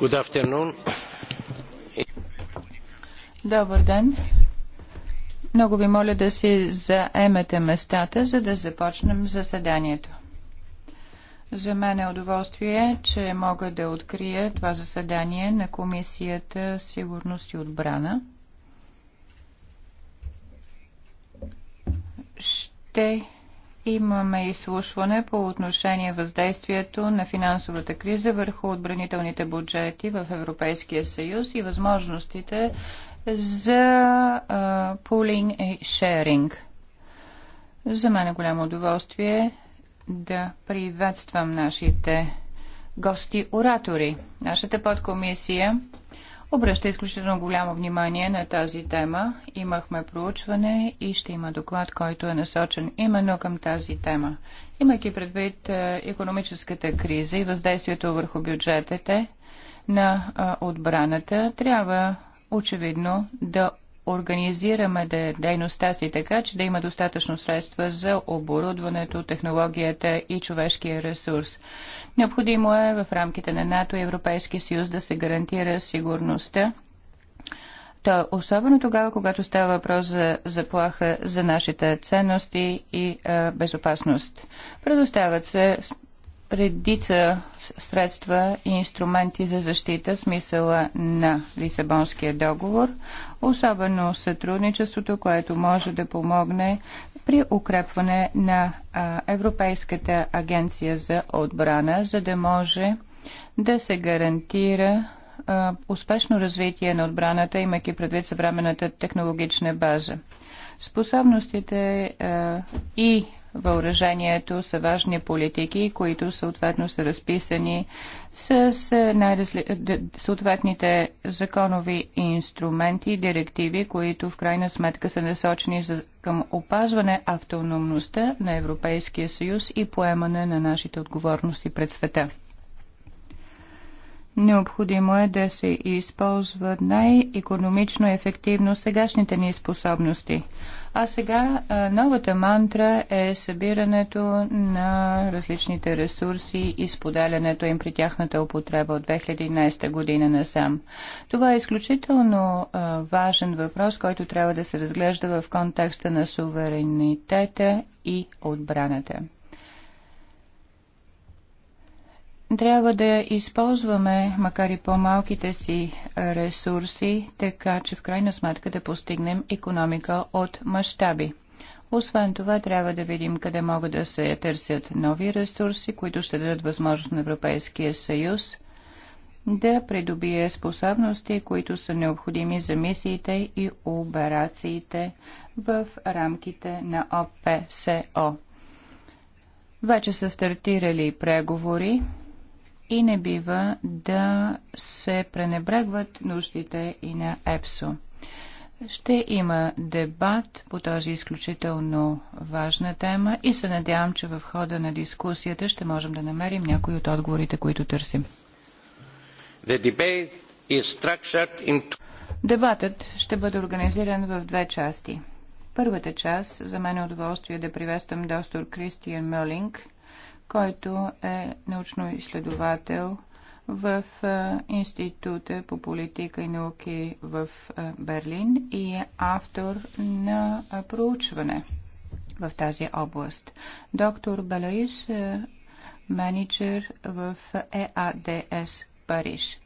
Good afternoon. Добър ден. Много ви моля да си заемете местата, за да започнем заседанието. За мен е удоволствие, че мога да открия това заседание на Комисията Сигурност и отбрана. Ще имаме изслушване по отношение въздействието на финансовата криза върху отбранителните бюджети в Европейския съюз и възможностите за пулинг и шеринг. За мен е голямо удоволствие да приветствам нашите гости-оратори. Нашата подкомисия обръща изключително голямо внимание на тази тема. Имахме проучване и ще има доклад, който е насочен именно към тази тема. Имайки предвид е, економическата криза и въздействието върху бюджетите на е, отбраната, трябва очевидно да организираме дейността си така, че да има достатъчно средства за оборудването, технологията и човешкия ресурс. Необходимо е в рамките на НАТО и Европейския съюз да се гарантира сигурността то особено тогава, когато става въпрос за заплаха за нашите ценности и а, безопасност. Предоставят се редица средства и инструменти за защита смисъла на Лисабонския договор, особено сътрудничеството, което може да помогне при укрепване на Европейската агенция за отбрана, за да може да се гарантира успешно развитие на отбраната, имайки предвид съвременната технологична база. Способностите и въоръжението са важни политики, които съответно са разписани с е, е, съответните законови инструменти и директиви, които в крайна сметка са насочени за, към опазване автономността на Европейския съюз и поемане на нашите отговорности пред света. Необходимо е да се използват най-економично и ефективно сегашните ни способности – а сега новата мантра е събирането на различните ресурси и споделянето им при тяхната употреба от 2011 година насам. Това е изключително важен въпрос, който трябва да се разглежда в контекста на суверенитета и отбраната. трябва да използваме, макар и по-малките си ресурси, така че в крайна сметка да постигнем економика от мащаби. Освен това, трябва да видим къде могат да се търсят нови ресурси, които ще дадат възможност на Европейския съюз да придобие способности, които са необходими за мисиите и операциите в рамките на ОПСО. Вече са стартирали преговори и не бива да се пренебрегват нуждите и на ЕПСО. Ще има дебат по тази изключително важна тема и се надявам, че в хода на дискусията ще можем да намерим някои от отговорите, които търсим. Дебатът ще бъде организиран в две части. Първата част, за мен е удоволствие да приветствам доктор Кристиан Мелинг – който е научно-изследовател в Института по политика и науки в Берлин и е автор на проучване в тази област. Доктор Белаис е менеджер в ЕАДС Париж.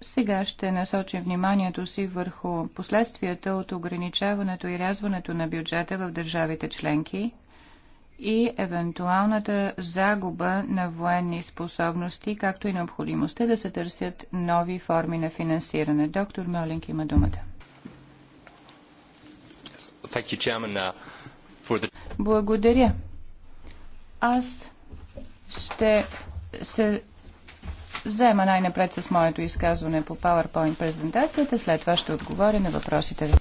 Сега ще насочим вниманието си върху последствията от ограничаването и рязването на бюджета в държавите членки – и евентуалната загуба на военни способности, както и необходимостта да се търсят нови форми на финансиране. Доктор Мелинг има думата. Uh, Благодаря. Аз ще се взема най-напред с моето изказване по PowerPoint презентацията, след това ще отговоря на въпросите ви.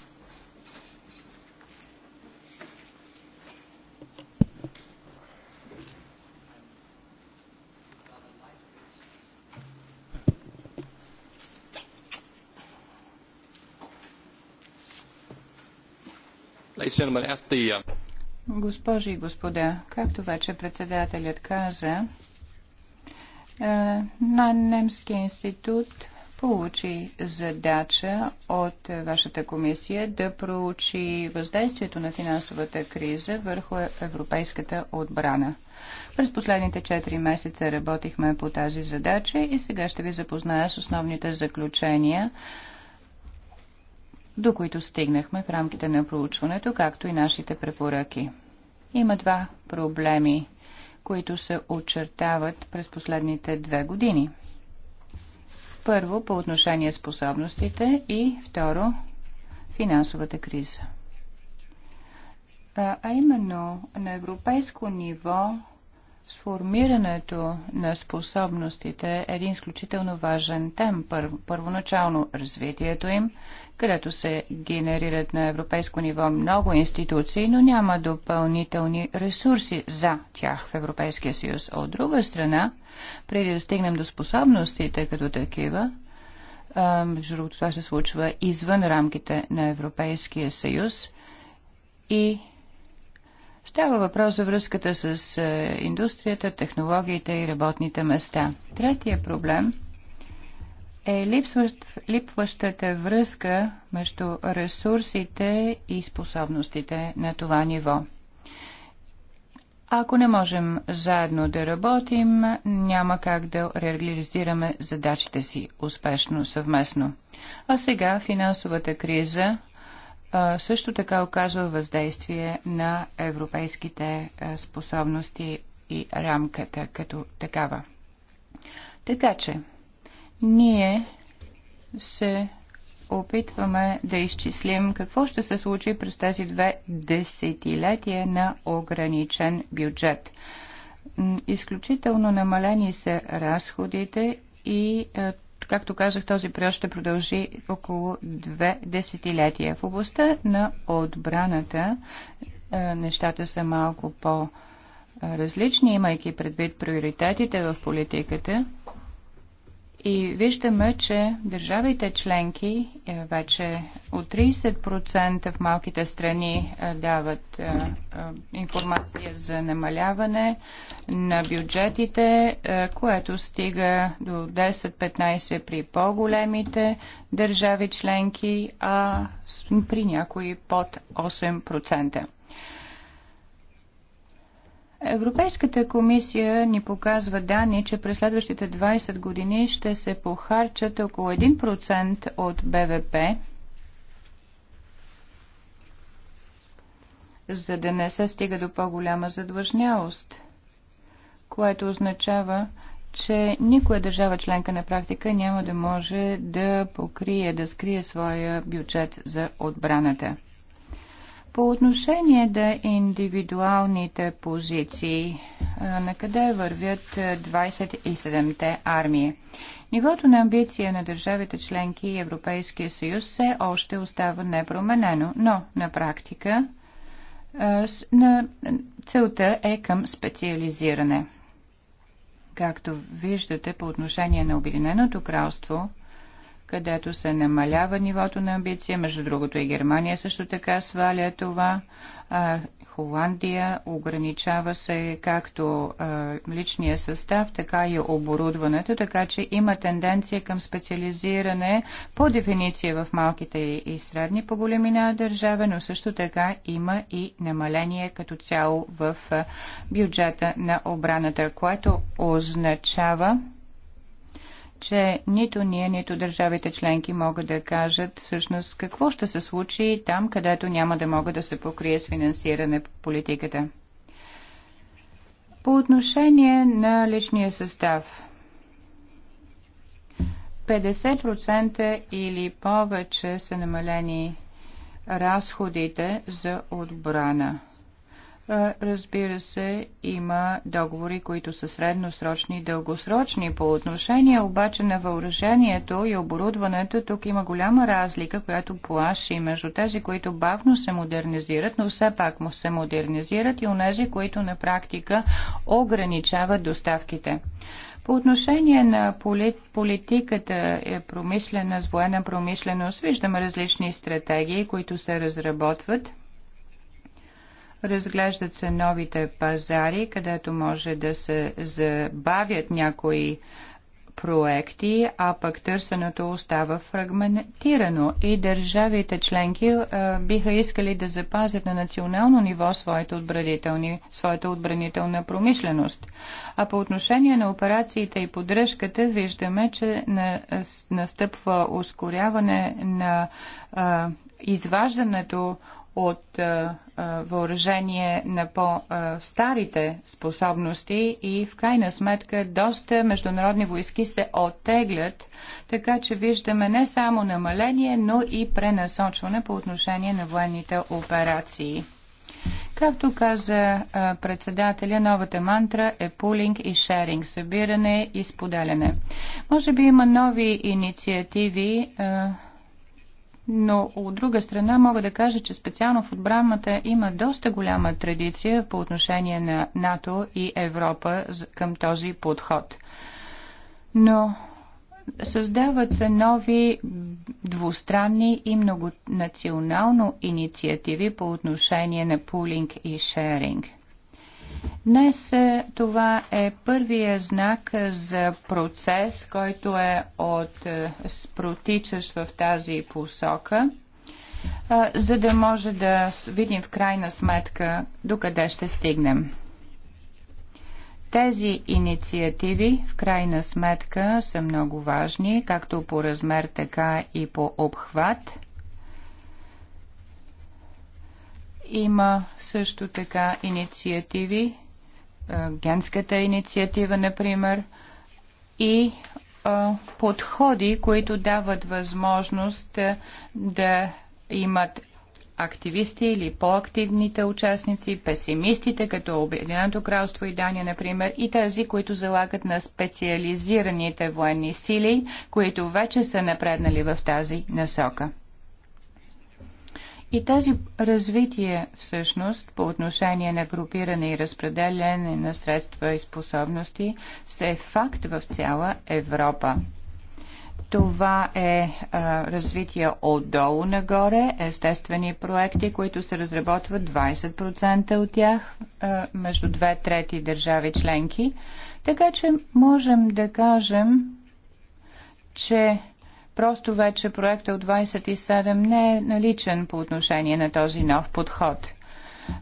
Госпожи и господа, както вече председателят каза, е, на Немския институт получи задача от вашата комисия да проучи въздействието на финансовата криза върху европейската отбрана. През последните 4 месеца работихме по тази задача и сега ще ви запозная с основните заключения до които стигнахме в рамките на проучването, както и нашите препоръки. Има два проблеми, които се очертават през последните две години. Първо, по отношение способностите и второ, финансовата криза. А именно на европейско ниво Сформирането на способностите е един изключително важен тем. първоначално развитието им, където се генерират на европейско ниво много институции, но няма допълнителни ресурси за тях в Европейския съюз. От друга страна, преди да стигнем до способностите като такива, между другото това се случва извън рамките на Европейския съюз и Става въпрос за връзката с е, индустрията, технологиите и работните места. Третия проблем е липващата връзка между ресурсите и способностите на това ниво. Ако не можем заедно да работим, няма как да реализираме задачите си успешно съвместно. А сега финансовата криза също така оказва въздействие на европейските способности и рамката като такава. Така че, ние се опитваме да изчислим какво ще се случи през тези две десетилетия на ограничен бюджет. Изключително намалени са разходите и както казах, този период ще продължи около две десетилетия. В областта на отбраната е, нещата са малко по-различни, имайки предвид приоритетите в политиката. И виждаме, че държавите членки е, вече от 30% в малките страни е, дават е, информация за намаляване на бюджетите, което стига до 10-15 при по-големите държави членки, а при някои под 8%. Европейската комисия ни показва данни, че през следващите 20 години ще се похарчат около 1% от БВП, за да не се стига до по-голяма задлъжнялост, което означава, че никоя държава членка на практика няма да може да покрие, да скрие своя бюджет за отбраната. По отношение да индивидуалните позиции, на къде вървят 27-те армии? Нивото на амбиция на държавите членки и Европейския съюз все още остава непроменено, но на практика на целта е към специализиране. Както виждате по отношение на Обединеното кралство – където се намалява нивото на амбиция. Между другото и Германия също така сваля това. А, Холандия ограничава се както личния състав, така и оборудването, така че има тенденция към специализиране по дефиниция в малките и средни по големина държава, но също така има и намаление като цяло в бюджета на обраната, което означава, че нито ние, нито държавите членки могат да кажат всъщност какво ще се случи там, където няма да могат да се покрие с финансиране по политиката. По отношение на личния състав, 50% или повече са намалени разходите за отбрана – е, разбира се, има договори, които са средносрочни и дългосрочни. По отношение обаче на въоръжението и оборудването, тук има голяма разлика, която плаши между тези, които бавно се модернизират, но все пак му се модернизират и онези, които на практика ограничават доставките. По отношение на политиката е промислена с военна промишленост, виждаме различни стратегии, които се разработват – Разглеждат се новите пазари, където може да се забавят някои проекти, а пък търсенето остава фрагментирано и държавите членки а, биха искали да запазят на национално ниво своята, своята отбранителна промишленост. А по отношение на операциите и поддръжката виждаме, че на, настъпва ускоряване на а, изваждането от въоръжение на по-старите способности и в крайна сметка доста международни войски се оттеглят, така че виждаме не само намаление, но и пренасочване по отношение на военните операции. Както каза председателя, новата мантра е пулинг и шеринг, събиране и споделяне. Може би има нови инициативи а, но от друга страна мога да кажа, че специално в отбраната има доста голяма традиция по отношение на НАТО и Европа към този подход. Но създават се нови двустранни и многонационално инициативи по отношение на пулинг и шеринг – Днес е, това е първия знак за процес, който е от е, протичащ в тази посока, е, за да може да видим в крайна сметка докъде ще стигнем. Тези инициативи в крайна сметка са много важни, както по размер, така и по обхват. Има също така инициативи, генската инициатива, например, и подходи, които дават възможност да имат активисти или по-активните участници, песимистите, като Обединеното кралство и Дания, например, и тези, които залагат на специализираните военни сили, които вече са напреднали в тази насока. И тази развитие всъщност по отношение на групиране и разпределяне на средства и способности се е факт в цяла Европа. Това е а, развитие отдолу нагоре, естествени проекти, които се разработват 20% от тях а, между две трети държави членки. Така че можем да кажем, че Просто вече проекта от 27 не е наличен по отношение на този нов подход. Е,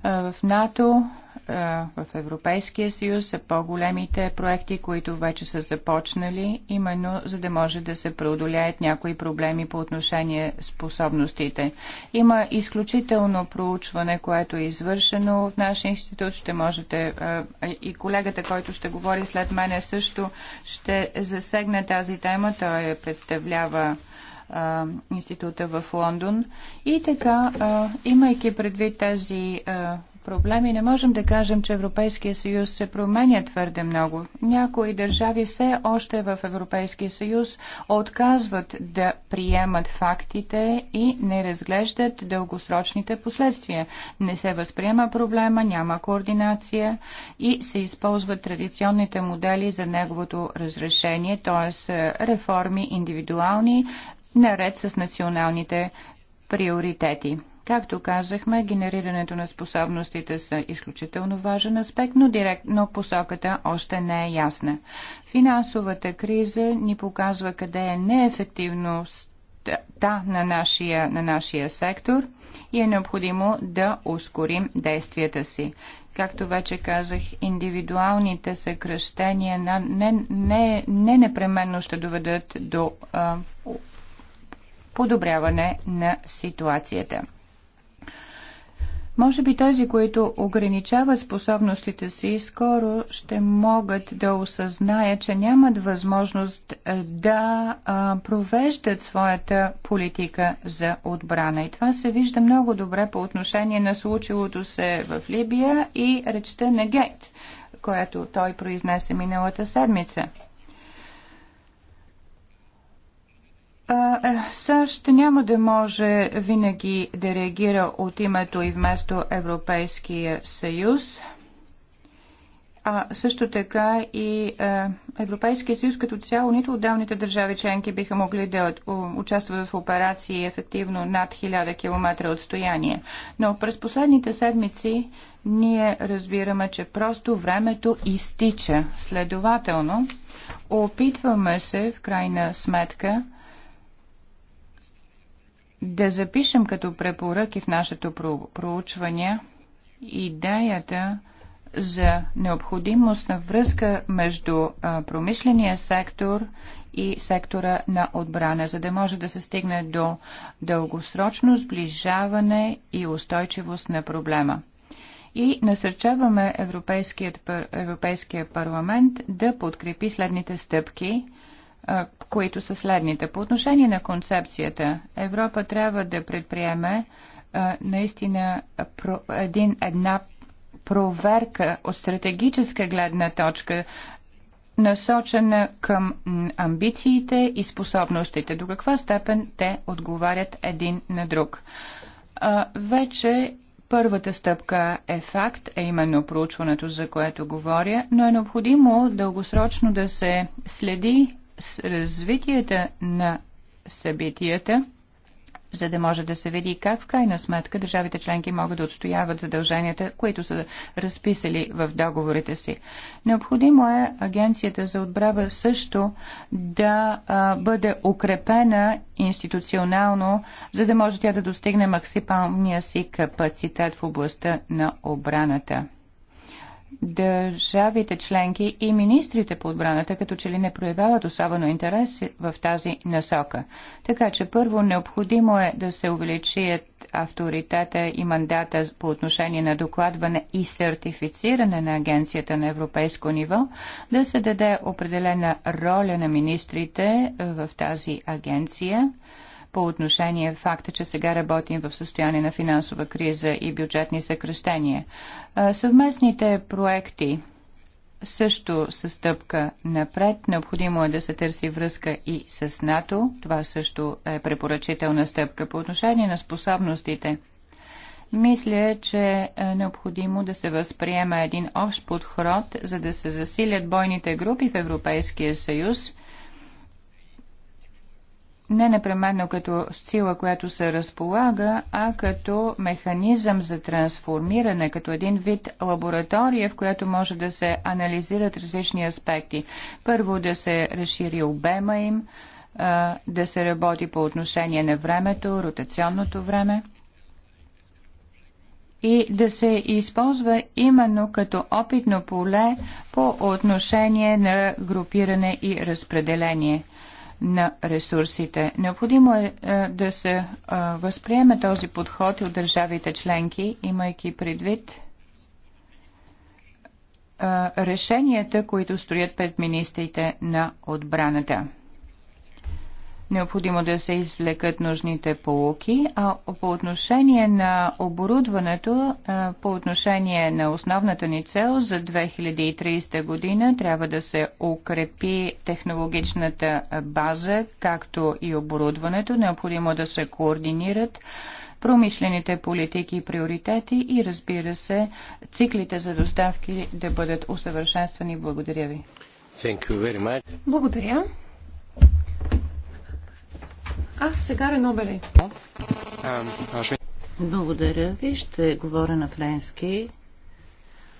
в НАТО в Европейския съюз са по-големите проекти, които вече са започнали, именно за да може да се преодолеят някои проблеми по отношение способностите. Има изключително проучване, което е извършено в нашия институт. Ще можете и колегата, който ще говори след мене също, ще засегне тази тема. Той представлява института в Лондон. И така, имайки предвид тези проблеми, не можем да кажем, че Европейския съюз се променя твърде много. Някои държави все още в Европейския съюз отказват да приемат фактите и не разглеждат дългосрочните последствия. Не се възприема проблема, няма координация и се използват традиционните модели за неговото разрешение, т.е. реформи индивидуални, наред с националните приоритети. Както казахме, генерирането на способностите са изключително важен аспект, но директно посоката още не е ясна. Финансовата криза ни показва къде е неефективността на нашия, на нашия сектор и е необходимо да ускорим действията си. Както вече казах, индивидуалните съкръщения на, не, не, не непременно ще доведат до а, подобряване на ситуацията. Може би тези, които ограничават способностите си, скоро ще могат да осъзнаят, че нямат възможност е, да провеждат своята политика за отбрана. И това се вижда много добре по отношение на случилото се в Либия и речта на Гейт, която той произнесе миналата седмица. Е, САЩ няма да може винаги да реагира от името и вместо Европейския съюз, а също така и е, Европейския съюз като цяло, нито отделните държави членки биха могли да участват в операции ефективно над 1000 км отстояние. Но през последните седмици ние разбираме, че просто времето изтича. Следователно, опитваме се в крайна сметка да запишем като препоръки в нашето проучване идеята за необходимост на връзка между промишления сектор и сектора на отбрана, за да може да се стигне до дългосрочно сближаване и устойчивост на проблема. И насърчаваме Европейският, Европейския парламент да подкрепи следните стъпки които са следните. По отношение на концепцията, Европа трябва да предприеме наистина един, една проверка от стратегическа гледна точка, насочена към амбициите и способностите, до каква степен те отговарят един на друг. Вече първата стъпка е факт, е именно проучването, за което говоря, но е необходимо дългосрочно да се следи с развитията на събитията, за да може да се види как в крайна сметка държавите членки могат да отстояват задълженията, които са разписали в договорите си. Необходимо е Агенцията за отбрава също да а, бъде укрепена институционално, за да може тя да достигне максималния си капацитет в областта на обраната държавите членки и министрите по отбраната като че ли не проявяват особено интерес в тази насока. Така че първо необходимо е да се увеличият авторитета и мандата по отношение на докладване и сертифициране на агенцията на европейско ниво, да се даде определена роля на министрите в тази агенция по отношение факта, че сега работим в състояние на финансова криза и бюджетни съкръщения. Съвместните проекти също са стъпка напред. Необходимо е да се търси връзка и с НАТО. Това също е препоръчителна стъпка по отношение на способностите. Мисля, че е необходимо да се възприема един общ подход, за да се засилят бойните групи в Европейския съюз не непременно като сила, която се разполага, а като механизъм за трансформиране, като един вид лаборатория, в която може да се анализират различни аспекти. Първо да се разшири обема им, да се работи по отношение на времето, ротационното време и да се използва именно като опитно поле по отношение на групиране и разпределение – на ресурсите. Необходимо е, е да се е, възприеме този подход от държавите членки, имайки предвид е, решенията, които строят пред министрите на отбраната. Необходимо да се извлекат нужните полуки. А по отношение на оборудването, по отношение на основната ни цел за 2030 година, трябва да се укрепи технологичната база, както и оборудването. Необходимо да се координират промишлените политики и приоритети и разбира се, циклите за доставки да бъдат усъвършенствани. Благодаря ви. Благодаря. А, сега Ренобеле. Благодаря ви. Ще говоря на френски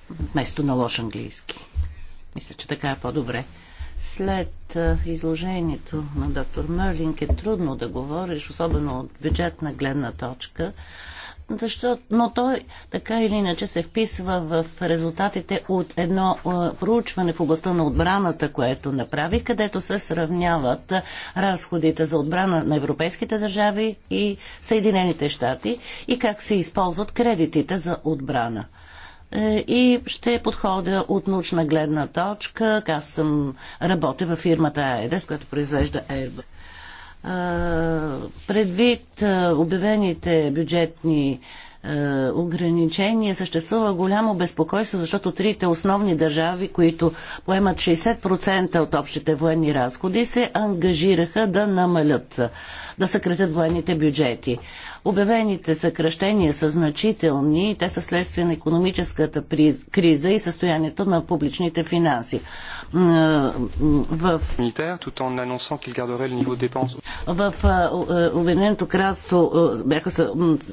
вместо на лош английски. Мисля, че така е по-добре. След изложението на доктор Мерлинг е трудно да говориш, особено от бюджетна гледна точка, защото, но той така или иначе се вписва в резултатите от едно проучване в областта на отбраната, което направи, където се сравняват разходите за отбрана на европейските държави и Съединените щати и как се използват кредитите за отбрана е, и ще подходя от научна гледна точка. Аз съм работя във фирмата Аедес, която произвежда Airbus. Предвид обявените бюджетни ограничения, съществува голямо безпокойство, защото трите основни държави, които поемат 60% от общите военни разходи, се ангажираха да намалят, да съкратят военните бюджети. Обявените съкръщения са значителни и те са следствие на економическата криза и състоянието на публичните финанси. В, в Обединеното кралство бяха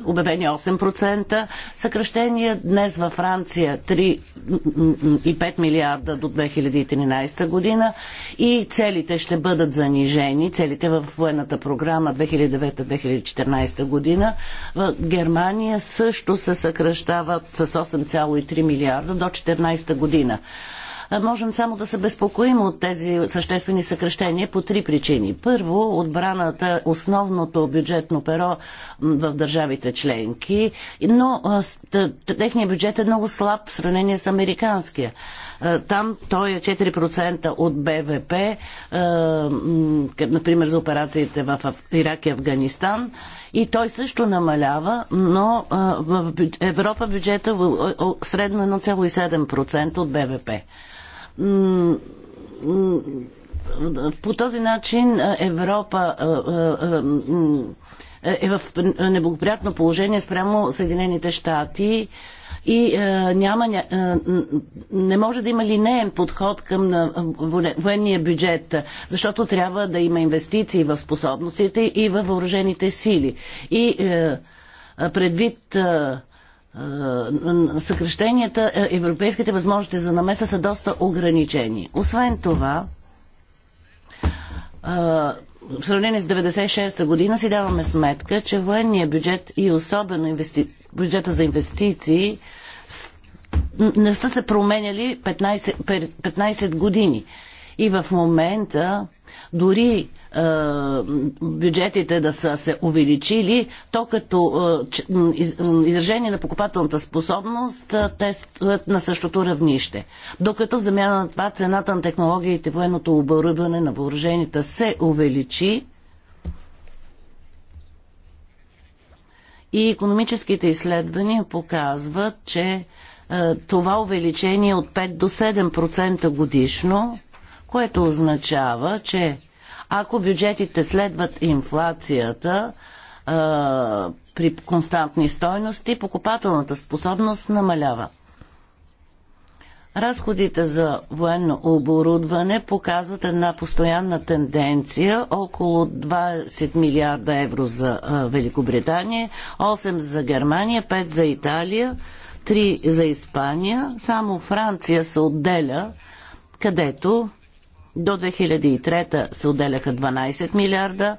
обявени 8% съкръщения, днес във Франция 3,5 милиарда до 2013 година и целите ще бъдат занижени, целите в военната програма 2009-2014 година година в Германия също се съкръщават с 8,3 милиарда до 2014 година. Можем само да се безпокоим от тези съществени съкрещения по три причини. Първо, отбраната, основното бюджетно перо в държавите членки, но техният бюджет е много слаб в сравнение с американския. Е, там той е 4% от БВП, е, например за операциите в Ирак и Афганистан. И той също намалява, но е, в Европа бюджета средно 1,7% от БВП по този начин Европа е в неблагоприятно положение спрямо Съединените щати и а, е, няма, а, е, не може да има линеен подход към е, на, военния бюджет, защото трябва да има инвестиции в способностите и във въоръжените сили. И а, предвид а, съкрещенията, европейските възможности за намеса са доста ограничени. Освен това, в сравнение с 96-та година си даваме сметка, че военния бюджет и особено инвести бюджета за инвестиции не са се променяли 15, 15 години. И в момента дори е, бюджетите да са се увеличили, то като е, изражение на покупателната способност е, те стоят на същото равнище. Докато замяна на това цената на технологиите, военното оборудване на въоръжените се увеличи, И економическите изследвания показват, че е, това увеличение е от 5 до 7% годишно, което означава, че ако бюджетите следват инфлацията е, при константни стойности, покупателната способност намалява. Разходите за военно оборудване показват една постоянна тенденция около 20 милиарда евро за Великобритания, 8 за Германия, 5 за Италия, 3 за Испания. Само Франция се отделя, където до 2003 се отделяха 12 милиарда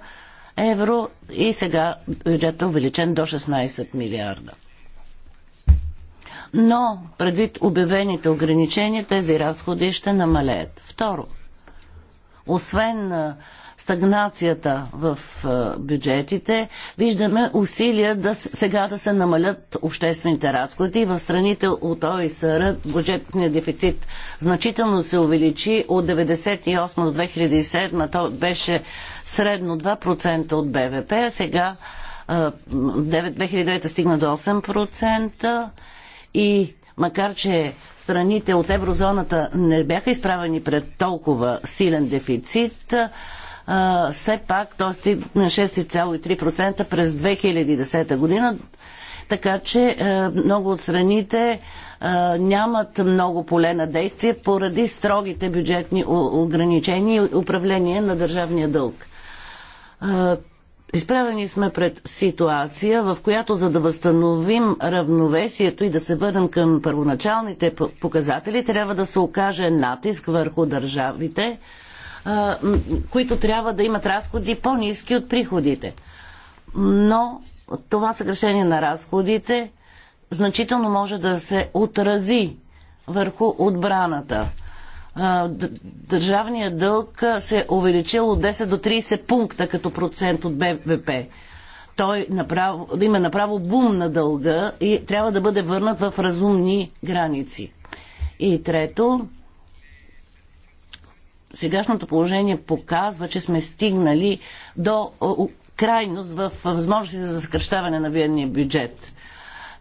евро и сега бюджетът е увеличен до 16 милиарда но предвид обявените ограничения тези разходи ще намалеят. Второ, освен стагнацията в бюджетите, виждаме усилия да, сега да се намалят обществените разходи. В страните от ОИСР бюджетният дефицит значително се увеличи от 1998 до 2007. То беше средно 2% от БВП, а сега 2009 стигна до 8%. И макар, че страните от еврозоната не бяха изправени пред толкова силен дефицит, все пак той на 6,3% през 2010 година, така че е, много от страните е, нямат много поле на действие поради строгите бюджетни ограничения и управление на държавния дълг. Е, Изправени сме пред ситуация, в която за да възстановим равновесието и да се върнем към първоначалните показатели, трябва да се окаже натиск върху държавите, които трябва да имат разходи по-низки от приходите. Но това съкрешение на разходите значително може да се отрази върху отбраната държавният дълг се е увеличил от 10 до 30 пункта като процент от БВП. Той направо, има направо бум на дълга и трябва да бъде върнат в разумни граници. И трето, сегашното положение показва, че сме стигнали до крайност в възможности за съкръщаване на виенния бюджет.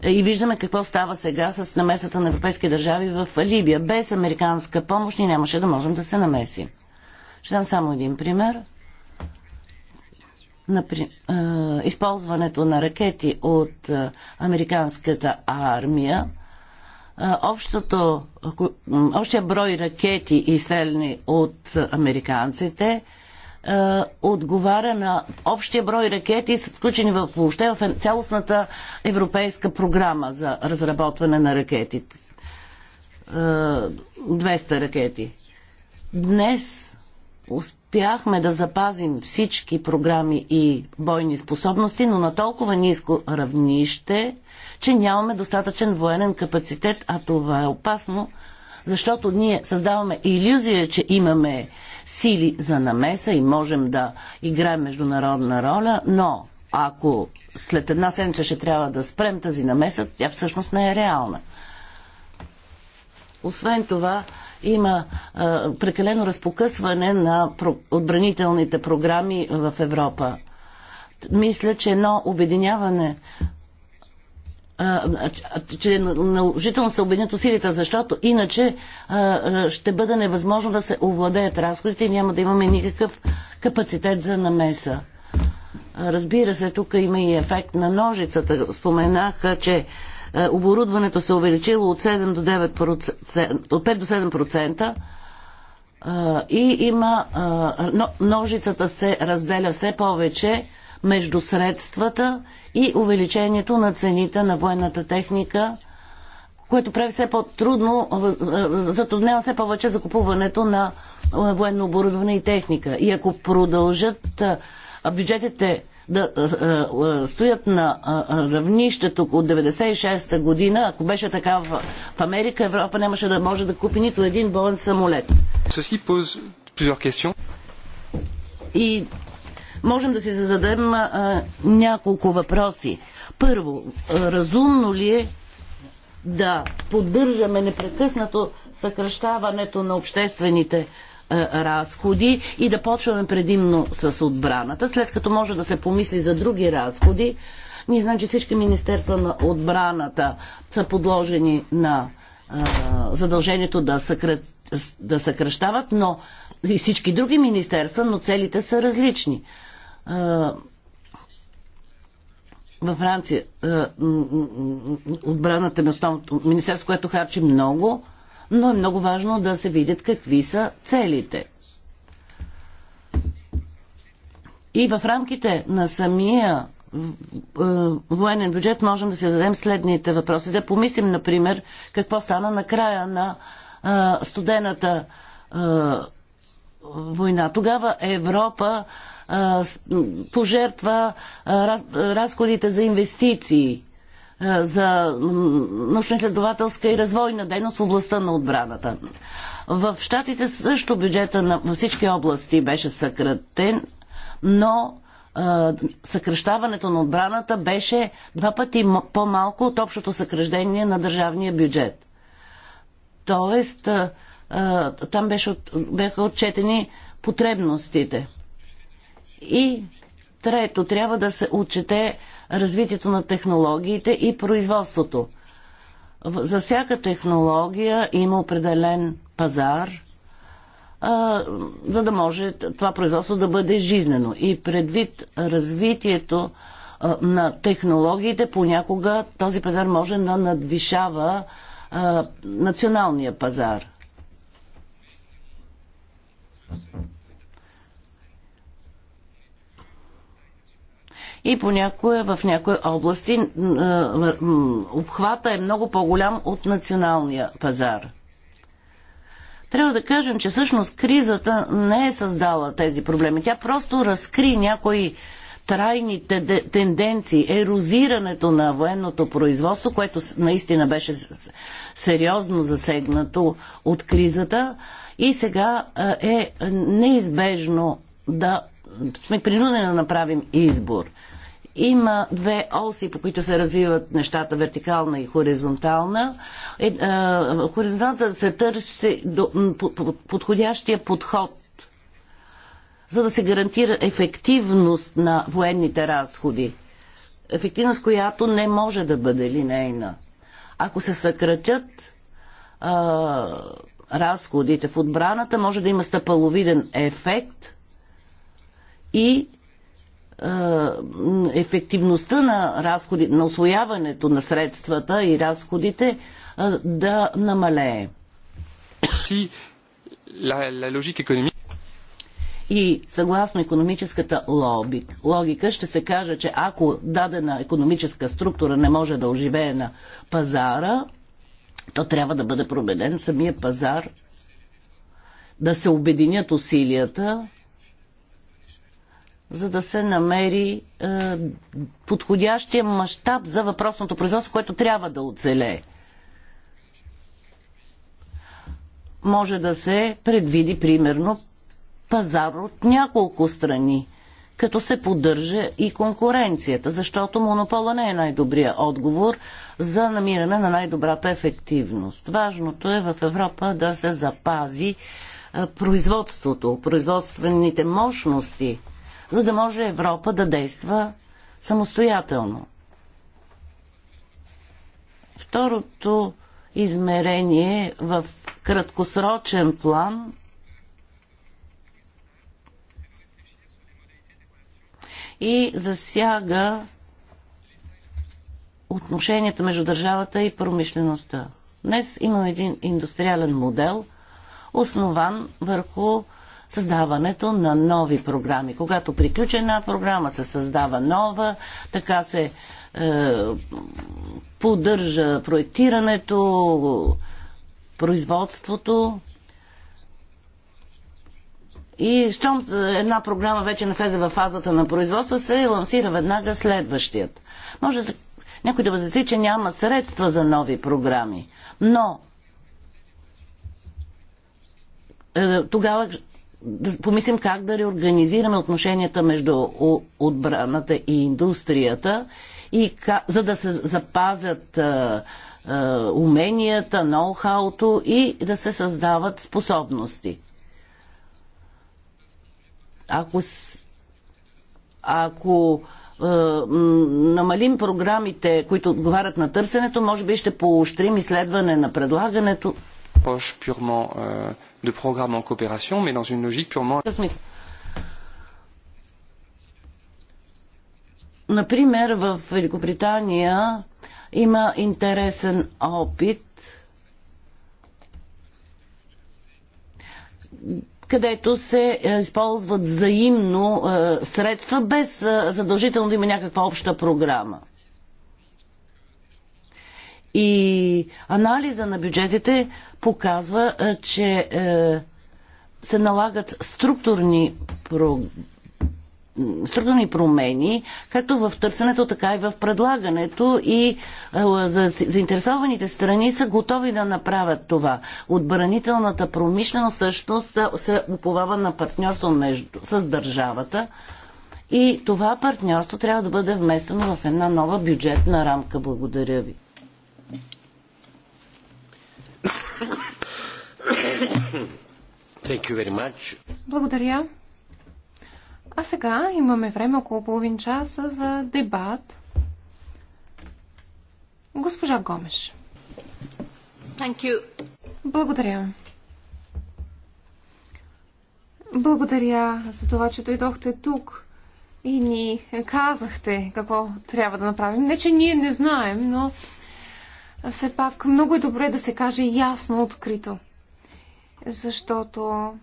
И виждаме какво става сега с намесата на европейски държави в Либия. Без американска помощ ни нямаше да можем да се намесим. Ще дам само един пример. Напри... Е, използването на ракети от е, американската армия общото, общия брой ракети изстрелени от американците е, отговаря на общия брой ракети, включени в, въобще в цялостната европейска програма за разработване на ракетите. 200 ракети. Днес успяхме да запазим всички програми и бойни способности, но на толкова ниско равнище, че нямаме достатъчен военен капацитет, а това е опасно, защото ние създаваме иллюзия, че имаме сили за намеса и можем да играем международна роля, но ако след една седмица ще трябва да спрем тази намеса, тя всъщност не е реална. Освен това, има а, прекалено разпокъсване на про- отбранителните програми в Европа. Мисля, че едно обединяване че наложително се обединят усилията, защото иначе ще бъде невъзможно да се овладеят разходите и няма да имаме никакъв капацитет за намеса. Разбира се, тук има и ефект на ножицата. Споменаха, че оборудването се е увеличило от 7 до 9%, от 5 до 7%, и има ножицата се разделя все повече между средствата и увеличението на цените на военната техника, което прави все по-трудно, затруднява все повече закупуването на военно оборудване и техника. И ако продължат бюджетите да стоят на равнището от 96-та година, ако беше така в Америка, Европа нямаше да може да купи нито един болен самолет. И можем да си зададем а, няколко въпроси. Първо, разумно ли е да поддържаме непрекъснато съкръщаването на обществените разходи и да почваме предимно с отбраната, след като може да се помисли за други разходи. Ние знаем, че всички Министерства на отбраната са подложени на а, задължението да, съкръ... да съкръщават, но и всички други министерства, но целите са различни във Франция отбраната е на основното министерство, което харчи много, но е много важно да се видят какви са целите. И в рамките на самия военен бюджет можем да се зададем следните въпроси. Да помислим, например, какво стана на края на студената война. Тогава Европа а, пожертва а, разходите за инвестиции, за научно-изследователска и развойна дейност в областта на отбраната. В Штатите също бюджета на всички области беше съкратен, но съкръщаването на отбраната беше два пъти по-малко от общото съкръщение на държавния бюджет. Тоест, там беше от, бяха отчетени потребностите. И трето, трябва да се отчете развитието на технологиите и производството. За всяка технология има определен пазар, а, за да може това производство да бъде жизнено. И предвид развитието а, на технологиите, понякога този пазар може да надвишава а, националния пазар. И понякога е в някои области обхвата е много по-голям от националния пазар. Трябва да кажем, че всъщност кризата не е създала тези проблеми. Тя просто разкри някои трайни тенденции, ерозирането на военното производство, което наистина беше сериозно засегнато от кризата и сега е неизбежно да сме принудени да направим избор. Има две оси, по които се развиват нещата вертикална и хоризонтална. Е, е, хоризонталната се търси до, подходящия подход, за да се гарантира ефективност на военните разходи. Ефективност, която не може да бъде линейна. Ако се съкратят разходите в отбраната може да има стъпаловиден ефект и ефективността на, разходи, на освояването на средствата и разходите да намалее. И съгласно економическата логика ще се каже, че ако дадена економическа структура не може да оживее на пазара, то трябва да бъде пробеден самия пазар, да се обединят усилията, за да се намери е, подходящия мащаб за въпросното производство, което трябва да оцелее. Може да се предвиди, примерно, пазар от няколко страни, като се поддържа и конкуренцията, защото монопола не е най-добрият отговор, за намиране на най-добрата ефективност. Важното е в Европа да се запази е, производството, производствените мощности, за да може Европа да действа самостоятелно. Второто измерение в краткосрочен план и засяга отношенията между държавата и промишлеността. Днес имаме един индустриален модел, основан върху създаването на нови програми. Когато приключи една програма, се създава нова, така се е, поддържа проектирането, производството. И щом една програма вече навлезе в фазата на производство, се лансира веднага следващият. Може да се някой да възрази, че няма средства за нови програми. Но е, тогава да помислим как да реорганизираме отношенията между отбраната и индустрията, и как, за да се запазят а, е, а, е, уменията, ноу-хауто и да се създават способности. Ако, ако е, намалим програмите, които отговарят на търсенето, може би ще поощрим изследване на предлагането. Е, dans une logique purement... Например, в Великобритания има интересен опит където се е, използват взаимно е, средства, без е, задължително да има някаква обща програма. И анализа на бюджетите показва, че се налагат структурни структурни промени, както в търсенето, така и в предлагането и за заинтересованите страни са готови да направят това. Отбранителната промишленост всъщност се уповава на партньорство между, с държавата и това партньорство трябва да бъде вместено в една нова бюджетна рамка. Благодаря ви. Thank you very much. Благодаря. А сега имаме време около половин час за дебат. Госпожа Гомеш. Thank you. Благодаря. Благодаря за това, че дойдохте тук и ни казахте какво трябва да направим. Не, че ние не знаем, но все пак много е добре да се каже ясно, открито. Защото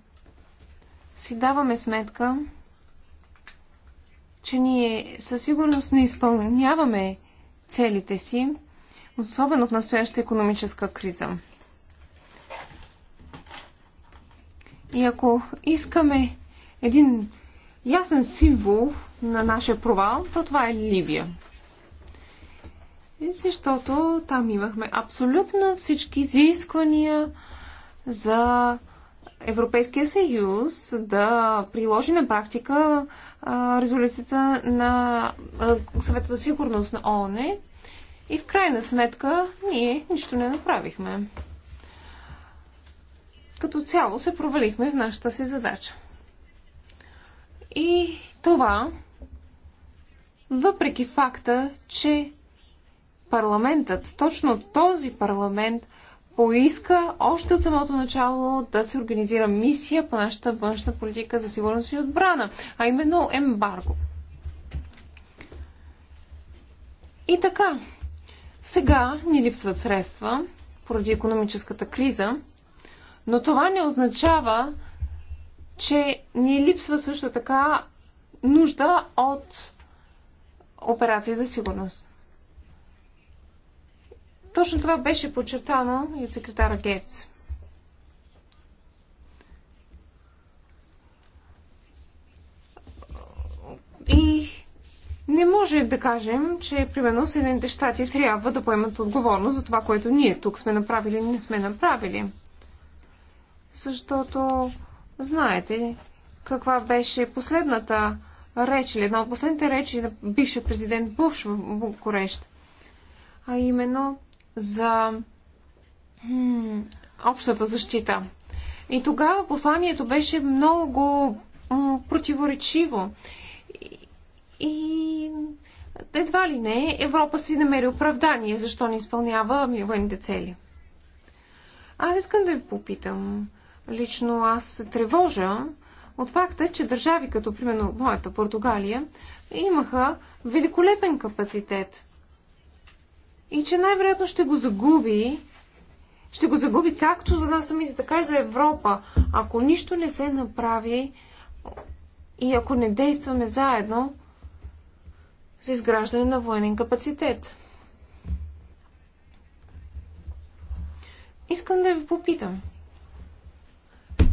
си даваме сметка, че ние със сигурност не изпълняваме целите си, особено в настояща економическа криза. И ако искаме един ясен символ на нашия провал, то това е И Защото там имахме абсолютно всички изисквания за Европейския съюз да приложи на практика резолюцията на съвета за сигурност на ООН и в крайна сметка ние нищо не направихме. Като цяло се провалихме в нашата си задача. И това, въпреки факта, че парламентът, точно този парламент, поиска още от самото начало да се организира мисия по нашата външна политика за сигурност и отбрана, а именно ембарго. И така, сега ни липсват средства поради економическата криза, но това не означава, че ни липсва също така нужда от операции за сигурност. Точно това беше подчертано и от секретара Гец. И не може да кажем, че примерно Съединените щати трябва да поемат отговорност за това, което ние тук сме направили или не сме направили. Защото знаете каква беше последната реч или една от последните речи на бившия президент Буш в Букурещ. А именно за общата защита. И тогава посланието беше много противоречиво. И едва ли не Европа си намери оправдание, защо не изпълнява ами, военните цели. Аз искам да ви попитам. Лично аз се тревожа от факта, че държави като примерно моята Португалия имаха великолепен капацитет и че най-вероятно ще го загуби. Ще го загуби както за нас самите, така и за Европа. Ако нищо не се направи и ако не действаме заедно за изграждане на военен капацитет. Искам да ви попитам.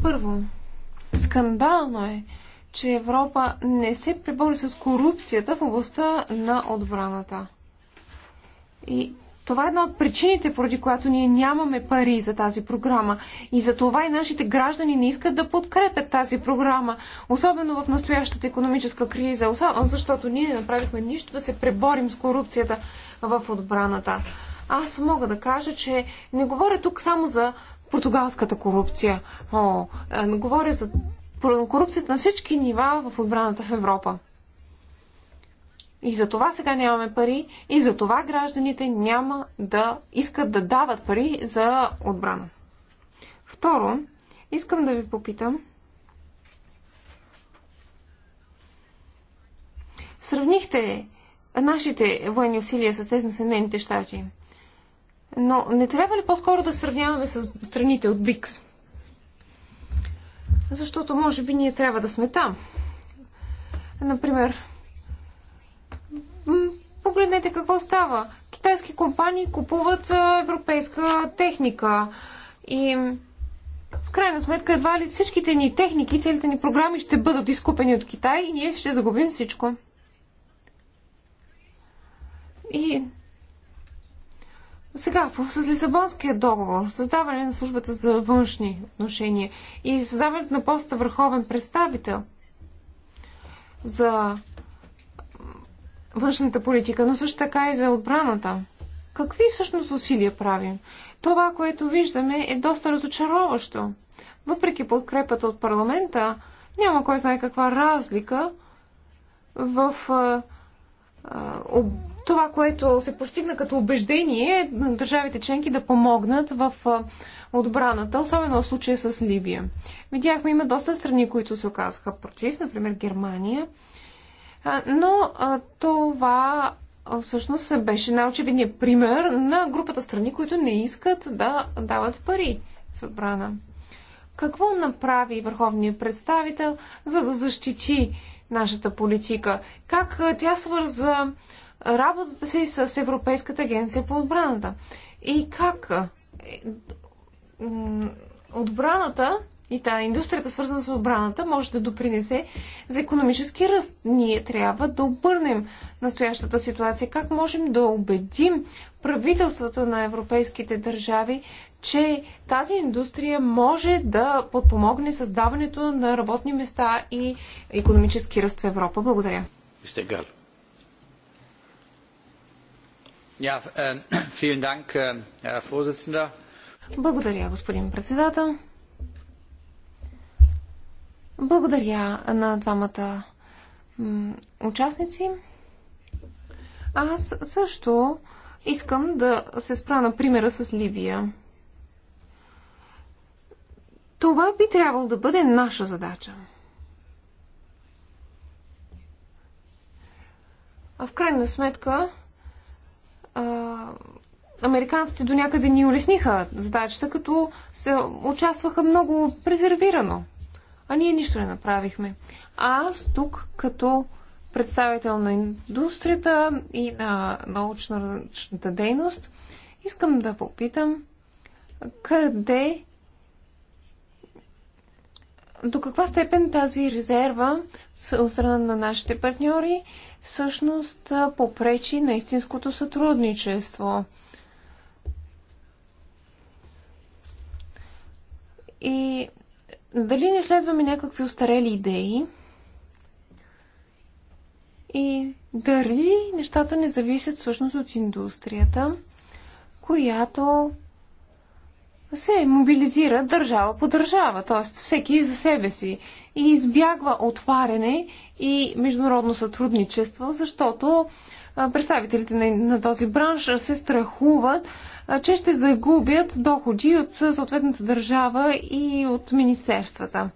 Първо, скандално е, че Европа не се пребори с корупцията в областта на отбраната. И това е една от причините, поради която ние нямаме пари за тази програма. И за това и нашите граждани не искат да подкрепят тази програма, особено в настоящата економическа криза, особено защото ние не направихме нищо да се преборим с корупцията в отбраната. Аз мога да кажа, че не говоря тук само за португалската корупция. О, говоря за корупцията на всички нива в отбраната в Европа. И за това сега нямаме пари и за това гражданите няма да искат да дават пари за отбрана. Второ, искам да ви попитам. Сравнихте нашите военни усилия с тези на Съединените щати. Но не трябва ли по-скоро да сравняваме с страните от БИКС? Защото може би ние трябва да сме там. Например, погледнете какво става. Китайски компании купуват европейска техника и в крайна сметка едва ли всичките ни техники, целите ни програми ще бъдат изкупени от Китай и ние ще загубим всичко. И сега, с Лисабонския договор, създаване на службата за външни отношения и създаването на поста върховен представител за външната политика, но също така и за отбраната. Какви всъщност усилия правим? Това, което виждаме, е доста разочароващо. Въпреки подкрепата от парламента, няма кой знае каква разлика в а, а, об... това, което се постигна като убеждение на държавите членки да помогнат в а, отбраната, особено в случая с Либия. Видяхме, има доста страни, които се оказаха против, например Германия но това всъщност беше най-очевидният пример на групата страни, които не искат да дават пари с отбрана. Какво направи върховният представител, за да защити нашата политика? Как тя свърза работата си с Европейската агенция по отбраната? И как е, отбраната и та индустрията, свързана с отбраната, може да допринесе за економически ръст. Ние трябва да обърнем настоящата ситуация. Как можем да убедим правителствата на европейските държави, че тази индустрия може да подпомогне създаването на работни места и економически ръст в Европа? Благодаря. Äh, äh, Благодаря, господин председател. Благодаря на двамата участници. Аз също искам да се спра на примера с Либия. Това би трябвало да бъде наша задача. А в крайна сметка, а, американците до някъде ни улесниха задачата, като се участваха много презервирано а ние нищо не направихме. Аз тук, като представител на индустрията и на научната дейност, искам да попитам къде до каква степен тази резерва от страна на нашите партньори всъщност попречи на истинското сътрудничество? И дали не следваме някакви устарели идеи и дали нещата не зависят всъщност от индустрията, която се мобилизира държава по държава, т.е. всеки за себе си и избягва отваряне и международно сътрудничество, защото представителите на, на този бранш се страхуват че ще загубят доходи от съответната държава и от министерствата.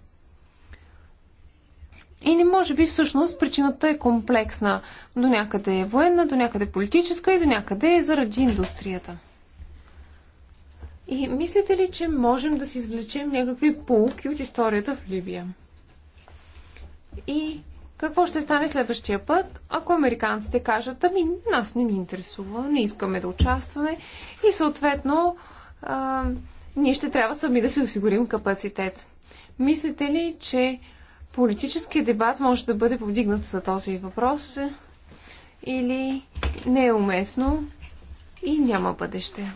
И не може би всъщност причината е комплексна. До някъде е военна, до някъде е политическа и до някъде е заради индустрията. И мислите ли, че можем да си извлечем някакви полуки от историята в Либия? И какво ще стане следващия път, ако американците кажат, ами нас не ни интересува, не искаме да участваме и съответно а, ние ще трябва сами да си осигурим капацитет. Мислите ли, че политическият дебат може да бъде повдигнат за този въпрос или не е уместно и няма бъдеще?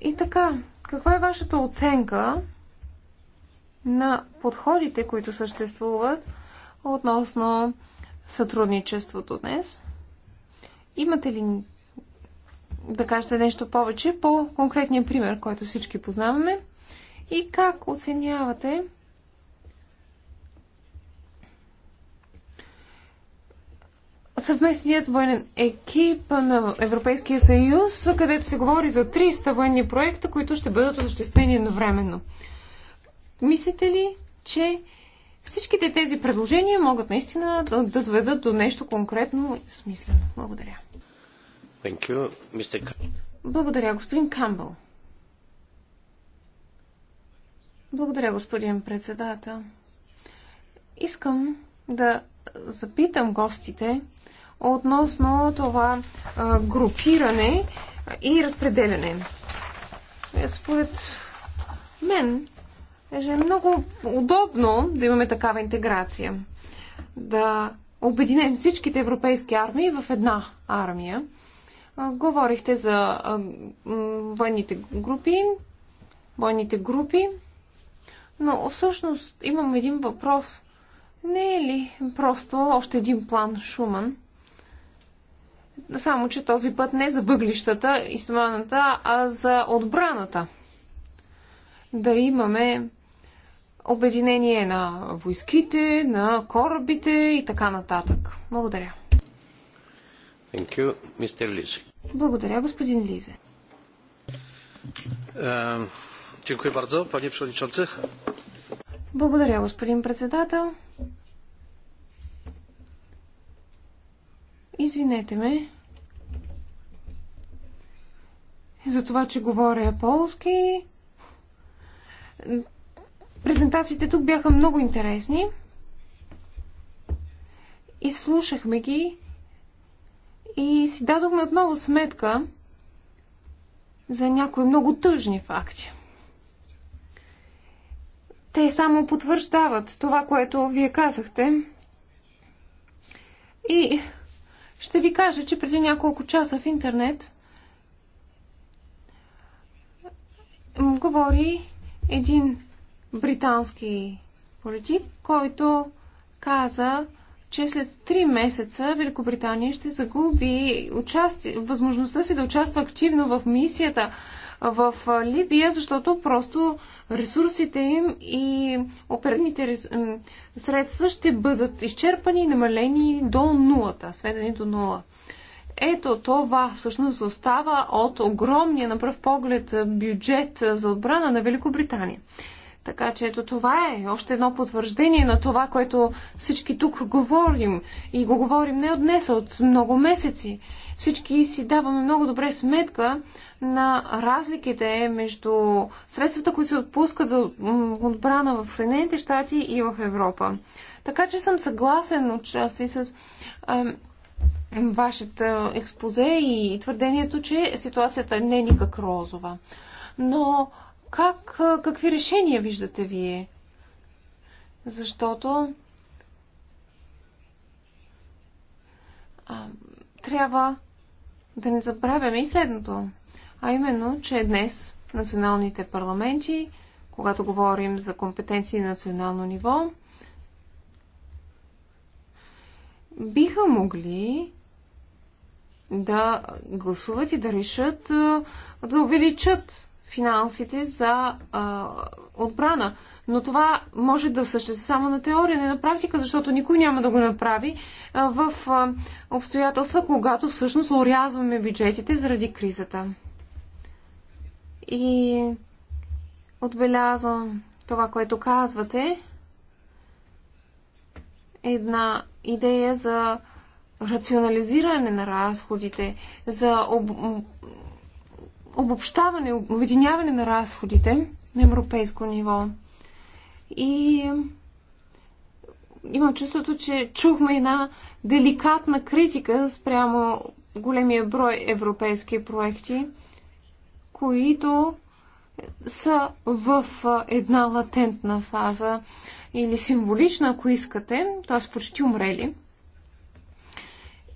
И така, каква е вашата оценка на подходите, които съществуват относно сътрудничеството днес. Имате ли да кажете нещо повече по конкретния пример, който всички познаваме и как оценявате съвместният военен екип на Европейския съюз, където се говори за 300 военни проекта, които ще бъдат осъществени едновременно. Мислите ли, че всичките тези предложения могат наистина да, да доведат до нещо конкретно и смислено? Благодаря. You, Благодаря, господин Камбъл. Благодаря, господин председател. Искам да запитам гостите относно това а, групиране и разпределяне. Според мен е, е много удобно да имаме такава интеграция. Да обединем всичките европейски армии в една армия. Говорихте за военните групи, военните групи, но всъщност имам един въпрос. Не е ли просто още един план Шуман? Само, че този път не за въглищата и стоманата, а за отбраната. Да имаме обединение на войските, на корабите и така нататък. Благодаря. Thank you, Mr. Lise. Благодаря, господин Лизе. Дякую бардзо, пани przewodniczący. Благодаря, господин председател. Извинете ме за това, че говоря полски. Презентациите тук бяха много интересни. И слушахме ги и си дадохме отново сметка за някои много тъжни факти. Те само потвърждават това, което вие казахте. И ще ви кажа, че преди няколко часа в интернет говори един британски политик, който каза, че след 3 месеца Великобритания ще загуби участи... възможността си да участва активно в мисията в Либия, защото просто ресурсите им и оперативните рез... средства ще бъдат изчерпани и намалени до нулата, сведени до нула. Ето това всъщност остава от огромния на пръв поглед бюджет за отбрана на Великобритания. Така че ето това е още едно потвърждение на това, което всички тук говорим. И го говорим не от днес, а от много месеци. Всички си даваме много добре сметка на разликите между средствата, които се отпускат за отбрана в Съединените щати и в Европа. Така че съм съгласен отчасти с вашето експозе и твърдението, че ситуацията не е никак розова. Но как, какви решения виждате вие? Защото а, трябва да не забравяме и следното. А именно, че днес националните парламенти, когато говорим за компетенции на национално ниво, биха могли да гласуват и да решат да увеличат финансите за а, отбрана. Но това може да съществува само на теория, не на практика, защото никой няма да го направи а, в а, обстоятелства, когато всъщност урязваме бюджетите заради кризата. И отбелязвам това, което казвате. Една идея за рационализиране на разходите, за об обобщаване, обединяване на разходите на европейско ниво. И имам чувството, че чухме една деликатна критика спрямо големия брой европейски проекти, които са в една латентна фаза или символична, ако искате, т.е. почти умрели.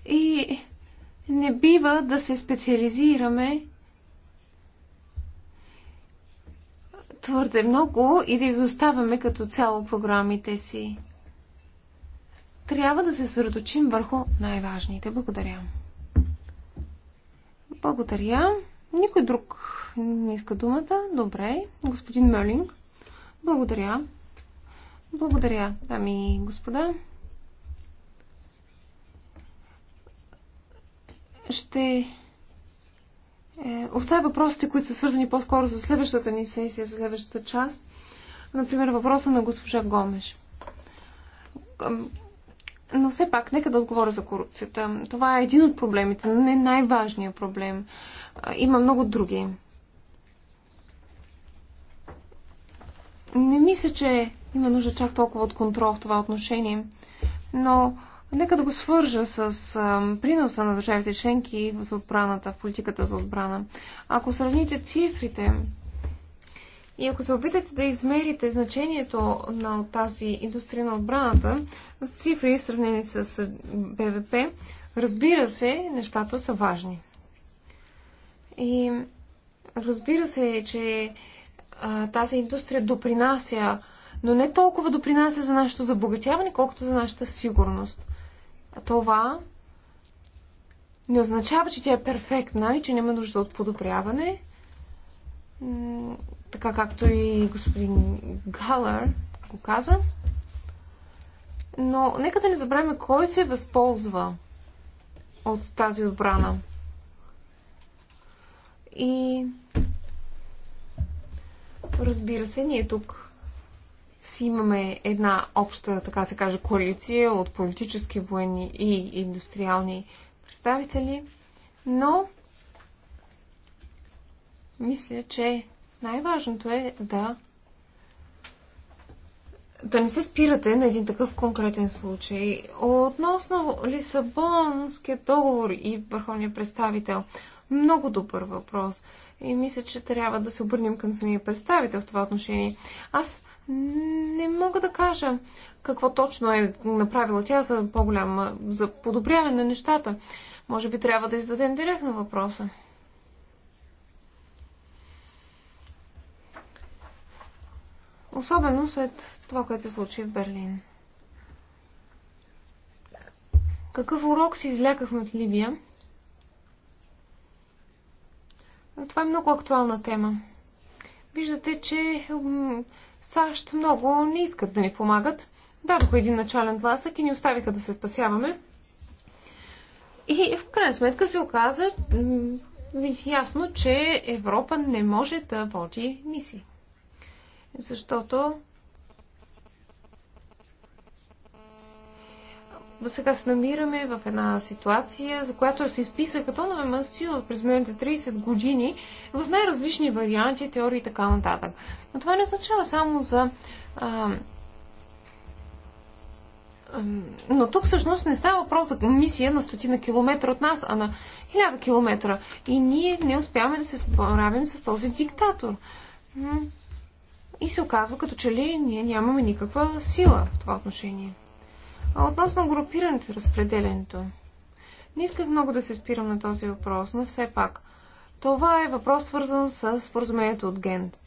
И не бива да се специализираме твърде много и да изоставяме като цяло програмите си. Трябва да се съсредоточим върху най-важните. Благодаря. Благодаря. Никой друг не иска думата. Добре. Господин Мелинг. Благодаря. Благодаря, дами и господа. Ще е, оставя въпросите, които са свързани по-скоро с следващата ни сесия, с следващата част. Например, въпроса на госпожа Гомеш. Но все пак, нека да отговоря за корупцията. Това е един от проблемите, но не най-важният проблем. Има много други. Не мисля, че има нужда чак толкова от контрол в това отношение, но Нека да го свържа с а, приноса на държавите членки за отбраната, в политиката за отбрана. Ако сравните цифрите и ако се опитате да измерите значението на тази индустрия на отбраната, цифри сравнени с БВП, разбира се, нещата са важни. И разбира се, че а, тази индустрия допринася, но не толкова допринася за нашето забогатяване, колкото за нашата сигурност това не означава, че тя е перфектна и че няма нужда от подобряване. Така както и господин Галър го каза. Но нека да не забравяме кой се възползва от тази отбрана. И разбира се, ние тук си имаме една обща, така се каже, коалиция от политически, военни и индустриални представители, но мисля, че най-важното е да да не се спирате на един такъв конкретен случай. Относно Лисабонския договор и върховния представител, много добър въпрос. И мисля, че трябва да се обърнем към самия представител в това отношение. Аз не мога да кажа какво точно е направила тя за по-голяма, за подобряване на нещата. Може би трябва да издадем директно въпроса. Особено след това, което се случи в Берлин. Какъв урок си излякахме от Либия? Това е много актуална тема. Виждате, че САЩ много не искат да ни помагат. Дадоха един начален тласък и ни оставиха да се спасяваме. И в крайна сметка се оказа ясно, че Европа не може да води мисии. Защото До сега се намираме в една ситуация, за която се изписа като нове от през миналите 30 години в най-различни варианти, теории и така нататък. Но това не означава само за а, но тук всъщност не става въпрос за мисия на стотина километра от нас, а на хиляда километра. И ние не успяваме да се справим с този диктатор. И се оказва, като че ли ние нямаме никаква сила в това отношение. А относно групирането и разпределението, не исках много да се спирам на този въпрос, но все пак. Това е въпрос свързан с споразумението от Гент.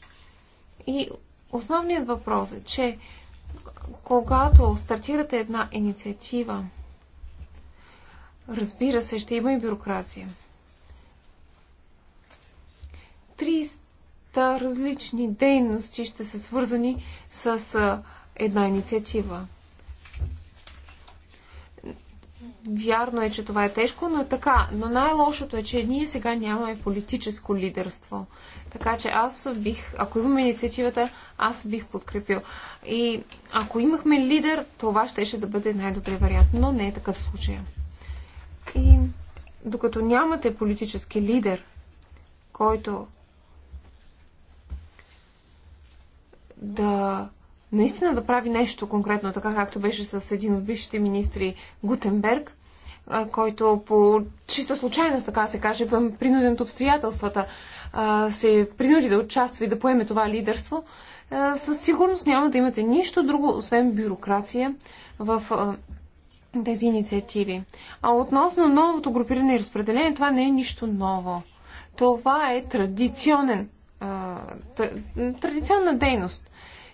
И основният въпрос е, че когато стартирате една инициатива, разбира се, ще има и бюрокрация. 300 различни дейности ще са свързани с една инициатива. Вярно е, че това е тежко, но е така. Но най-лошото е, че ние сега нямаме политическо лидерство. Така че аз бих, ако имаме инициативата, аз бих подкрепил. И ако имахме лидер, това щеше да бъде най-добрият вариант. Но не е такъв случай. И докато нямате политически лидер, който да наистина да прави нещо конкретно, така както беше с един от бившите министри Гутенберг, който по чиста случайност, така се каже, принуден от обстоятелствата, се принуди да участва и да поеме това лидерство, със сигурност няма да имате нищо друго, освен бюрокрация в тези инициативи. А относно новото групиране и разпределение, това не е нищо ново. Това е традиционен, традиционна дейност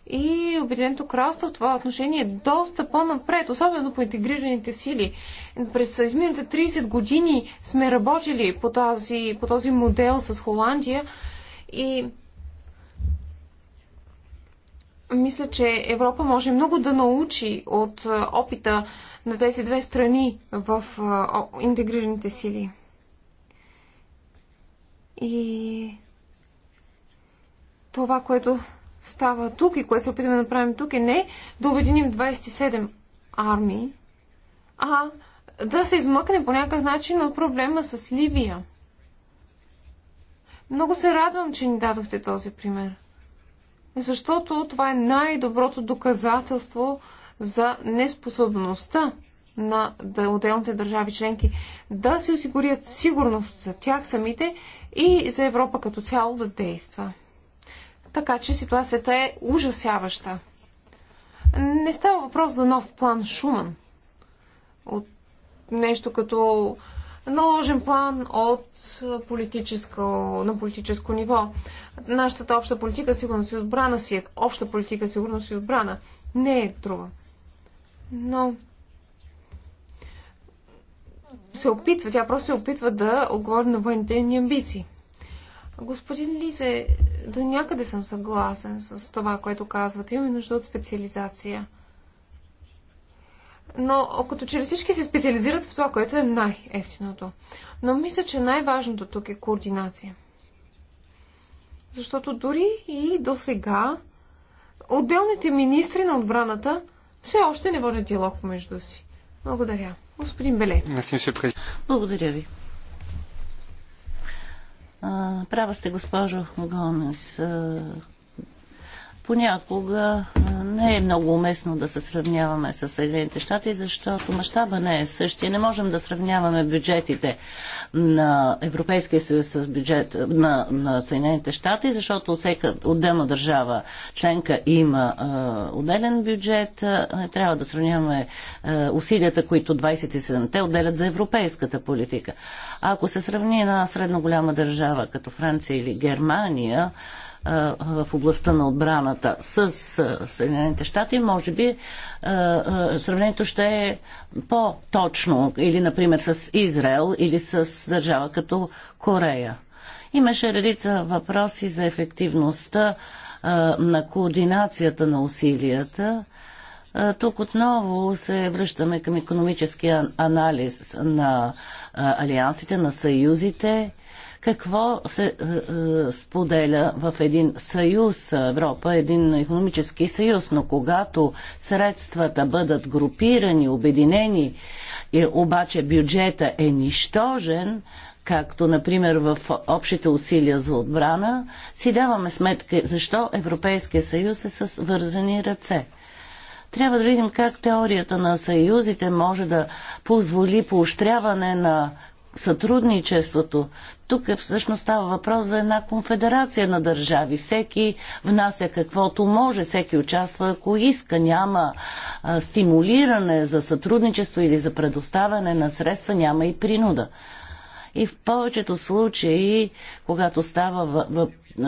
и Обединеното кралство в това отношение е доста по-напред, особено по интегрираните сили. През изминалите 30 години сме работили по този, по този модел с Холандия и мисля, че Европа може много да научи от опита на тези две страни в интегрираните сили. И това, което става тук и което се опитваме да направим тук е не да обединим 27 армии, а да се измъкне по някакъв начин от проблема с Ливия. Много се радвам, че ни дадохте този пример. Защото това е най-доброто доказателство за неспособността на отделните държави членки да си осигурят сигурност за тях самите и за Европа като цяло да действа. Така че ситуацията е ужасяваща. Не става въпрос за нов план Шуман. От нещо като наложен план от политическо, на политическо ниво. Нашата обща политика е сигурност и отбрана си е обща политика е сигурност и отбрана. Не е друга. Но се опитва, тя просто се опитва да отговори на военните ни амбиции. Господин Лизе, до някъде съм съгласен с това, което казвате. Имаме нужда от специализация. Но като че ли всички се специализират в това, което е най-ефтиното. Но мисля, че най-важното тук е координация. Защото дори и до сега отделните министри на отбраната все още не водят диалог между си. Благодаря. Господин Беле. Благодаря ви. Права сте, госпожо Гомес. Понякога не е много уместно да се сравняваме с Съединените щати, защото мащаба не е същия. Не можем да сравняваме бюджетите на Европейския съюз с бюджет на, на Съединените щати, защото всяка отделна държава членка има е, отделен бюджет. Не трябва да сравняваме е, усилията, които 27-те отделят за европейската политика. А ако се сравни една средно голяма държава като Франция или Германия, в областта на отбраната с Съединените щати, може би сравнението ще е по-точно или, например, с Израел или с държава като Корея. Имаше редица въпроси за ефективността на координацията на усилията. Тук отново се връщаме към економическия анализ на алиансите, на съюзите какво се е, е, споделя в един съюз? Европа един економически съюз, но когато средствата бъдат групирани, обединени, и обаче бюджета е нищожен, както например в общите усилия за отбрана, си даваме сметка защо Европейския съюз е с вързани ръце. Трябва да видим как теорията на съюзите може да позволи поощряване на сътрудничеството, тук всъщност става въпрос за една конфедерация на държави. Всеки внася каквото може, всеки участва ако иска. Няма а, стимулиране за сътрудничество или за предоставяне на средства, няма и принуда. И в повечето случаи, когато става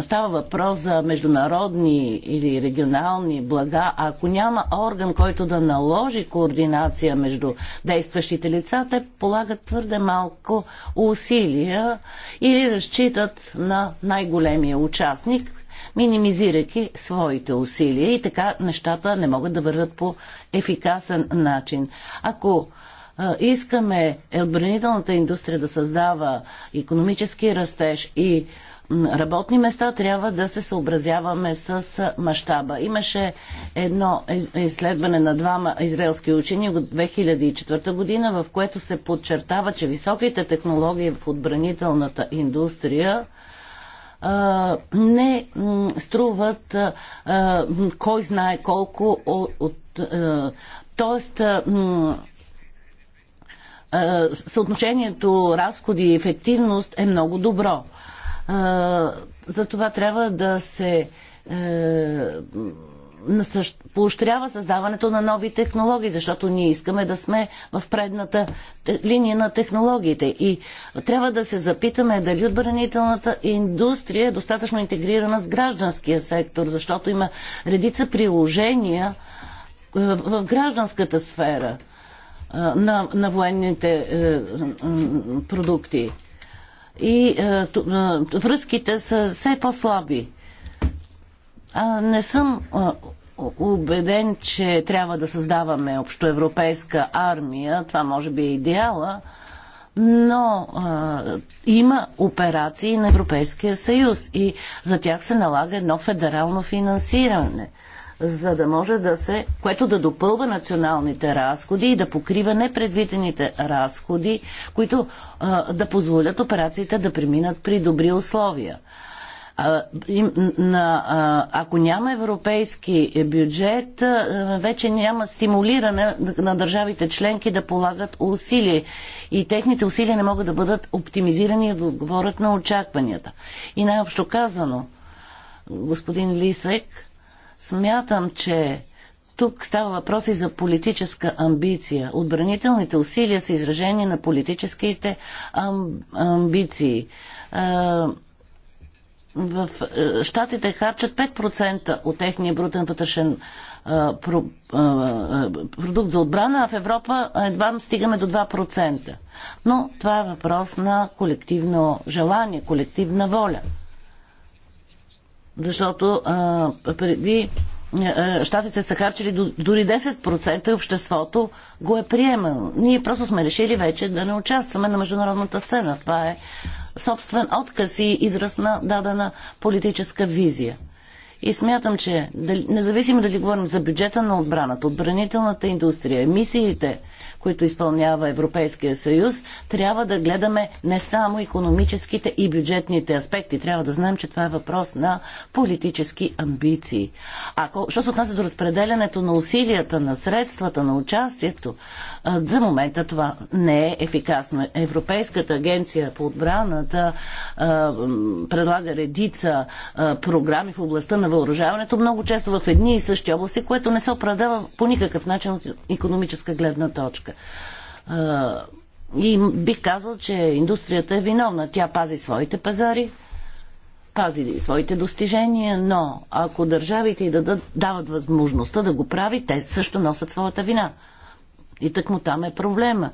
става въпрос за международни или регионални блага, а ако няма орган, който да наложи координация между действащите лица, те полагат твърде малко усилия или разчитат на най-големия участник, минимизирайки своите усилия и така нещата не могат да върват по ефикасен начин. Ако искаме отбранителната индустрия да създава економически растеж и работни места, трябва да се съобразяваме с мащаба. Имаше едно изследване на двама израелски учени от 2004 година, в което се подчертава, че високите технологии в отбранителната индустрия не струват кой знае колко от. Тоест, съотношението разходи и ефективност е много добро. За това трябва да се е, поощрява създаването на нови технологии, защото ние искаме да сме в предната линия на технологиите. И трябва да се запитаме дали отбранителната индустрия е достатъчно интегрирана с гражданския сектор, защото има редица приложения е, в гражданската сфера е, на, на военните продукти и е, е, връзките са все по-слаби. не съм е, убеден, че трябва да създаваме общоевропейска армия. Това може би е идеала, но а, има операции на Европейския съюз и за тях се налага едно федерално финансиране за да може да се, което да допълва националните разходи и да покрива непредвидените разходи, които а, да позволят операциите да преминат при добри условия. А, им, на, а, ако няма европейски бюджет, а, вече няма стимулиране на държавите членки да полагат усилия и техните усилия не могат да бъдат оптимизирани и да отговорят на очакванията. И най-общо казано, господин Лисек, Смятам, че тук става въпрос и за политическа амбиция. Отбранителните усилия са изражение на политическите ам, амбиции. А, в щатите харчат 5% от техния брутен вътрешен а, про, а, продукт за отбрана, а в Европа едва стигаме до 2%. Но това е въпрос на колективно желание, колективна воля. Защото а, преди а, щатите са харчили до, дори 10% и обществото го е приемало. Ние просто сме решили вече да не участваме на международната сцена. Това е собствен отказ и израз на дадена политическа визия. И смятам, че независимо дали говорим за бюджета на отбраната, отбранителната индустрия, емисиите, които изпълнява Европейския съюз, трябва да гледаме не само економическите и бюджетните аспекти. Трябва да знаем, че това е въпрос на политически амбиции. Ако, що се отнася до разпределянето на усилията, на средствата, на участието, за момента това не е ефикасно. Европейската агенция по отбраната предлага редица програми в областта на въоръжаването, много често в едни и същи области, което не се оправдава по никакъв начин от економическа гледна точка. И бих казал, че индустрията е виновна. Тя пази своите пазари, пази своите достижения, но ако държавите и да дават възможността да го прави, те също носят своята вина. И так му там е проблема.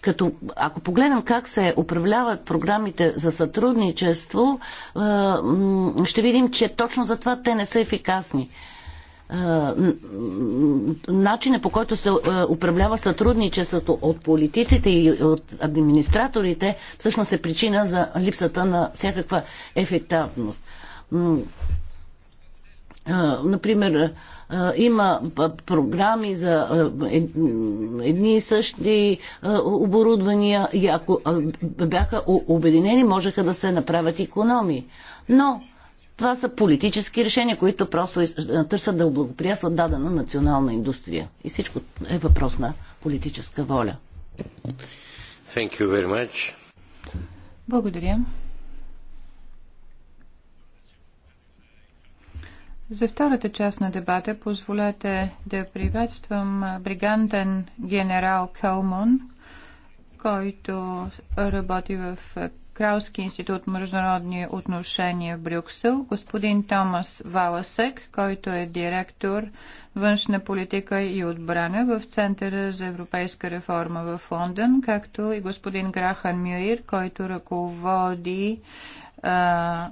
Като, ако погледнем как се управляват програмите за сътрудничество, ще видим, че точно за това те не са ефикасни начина по който се управлява сътрудничеството от политиците и от администраторите всъщност е причина за липсата на всякаква ефективност. Например, има програми за едни и същи оборудвания и ако бяха обединени, можеха да се направят економии. Но това са политически решения, които просто е, търсят да облагоприятстват дадена национална индустрия. И всичко е въпрос на политическа воля. Thank you very much. Благодаря. За втората част на дебата позволете да приветствам бригантен генерал Кълмон, който работи в Кралски институт международни отношения в Брюксел, господин Томас Валасек, който е директор външна политика и отбрана в Центъра за европейска реформа в Лондон, както и господин Грахан Мюир, който ръководи а,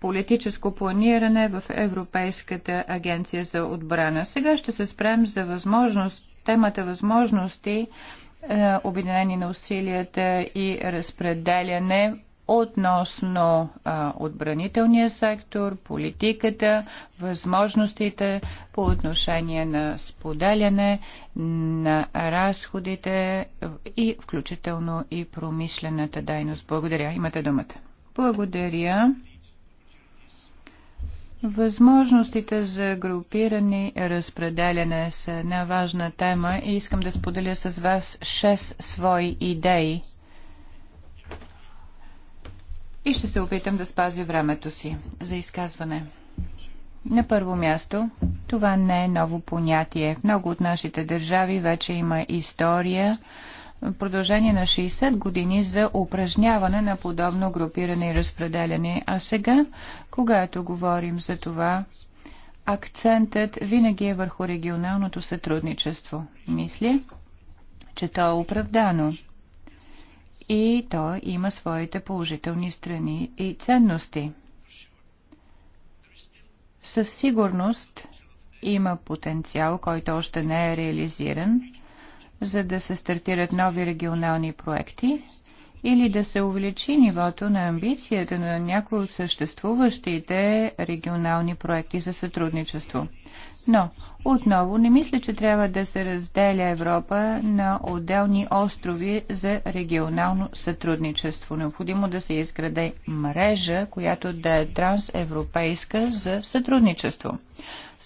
политическо планиране в Европейската агенция за отбрана. Сега ще се спрем за възможност, темата възможности е, обединение на усилията и разпределяне относно а, е, отбранителния сектор, политиката, възможностите по отношение на споделяне на разходите и включително и промишлената дайност. Благодаря. Имате думата. Благодаря. Възможностите за групиране и разпределяне са една важна тема и искам да споделя с вас 6 свои идеи. И ще се опитам да спазя времето си за изказване. На първо място, това не е ново понятие. Много от нашите държави вече има история продължение на 60 години за упражняване на подобно групиране и разпределяне. А сега, когато говорим за това, акцентът винаги е върху регионалното сътрудничество. Мисля, че то е оправдано. И то има своите положителни страни и ценности. Със сигурност има потенциал, който още не е реализиран за да се стартират нови регионални проекти или да се увеличи нивото на амбицията на някои от съществуващите регионални проекти за сътрудничество. Но, отново, не мисля, че трябва да се разделя Европа на отделни острови за регионално сътрудничество. Необходимо да се изграде мрежа, която да е трансевропейска за сътрудничество.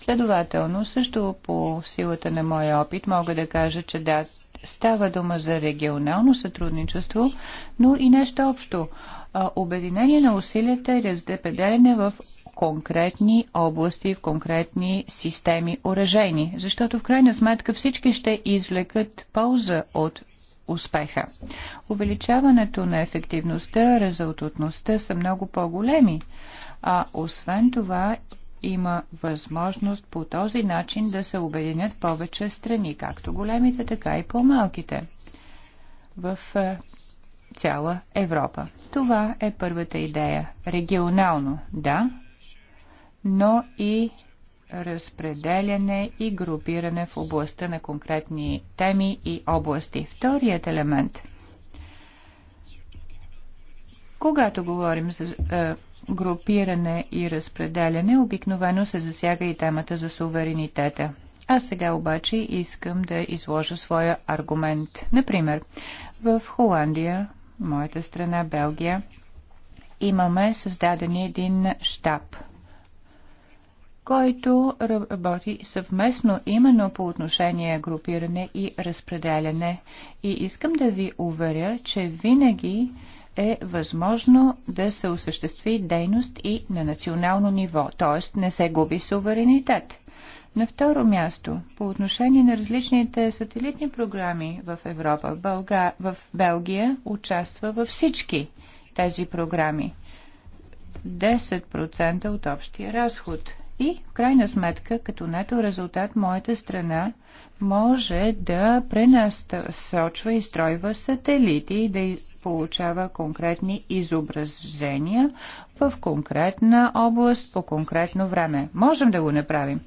Следователно, също по силата на моя опит мога да кажа, че да, става дума за регионално сътрудничество, но и нещо общо. Обединение на усилията и раздепределение в конкретни области, в конкретни системи оръжейни, защото в крайна сметка всички ще извлекат полза от успеха. Увеличаването на ефективността, резултатността са много по-големи. А освен това, има възможност по този начин да се обединят повече страни, както големите, така и по-малките в е, цяла Европа. Това е първата идея. Регионално, да, но и разпределяне и групиране в областта на конкретни теми и области. Вторият елемент. Когато говорим за е, групиране и разпределяне обикновено се засяга и темата за суверенитета. А сега обаче искам да изложа своя аргумент. Например, в Холандия, моята страна Белгия, имаме създаден един штаб, който работи съвместно именно по отношение групиране и разпределяне. И искам да ви уверя, че винаги е възможно да се осъществи дейност и на национално ниво, т.е. не се губи суверенитет. На второ място, по отношение на различните сателитни програми в Европа, Бълга... в Белгия участва във всички тези програми. 10% от общия разход – и в крайна сметка, като нето резултат, моята страна може да пренасочва и стройва сателити и да получава конкретни изображения в конкретна област по конкретно време. Можем да го направим.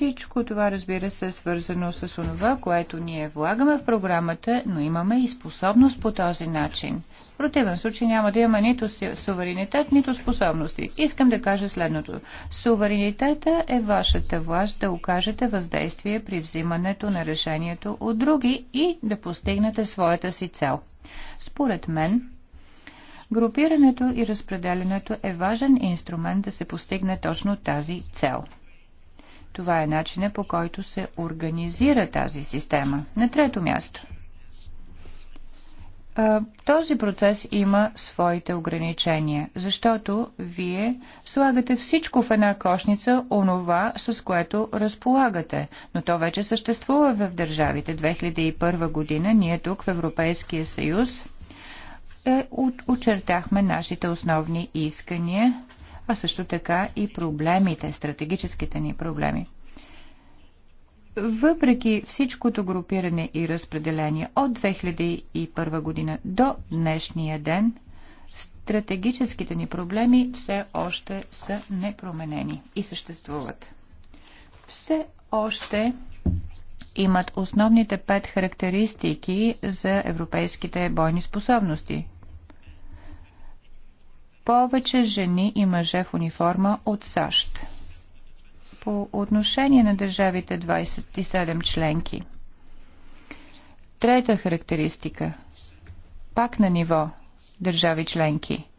Всичко това, разбира се, е свързано с онова, което ние влагаме в програмата, но имаме и способност по този начин. В противен случай няма да имаме нито суверенитет, нито способности. Искам да кажа следното. Суверенитета е вашата власт да окажете въздействие при взимането на решението от други и да постигнете своята си цел. Според мен, групирането и разпределянето е важен инструмент да се постигне точно тази цел – това е начина по който се организира тази система. На трето място. Този процес има своите ограничения, защото вие слагате всичко в една кошница, онова с което разполагате. Но то вече съществува в държавите. 2001 година ние тук в Европейския съюз е, очертахме нашите основни искания а също така и проблемите, стратегическите ни проблеми. Въпреки всичкото групиране и разпределение от 2001 година до днешния ден, стратегическите ни проблеми все още са непроменени и съществуват. Все още имат основните пет характеристики за европейските бойни способности, повече жени и мъже в униформа от САЩ. По отношение на държавите 27 членки. Трета характеристика. Пак на ниво държави членки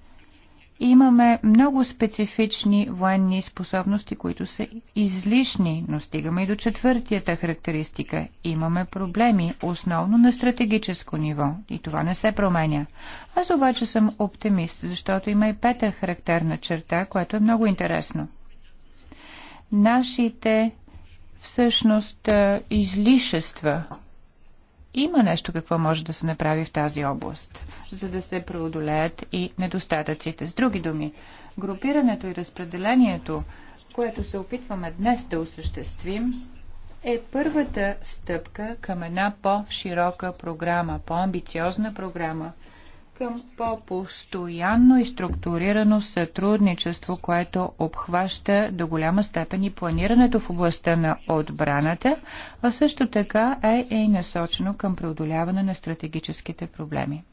имаме много специфични военни способности, които са излишни, но стигаме и до четвъртията характеристика. Имаме проблеми, основно на стратегическо ниво, и това не се променя. Аз обаче съм оптимист, защото има и пета характерна черта, което е много интересно. Нашите всъщност излишества – има нещо какво може да се направи в тази област, за да се преодолеят и недостатъците. С други думи, групирането и разпределението, което се опитваме днес да осъществим, е първата стъпка към една по-широка програма, по-амбициозна програма – към по-постоянно и структурирано сътрудничество, което обхваща до голяма степен и планирането в областта на отбраната, а също така е и насочено към преодоляване на стратегическите проблеми.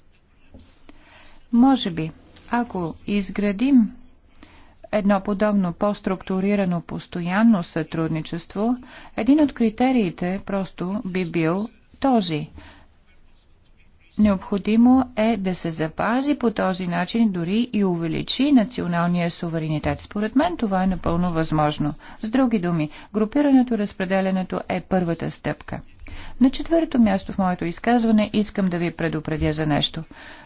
Може би, ако изградим едно подобно по-структурирано постоянно сътрудничество, един от критериите просто би бил този – Необходимо е да се запази по този начин, дори и увеличи националния суверенитет. Според мен това е напълно възможно. С други думи, групирането, разпределенето е първата стъпка. На четвърто място в моето изказване искам да ви предупредя за нещо.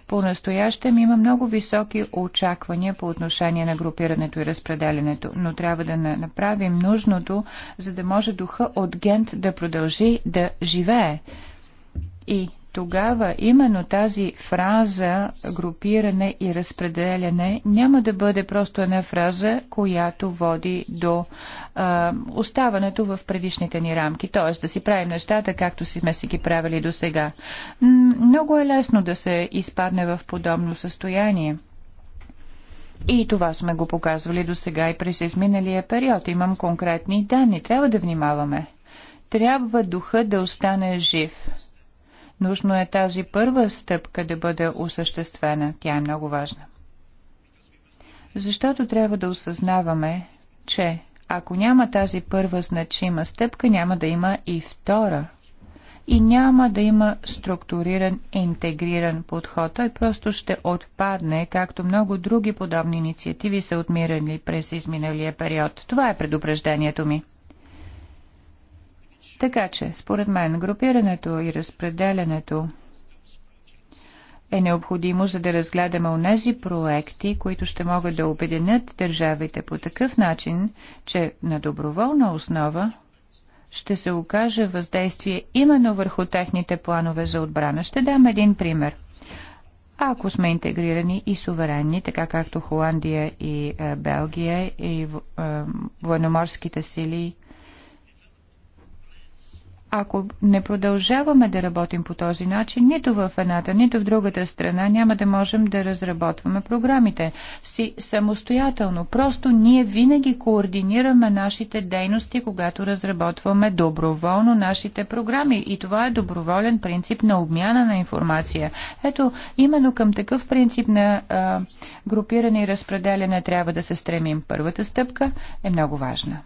По-настоящем има много високи очаквания по отношение на групирането и разпределенето, но трябва да направим нужното, за да може духа от Гент да продължи да живее. И тогава именно тази фраза групиране и разпределяне няма да бъде просто една фраза, която води до а, оставането в предишните ни рамки, т.е. да си правим нещата, както си сме си ги правили до сега. Много е лесно да се изпадне в подобно състояние. И това сме го показвали до сега и през изминалия период. Имам конкретни данни. Трябва да внимаваме. Трябва духа да остане жив Нужно е тази първа стъпка да бъде осъществена. Тя е много важна. Защото трябва да осъзнаваме, че ако няма тази първа значима стъпка, няма да има и втора. И няма да има структуриран, интегриран подход. Той просто ще отпадне, както много други подобни инициативи са отмирали през изминалия период. Това е предупреждението ми. Така че, според мен, групирането и разпределянето е необходимо, за да разгледаме онези проекти, които ще могат да обединят държавите по такъв начин, че на доброволна основа ще се окаже въздействие именно върху техните планове за отбрана. Ще дам един пример. Ако сме интегрирани и суверенни, така както Холандия и е, Белгия и е, военноморските сили ако не продължаваме да работим по този начин, нито в едната, нито в другата страна няма да можем да разработваме програмите си самостоятелно. Просто ние винаги координираме нашите дейности, когато разработваме доброволно нашите програми. И това е доброволен принцип на обмяна на информация. Ето, именно към такъв принцип на а, групиране и разпределяне трябва да се стремим. Първата стъпка е много важна.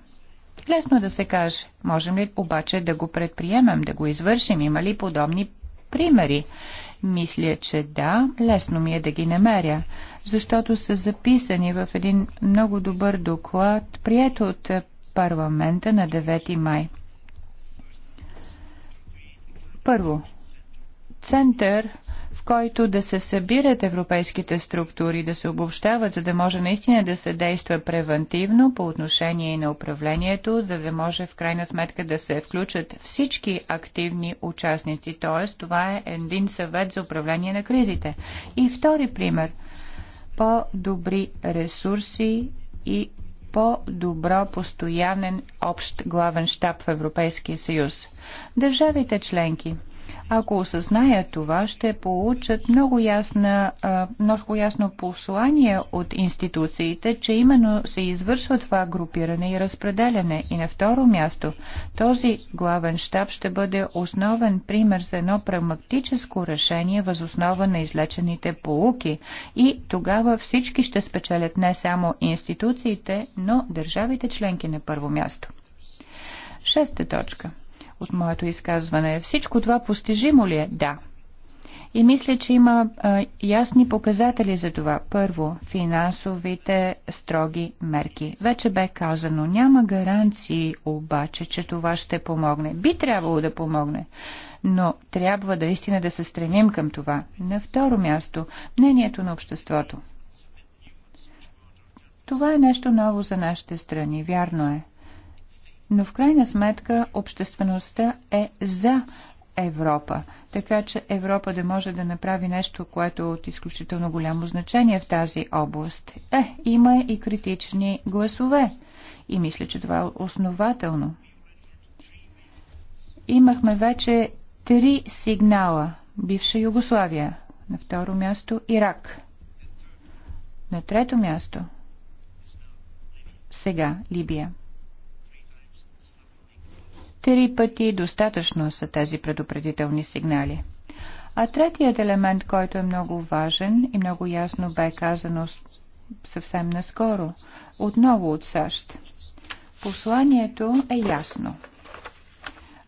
Лесно е да се каже. Можем ли обаче да го предприемем, да го извършим? Има ли подобни примери? Мисля, че да, лесно ми е да ги намеря, защото са записани в един много добър доклад, прият от парламента на 9 май. Първо, център който да се събират европейските структури, да се обобщават, за да може наистина да се действа превентивно по отношение на управлението, за да може в крайна сметка да се включат всички активни участници. Тоест, това е един съвет за управление на кризите. И втори пример по-добри ресурси и по-добро постоянен общ главен щаб в Европейския съюз. Държавите членки – ако осъзнаят това, ще получат много, ясна, много ясно послание от институциите, че именно се извършва това групиране и разпределяне. И на второ място, този главен щаб ще бъде основен пример за едно прагматическо решение възоснова на излечените полуки. И тогава всички ще спечелят не само институциите, но държавите членки на първо място. Шеста точка – от моето изказване. Всичко това постижимо ли е? Да. И мисля, че има а, ясни показатели за това. Първо, финансовите строги мерки. Вече бе казано, няма гаранции обаче, че това ще помогне. Би трябвало да помогне, но трябва да истина да се стремим към това. На второ място, мнението на обществото. Това е нещо ново за нашите страни, вярно е. Но в крайна сметка обществеността е за Европа. Така че Европа да може да направи нещо, което е от изключително голямо значение в тази област. Е, има и критични гласове. И мисля, че това е основателно. Имахме вече три сигнала. Бивша Югославия. На второ място Ирак. На трето място сега Либия. Три пъти достатъчно са тези предупредителни сигнали. А третият елемент, който е много важен и много ясно бе казано съвсем наскоро, отново от САЩ. Посланието е ясно.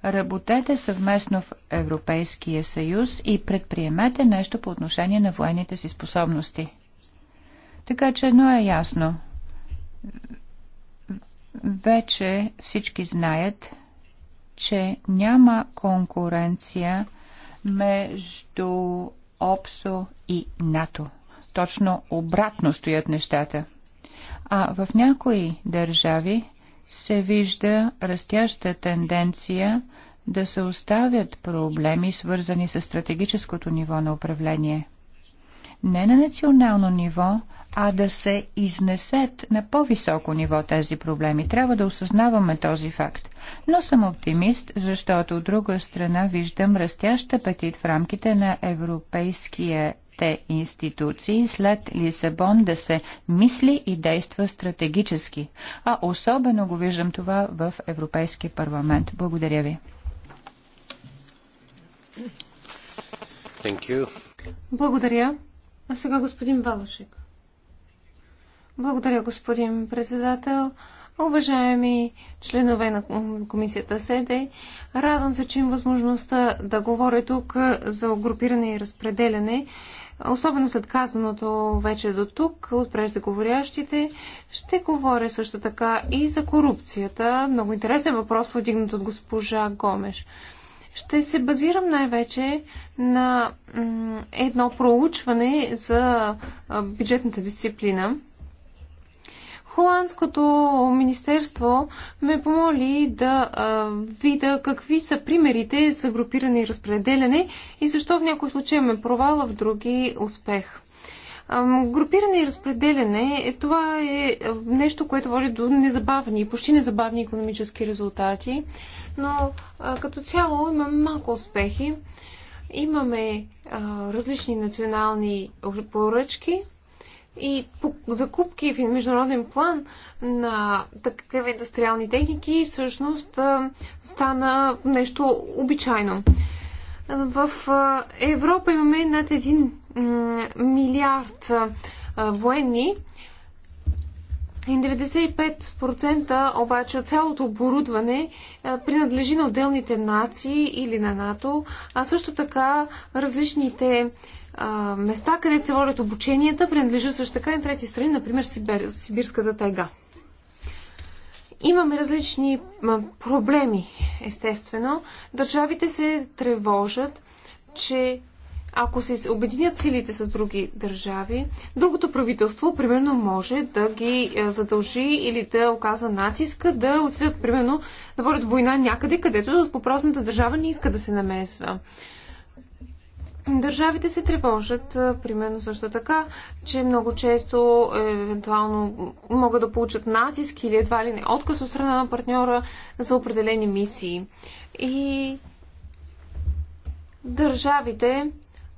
Работете съвместно в Европейския съюз и предприемете нещо по отношение на военните си способности. Така че едно е ясно. Вече всички знаят, че няма конкуренция между ОПСО и НАТО. Точно обратно стоят нещата. А в някои държави се вижда растяща тенденция да се оставят проблеми, свързани с стратегическото ниво на управление – не на национално ниво, а да се изнесет на по-високо ниво тези проблеми. Трябва да осъзнаваме този факт. Но съм оптимист, защото от друга страна виждам растящ апетит в рамките на европейския те институции след Лисабон да се мисли и действа стратегически. А особено го виждам това в Европейския парламент. Благодаря ви. Благодаря. А сега господин Валушек. Благодаря, господин председател. Уважаеми членове на комисията СЕДЕ, радвам се, че им възможността да говоря тук за групиране и разпределяне. Особено след казаното вече до тук от преждеговорящите, ще говоря също така и за корупцията. Много интересен въпрос, повдигнат от госпожа Гомеш. Ще се базирам най-вече на едно проучване за бюджетната дисциплина. Холандското министерство ме помоли да а, видя какви са примерите за групиране и разпределяне и защо в някои случаи ме провала, в други успех. Групиране и разпределяне, е, това е, е нещо, което води до незабавни, почти незабавни економически резултати, но като цяло имаме малко успехи. Имаме различни национални поръчки, и закупки в международен план на такива индустриални техники всъщност стана нещо обичайно. В Европа имаме над 1 милиард военни 95% обаче от цялото оборудване принадлежи на отделните нации или на НАТО, а също така различните места, където се водят обученията, принадлежат също така и трети страни, например Сибир, Сибирската тайга. Имаме различни проблеми, естествено. Държавите се тревожат, че ако се обединят силите с други държави, другото правителство, примерно, може да ги е, задължи или да оказва натиска да отидат, примерно, да водят война някъде, където въпросната държава не иска да се намесва. Държавите се тревожат, примерно също така, че много често е, евентуално могат да получат натиск или едва ли не отказ от страна на партньора за определени мисии. И държавите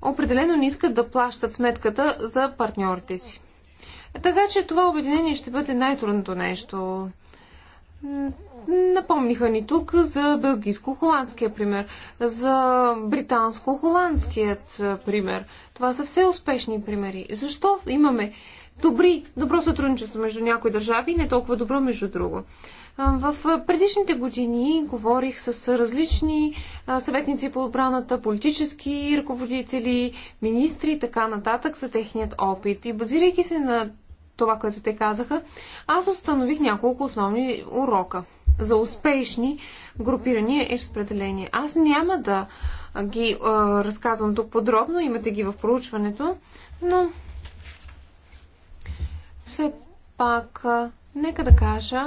определено не искат да плащат сметката за партньорите си. Така че това обединение ще бъде най-трудното нещо. Напомниха ни тук за бългийско-холандския пример, за британско-холандският е, пример. Това са все успешни примери. Защо имаме добри, добро сътрудничество между някои държави и не толкова добро между друго? Е, в предишните години говорих с различни е, съветници по отбраната, политически ръководители, министри и така нататък за техният опит. И базирайки се на това, което те казаха, аз установих няколко основни урока – за успешни групирания и разпределения. Аз няма да ги а, разказвам тук подробно, имате ги в проучването, но все пак а, нека да кажа,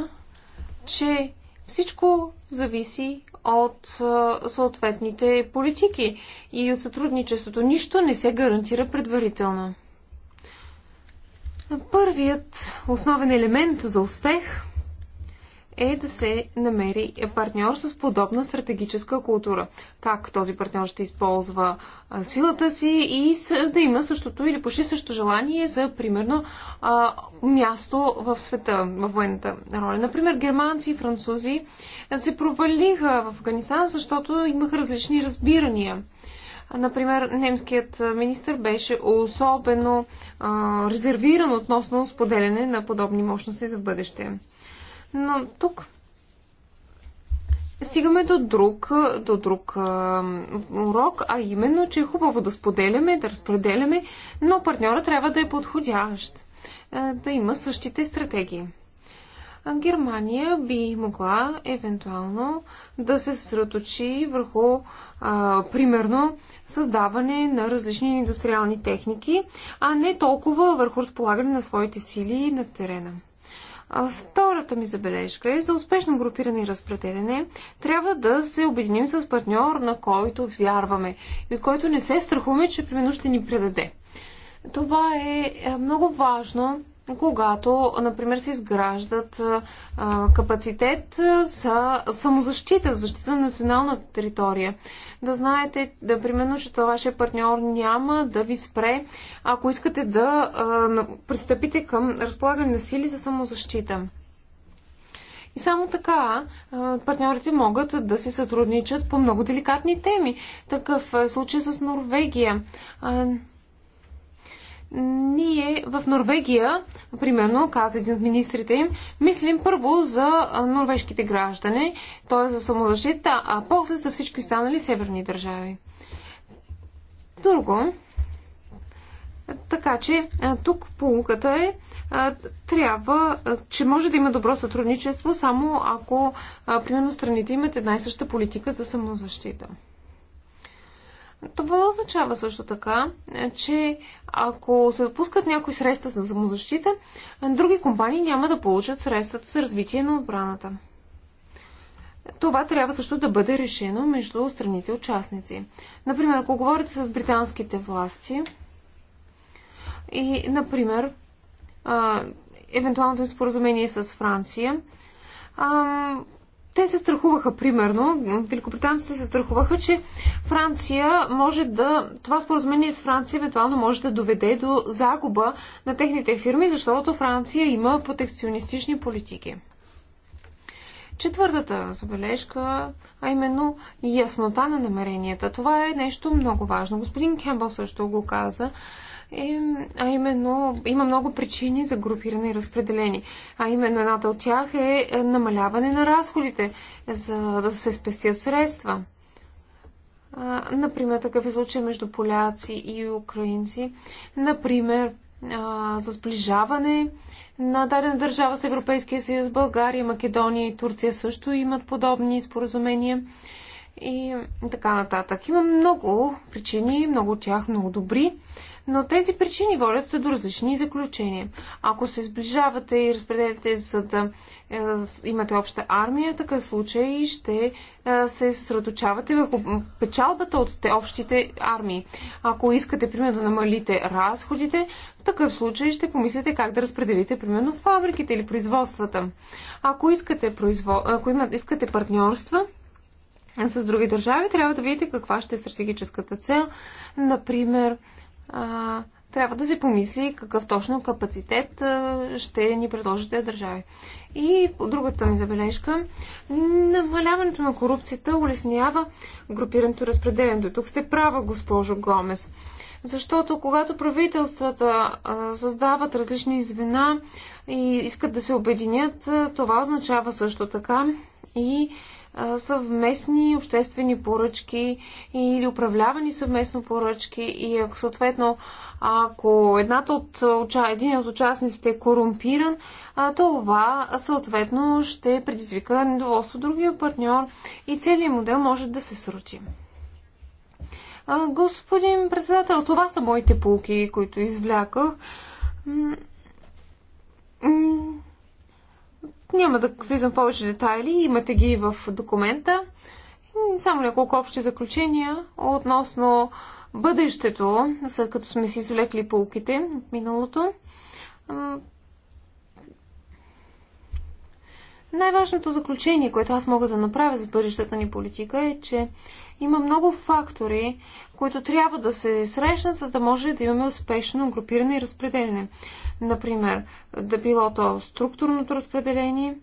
че всичко зависи от а, съответните политики и от сътрудничеството. Нищо не се гарантира предварително. Първият основен елемент за успех – е да се намери партньор с подобна стратегическа култура. Как този партньор ще използва силата си и да има същото или почти също желание за, примерно, място в света, във военната роля. Например, германци и французи се провалиха в Афганистан, защото имаха различни разбирания. Например, немският министр беше особено резервиран относно споделяне на подобни мощности за бъдеще. Но тук стигаме до друг, до друг а, урок, а именно, че е хубаво да споделяме, да разпределяме, но партньора трябва да е подходящ, а, да има същите стратегии. А Германия би могла евентуално да се съсредоточи върху, а, примерно, създаване на различни индустриални техники, а не толкова върху разполагане на своите сили на терена втората ми забележка е за успешно групиране и разпределение. Трябва да се обединим с партньор, на който вярваме и от който не се страхуваме, че примерно ще ни предаде. Това е, е много важно когато, например, се изграждат капацитет за самозащита, за защита на националната територия. Да знаете, да, примерно, че това вашия партньор няма да ви спре, ако искате да пристъпите към разполагане на сили за самозащита. И само така партньорите могат да се сътрудничат по много деликатни теми. Такъв е случай с Норвегия ние в Норвегия, примерно, каза един от министрите им, мислим първо за норвежките граждани, т.е. за самозащита, а после за всички останали северни държави. Друго, така че тук полуката е, трябва, че може да има добро сътрудничество, само ако, примерно, страните имат една и съща политика за самозащита. Това означава също така, е, че ако се отпускат някои средства за самозащита, е, други компании няма да получат средствата за развитие на отбраната. Това трябва също да бъде решено между страните участници. Например, ако говорите с британските власти и, например, евентуалното им споразумение с Франция, те се страхуваха, примерно, великобританците се страхуваха, че Франция може да. Това споразумение с Франция евентуално може да доведе до загуба на техните фирми, защото Франция има протекционистични политики. Четвъртата забележка, а именно яснота на намеренията. Това е нещо много важно. Господин Кембъл също го каза е, а именно има много причини за групиране и разпределение. А именно едната от тях е, е намаляване на разходите, за да се спестят средства. А, например, такъв е случай между поляци и украинци. Например, а, за сближаване на дадена държава с Европейския съюз, България, Македония и Турция също имат подобни споразумения и така нататък. Има много причини, много от тях много добри, но тези причини водят до различни заключения. Ако се сближавате и разпределяте, за да е, имате обща армия, така случай ще е, се съсредоточавате върху печалбата от те общите армии. Ако искате, примерно, да намалите разходите, в такъв случай ще помислите как да разпределите, примерно, фабриките или производствата. Ако искате, произво... Ако има... искате партньорства, с други държави, трябва да видите каква ще е стратегическата цел. Например, а, трябва да се помисли какъв точно капацитет а, ще ни предложите държави. И другата ми забележка, намаляването на корупцията улеснява групирането разпределението. Тук сте права, госпожо Гомес. Защото когато правителствата а, създават различни звена и искат да се обединят, това означава също така и съвместни обществени поръчки или управлявани съвместно поръчки и ако съответно ако едната от, един от участниците е корумпиран, това съответно ще предизвика недоволство другия партньор и целият модел може да се срути. Господин председател, това са моите полки, които извляках. Няма да влизам в повече детайли, имате ги в документа. Само няколко общи заключения относно бъдещето, след като сме си извлекли полките от миналото. Най-важното заключение, което аз мога да направя за бъдещата ни политика е, че има много фактори, които трябва да се срещнат, за да може да имаме успешно групиране и разпределение. Например, да било то структурното разпределение,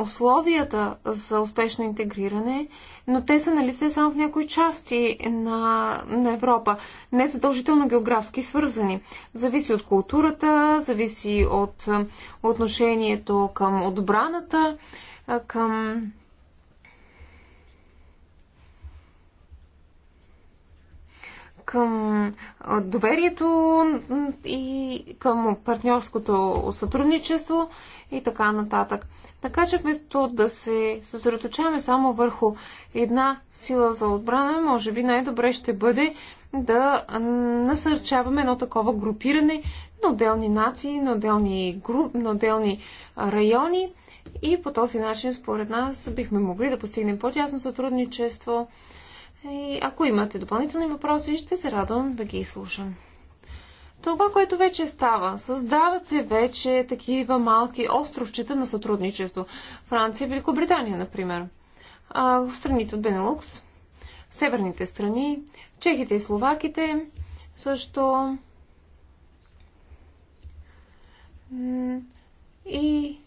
условията за успешно интегриране, но те са на лице само в някои части на, на Европа, не задължително географски свързани. Зависи от културата, зависи от отношението към отбраната, към към доверието и към партньорското сътрудничество и така нататък. Така че вместо да се съсредоточаваме само върху една сила за отбрана, може би най-добре ще бъде да насърчаваме едно такова групиране на отделни нации, на отделни, груп, на отделни райони и по този начин, според нас, бихме могли да постигнем по-тясно сътрудничество и е, ако имате допълнителни въпроси, ще се радвам да ги слушам. Това, което вече става, създават се вече такива малки островчета на сътрудничество. Франция и Великобритания, например. А, в страните от Бенелукс, северните страни, чехите и словаките, също и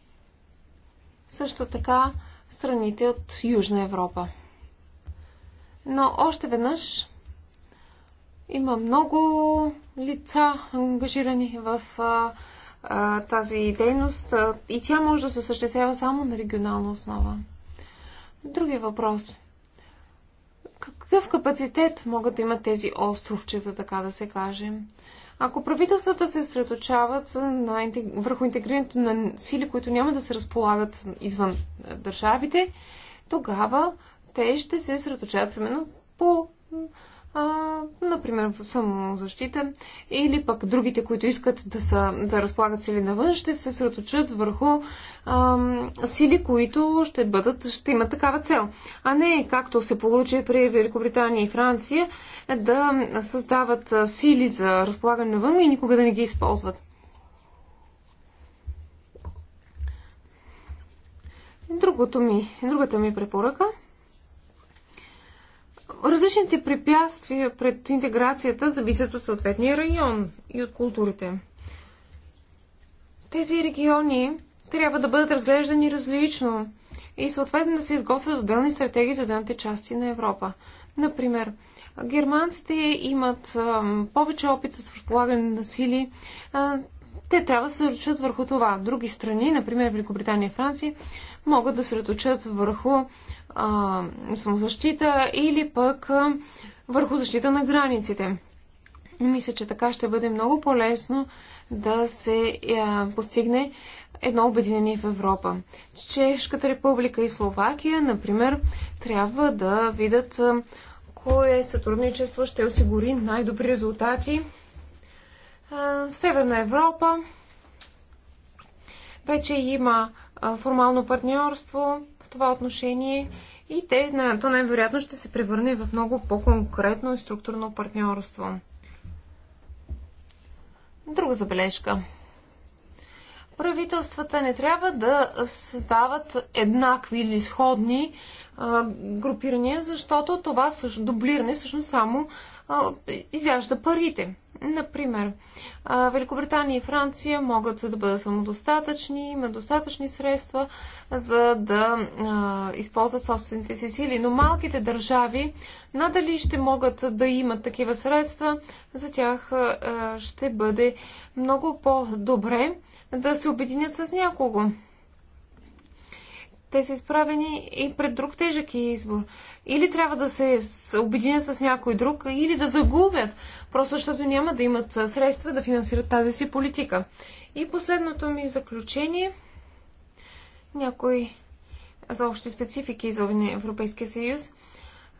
също така страните от Южна Европа. Но още веднъж има много лица ангажирани в а, а, тази дейност а, и тя може да се съществява само на регионална основа. Другия въпрос. Какъв капацитет могат да имат тези островчета, така да се каже? Ако правителствата се средочават на, върху интегрирането на сили, които няма да се разполагат извън държавите, тогава те ще се сръточават примерно по а, например, самозащита, или пък другите, които искат да, са, да разполагат сили навън, ще се сръточат върху а, сили, които ще, бъдат, ще имат такава цел. А не, както се получи при Великобритания и Франция, е да създават сили за разполагане навън и никога да не ги използват. Другото ми, другата ми препоръка – различните препятствия пред интеграцията зависят от съответния район и от културите. Тези региони трябва да бъдат разглеждани различно и съответно да се изготвят отделни стратегии за отделните части на Европа. Например, германците имат повече опит с разполагане на сили. те трябва да се ръчат върху това. Други страни, например Великобритания и Франция, могат да се ръчат върху а, самозащита или пък а, върху защита на границите. Мисля, че така ще бъде много по-лесно да се а, постигне едно обединение в Европа. Чешката република и Словакия, например, трябва да видят кое сътрудничество ще осигури най-добри резултати. В Северна Европа вече има формално партньорство това отношение и те, на, то най-вероятно ще се превърне в много по-конкретно и структурно партньорство. Друга забележка. Правителствата не трябва да създават еднакви или сходни а, групирания, защото това всъщност, дублиране всъщност само а, изяжда парите. Например, Великобритания и Франция могат да бъдат самодостатъчни, имат достатъчни средства, за да използват собствените си сили. Но малките държави надали ще могат да имат такива средства, за тях ще бъде много по-добре да се обединят с някого. Те са изправени и пред друг тежък избор или трябва да се обединят с някой друг, или да загубят, просто защото няма да имат средства да финансират тази си политика. И последното ми заключение, някои за общи специфики за Европейския съюз,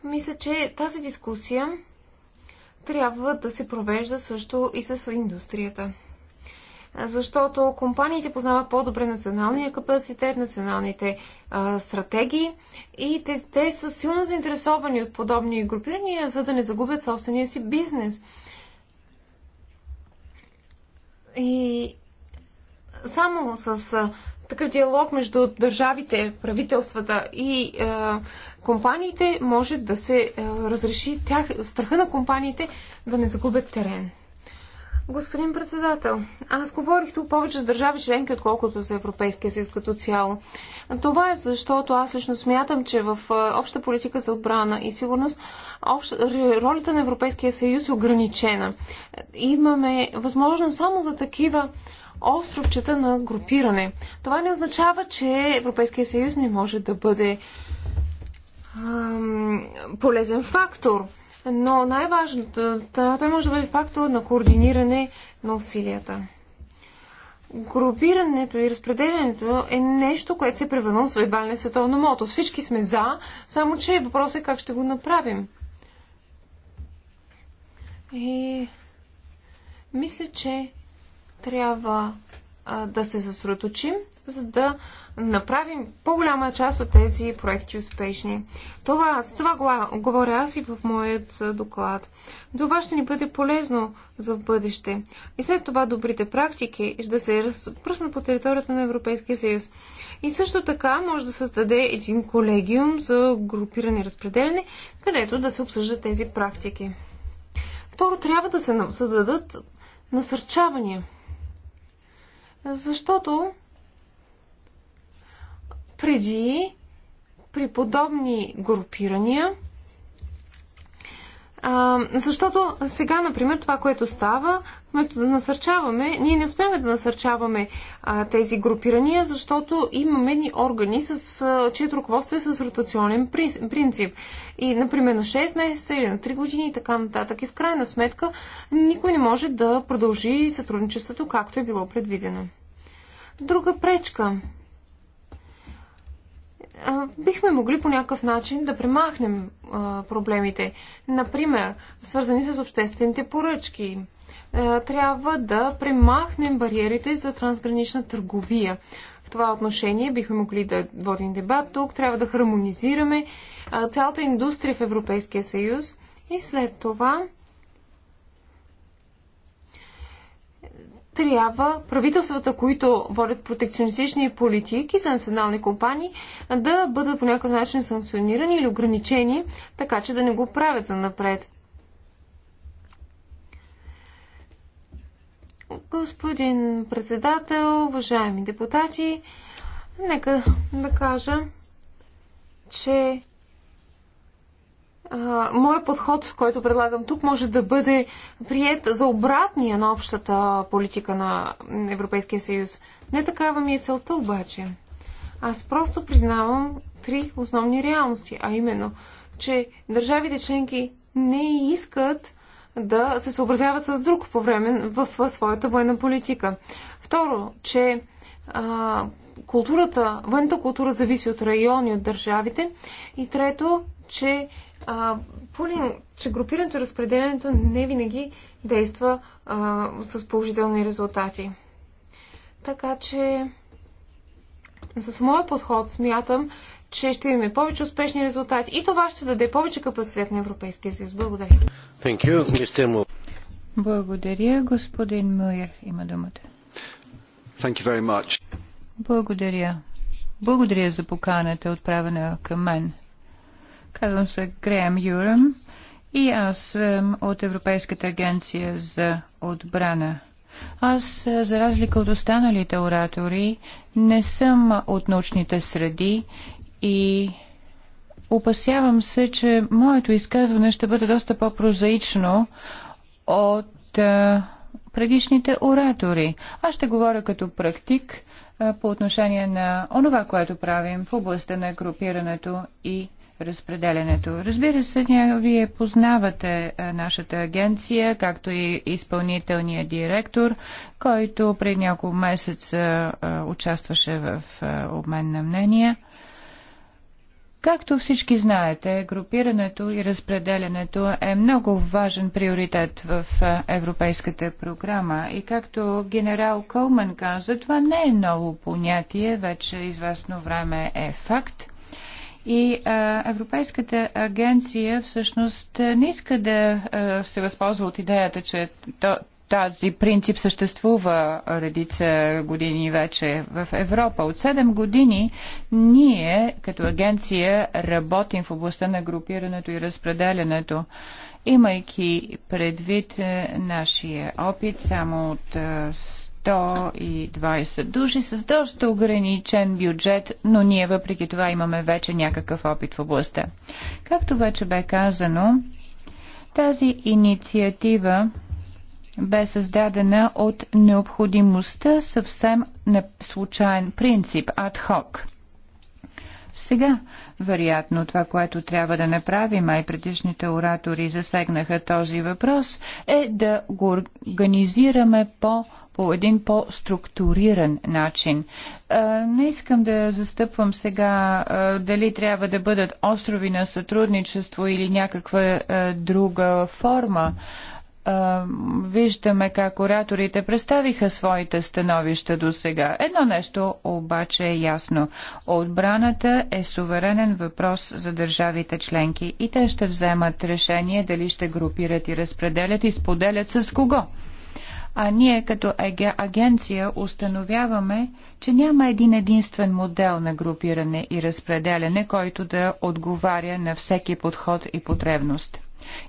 мисля, че тази дискусия трябва да се провежда също и с индустрията защото компаниите познават по-добре националния капацитет, националните а, стратегии и те, те са силно заинтересовани от подобни групирания, за да не загубят собствения си бизнес. И само с а, такъв диалог между държавите, правителствата и а, компаниите може да се а, разреши тях, страха на компаниите да не загубят терен. Господин председател, аз говорих тук повече с държави членки, отколкото за Европейския съюз като цяло. Това е защото аз лично смятам, че в обща политика за отбрана и сигурност общ... ролята на Европейския съюз е ограничена. Имаме възможност само за такива островчета на групиране. Това не означава, че Европейския съюз не може да бъде ам, полезен фактор но най-важното, той може да бъде фактор на координиране на усилията. Групирането и разпределянето е нещо, което се превърна в свойбалния е световно мото. Всички сме за, само че въпросът е как ще го направим. И мисля, че трябва да се съсредоточим, за да направим по-голяма част от тези проекти успешни. Това, за това говоря аз и в моят доклад. Това ще ни бъде полезно за в бъдеще. И след това добрите практики ще да се разпръснат по територията на Европейския съюз. И също така може да създаде един колегиум за групиране и разпределяне, където да се обсъждат тези практики. Второ, трябва да се създадат насърчавания защото преди при подобни групирания а, защото сега, например, това, което става, вместо да насърчаваме, ние не успяваме да насърчаваме а, тези групирания, защото имаме ни органи, с, а, чието ръководство е с ротационен принцип. И, например, на 6 месеца или на 3 години и така нататък. И в крайна сметка никой не може да продължи сътрудничеството, както е било предвидено. Друга пречка бихме могли по някакъв начин да премахнем проблемите. Например, свързани с обществените поръчки. Трябва да премахнем бариерите за трансгранична търговия. В това отношение бихме могли да водим дебат тук. Трябва да хармонизираме цялата индустрия в Европейския съюз и след това трябва правителствата, които водят протекционистични политики за национални компании, да бъдат по някакъв начин санкционирани или ограничени, така че да не го правят за напред. Господин председател, уважаеми депутати, нека да кажа, че моят подход, който предлагам тук, може да бъде прият за обратния на общата политика на Европейския съюз. Не такава ми е целта обаче. Аз просто признавам три основни реалности, а именно, че държавите членки не искат да се съобразяват с друг по време в своята военна политика. Второ, че а, културата, военната култура зависи от райони, от държавите. И трето, че а, че групирането и разпределението не винаги действа а, с положителни резултати. Така че с моя подход смятам, че ще имаме повече успешни резултати и това ще даде повече капацитет на Европейския съюз. Благодаря. Thank you, Mr. Благодаря, господин Муир. Има думата. Thank you very much. Благодаря. Благодаря за поканата, отправена към мен. Казвам се Греем Юрам и аз съм от Европейската агенция за отбрана. Аз, за разлика от останалите оратори, не съм от научните среди и опасявам се, че моето изказване ще бъде доста по-прозаично от а, предишните оратори. Аз ще говоря като практик а, по отношение на онова, което правим в областта на групирането и разпределянето. Разбира се, ня, вие познавате е, нашата агенция, както и изпълнителния директор, който пред няколко месеца е, участваше в е, обмен на мнения. Както всички знаете, групирането и разпределянето е много важен приоритет в Европейската програма. И както генерал Колман каза, това не е ново понятие, вече известно време е факт. И а, Европейската агенция всъщност не иска да а, се възползва от идеята, че то, тази принцип съществува редица години вече в Европа. От 7 години ние като агенция работим в областта на групирането и разпределянето, имайки предвид е, нашия опит само от 120 души с доста ограничен бюджет, но ние въпреки това имаме вече някакъв опит в областта. Както вече бе казано, тази инициатива бе създадена от необходимостта съвсем на случайен принцип, адхок. Сега, вероятно, това, което трябва да направим, а и предишните оратори засегнаха този въпрос, е да го организираме по- по един по-структуриран начин. Не искам да застъпвам сега дали трябва да бъдат острови на сътрудничество или някаква друга форма виждаме как ораторите представиха своите становища до сега. Едно нещо обаче е ясно. Отбраната е суверенен въпрос за държавите членки и те ще вземат решение дали ще групират и разпределят и споделят с кого. А ние като агенция установяваме, че няма един единствен модел на групиране и разпределяне, който да отговаря на всеки подход и потребност.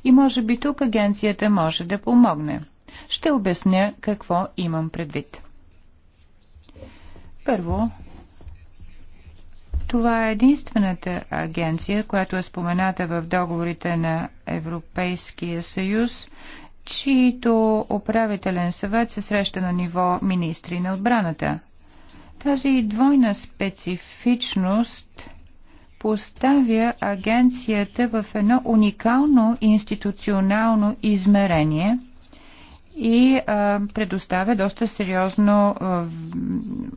И може би тук агенцията може да помогне. Ще обясня какво имам предвид. Първо, това е единствената агенция, която е спомената в договорите на Европейския съюз чието управителен съвет се среща на ниво министри на отбраната. Тази двойна специфичност поставя агенцията в едно уникално институционално измерение и а, предоставя доста сериозно а,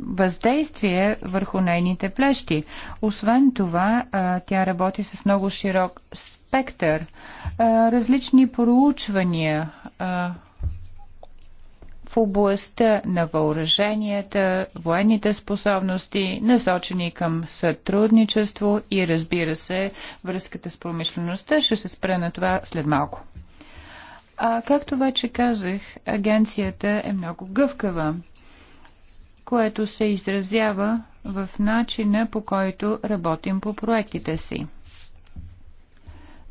въздействие върху нейните плещи. Освен това, а, тя работи с много широк спектър, различни проучвания в областта на въоръженията, военните способности, насочени към сътрудничество и разбира се връзката с промишлеността. Ще се спра на това след малко. А както вече казах, агенцията е много гъвкава, което се изразява в начина по който работим по проектите си.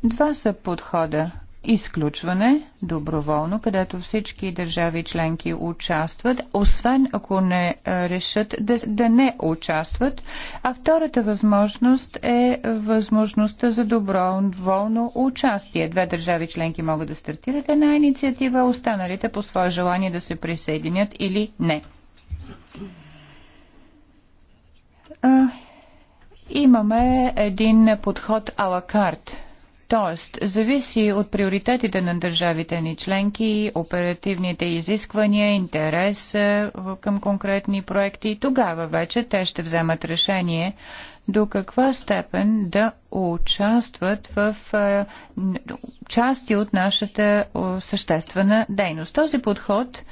Два са подхода. Изключване, доброволно, където всички държави членки участват, освен ако не решат да, да не участват. А втората възможност е възможността за доброволно участие. Две държави членки могат да стартират една инициатива, останалите по свое желание да се присъединят или не. имаме един подход ала карт Тоест, зависи от приоритетите на държавите ни членки, оперативните изисквания, интерес към конкретни проекти тогава вече те ще вземат решение до каква степен да участват в части от нашата съществена дейност. Този подход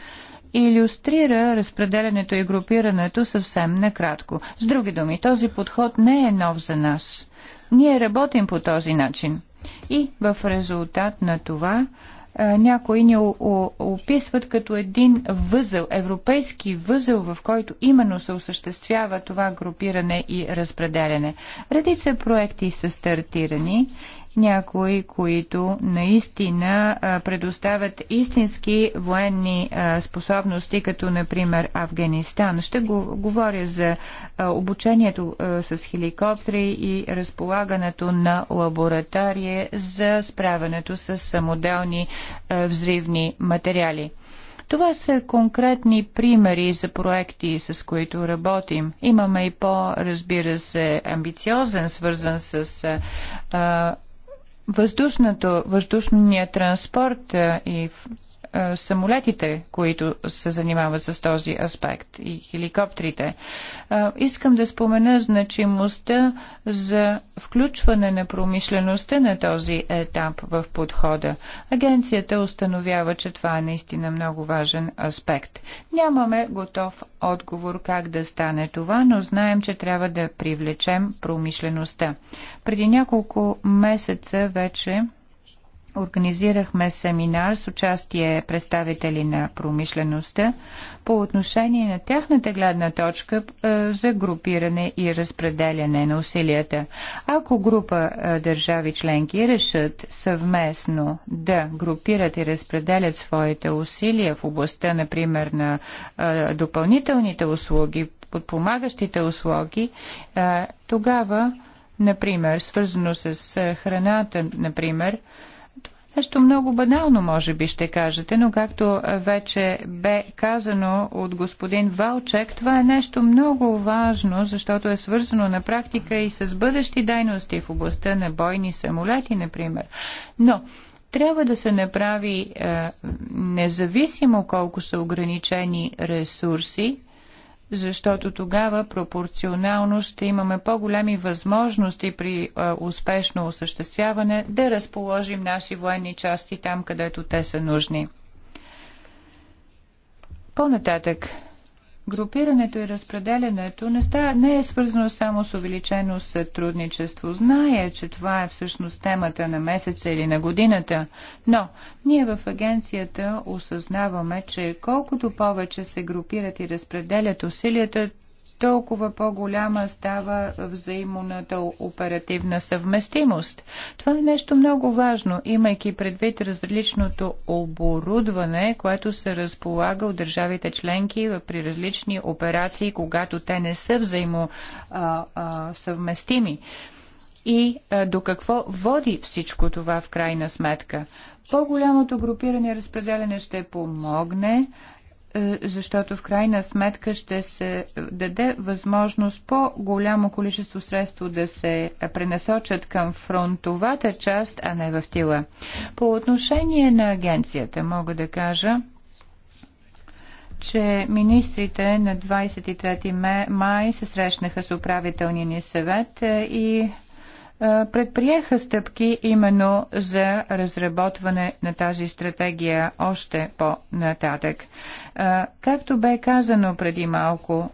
иллюстрира разпределянето и групирането съвсем накратко. С други думи, този подход не е нов за нас. Ние работим по този начин. И в резултат на това някои ни описват като един възел, европейски възел, в който именно се осъществява това групиране и разпределяне. Редица проекти са стартирани някои, които наистина предоставят истински военни способности, като например Афганистан. Ще го, говоря за обучението с хеликоптери и разполагането на лаборатория за справянето с самоделни взривни материали. Това са конкретни примери за проекти, с които работим. Имаме и по, разбира се, амбициозен, свързан с а, въздушното, въздушния транспорт и е, самолетите, които се занимават с този аспект и хеликоптрите. Е, искам да спомена значимостта за включване на промишлеността на този етап в подхода. Агенцията установява, че това е наистина много важен аспект. Нямаме готов отговор как да стане това, но знаем, че трябва да привлечем промишлеността. Преди няколко месеца вече организирахме семинар с участие представители на промишлеността по отношение на тяхната гледна точка е, за групиране и разпределяне на усилията. Ако група е, държави членки решат съвместно да групират и разпределят своите усилия в областта, например, на е, допълнителните услуги, подпомагащите услуги, тогава, например, свързано с храната, например, Нещо много банално, може би, ще кажете, но както вече бе казано от господин Валчек, това е нещо много важно, защото е свързано на практика и с бъдещи дейности в областта на бойни самолети, например. Но трябва да се направи е, независимо колко са ограничени ресурси, защото тогава пропорционално ще имаме по-големи възможности при а, е, успешно осъществяване да разположим наши военни части там, където те са нужни. По-нататък, Групирането и разпределянето не, ста, не е свързано само с увеличено сътрудничество. Зная, че това е всъщност темата на месеца или на годината, но ние в агенцията осъзнаваме, че колкото повече се групират и разпределят усилията, толкова по-голяма става взаимната оперативна съвместимост. Това е нещо много важно, имайки предвид различното оборудване, което се разполага от държавите членки при различни операции, когато те не са взаимосъвместими. И а, до какво води всичко това в крайна сметка? По-голямото групиране и разпределяне ще помогне е, защото в крайна сметка ще се даде възможност по-голямо количество средство да се пренасочат към фронтовата част, а не в тила. По отношение на агенцията мога да кажа, че министрите на 23 май се срещнаха с управителния ни съвет е, и е, предприеха стъпки именно за разработване на тази стратегия още по-нататък. Както бе казано преди малко,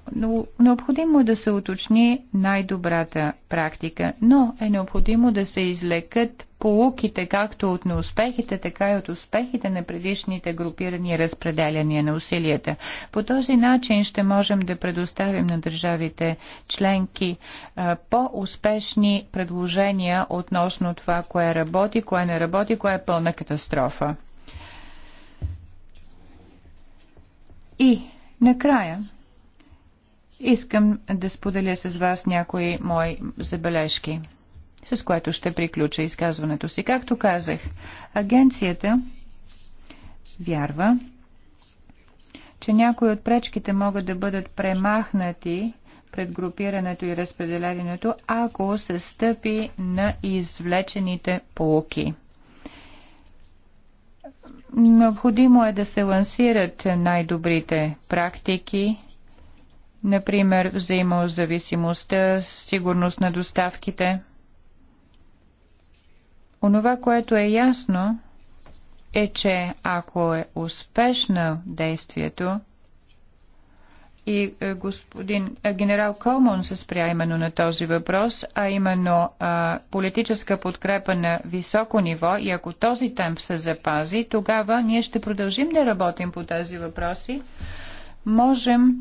необходимо е да се уточни най-добрата практика, но е необходимо да се излекат полуките както от неуспехите, така и от успехите на предишните групирани разпределяния на усилията. По този начин ще можем да предоставим на държавите членки по-успешни предложения относно това, кое работи, кое не работи, кое е пълна катастрофа. И накрая искам да споделя с вас някои мои забележки, с което ще приключа изказването си. Както казах, агенцията вярва, че някои от пречките могат да бъдат премахнати пред групирането и разпределението, ако се стъпи на извлечените полуки – Необходимо е да се лансират най-добрите практики, например взаимозависимостта, сигурност на доставките. Онова, което е ясно, е, че ако е успешно действието, и е, господин е, генерал Колмон се спря именно на този въпрос, а именно а, политическа подкрепа на високо ниво и ако този темп се запази, тогава ние ще продължим да работим по тези въпроси. Можем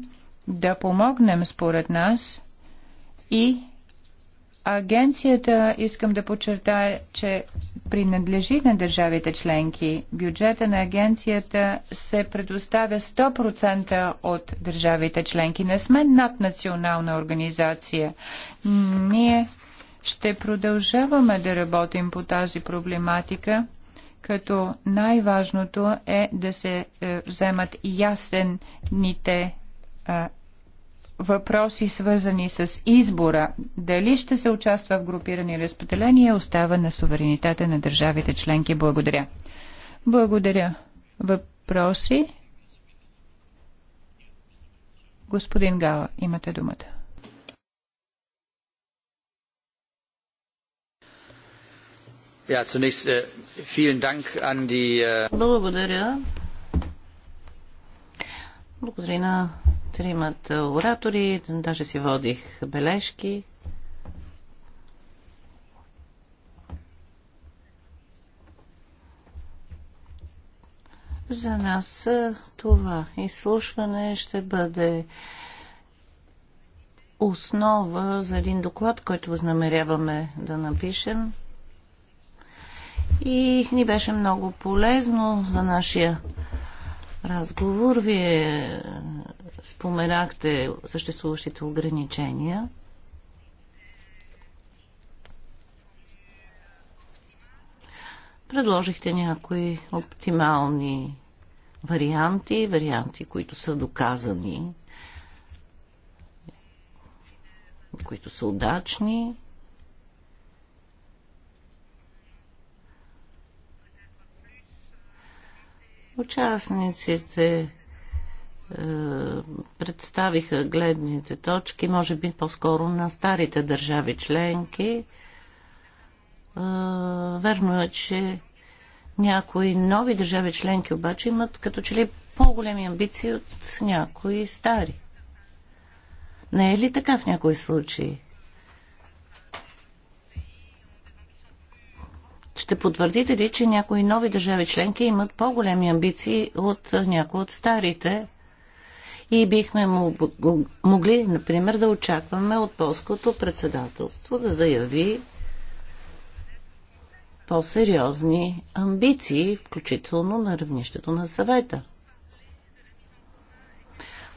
да помогнем според нас и Агенцията, искам да подчертая, че принадлежи на държавите членки. Бюджета на агенцията се предоставя 100% от държавите членки. Не сме наднационална организация. Ние ще продължаваме да работим по тази проблематика, като най-важното е да се е, вземат ясенните въпроси, свързани с избора, дали ще се участва в групирани разпределения, остава на суверенитета на държавите членки. Благодаря. Благодаря. Въпроси? Господин Гала, имате думата. Äh, äh, Благодаря. Благодаря на тримата оратори, даже си водих бележки. За нас това изслушване ще бъде основа за един доклад, който възнамеряваме да напишем. И ни беше много полезно за нашия разговор. Вие Споменахте съществуващите ограничения. Предложихте някои оптимални варианти, варианти, които са доказани, които са удачни. Участниците е, представиха гледните точки, може би по-скоро на старите държави членки. Е, верно е, че някои нови държави членки обаче имат като че ли по-големи амбиции от някои стари. Не е ли така в някои случаи? Ще потвърдите ли, че някои нови държави членки имат по-големи амбиции от някои от старите? и бихме могли, например, да очакваме от полското председателство да заяви по-сериозни амбиции, включително на равнището на съвета.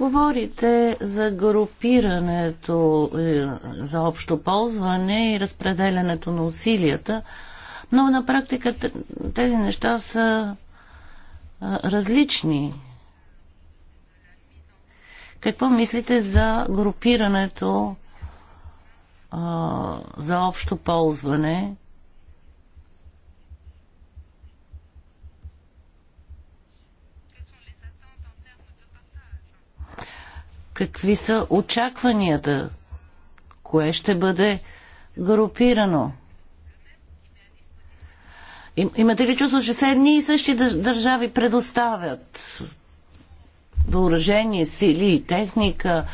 Говорите за групирането е, за общо ползване и разпределянето на усилията, но на практика тези неща са различни. Какво мислите за групирането а, за общо ползване? Какви са очакванията? Кое ще бъде групирано? Имате ли чувство, че все едни и същи държави предоставят въоръжение, сили и техника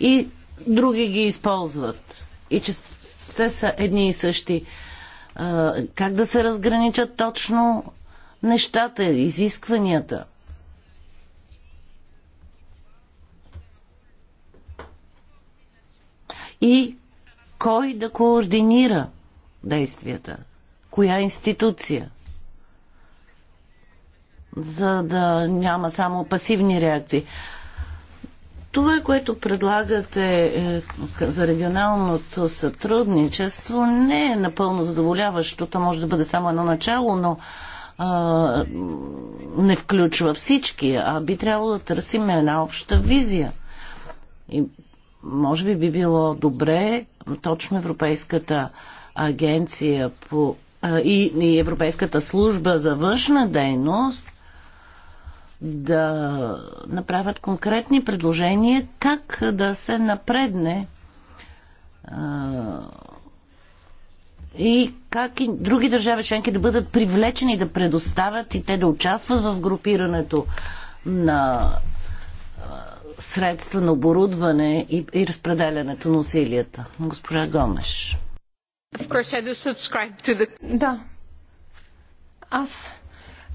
и други ги използват. И че все са едни и същи. А, как да се разграничат точно нещата, изискванията? И кой да координира действията? Коя институция? за да няма само пасивни реакции. Това, което предлагате е, за регионалното сътрудничество, не е напълно задоволяващо. То може да бъде само едно начало, но а, не включва всички, а би трябвало да търсим една обща визия. И може би би било добре точно Европейската агенция по, а, и, и Европейската служба за външна дейност да направят конкретни предложения как да се напредне и как и други държави членки да бъдат привлечени да предоставят и те да участват в групирането на средства на оборудване и, и разпределянето на усилията. Госпожа Гомеш. The... Да. Аз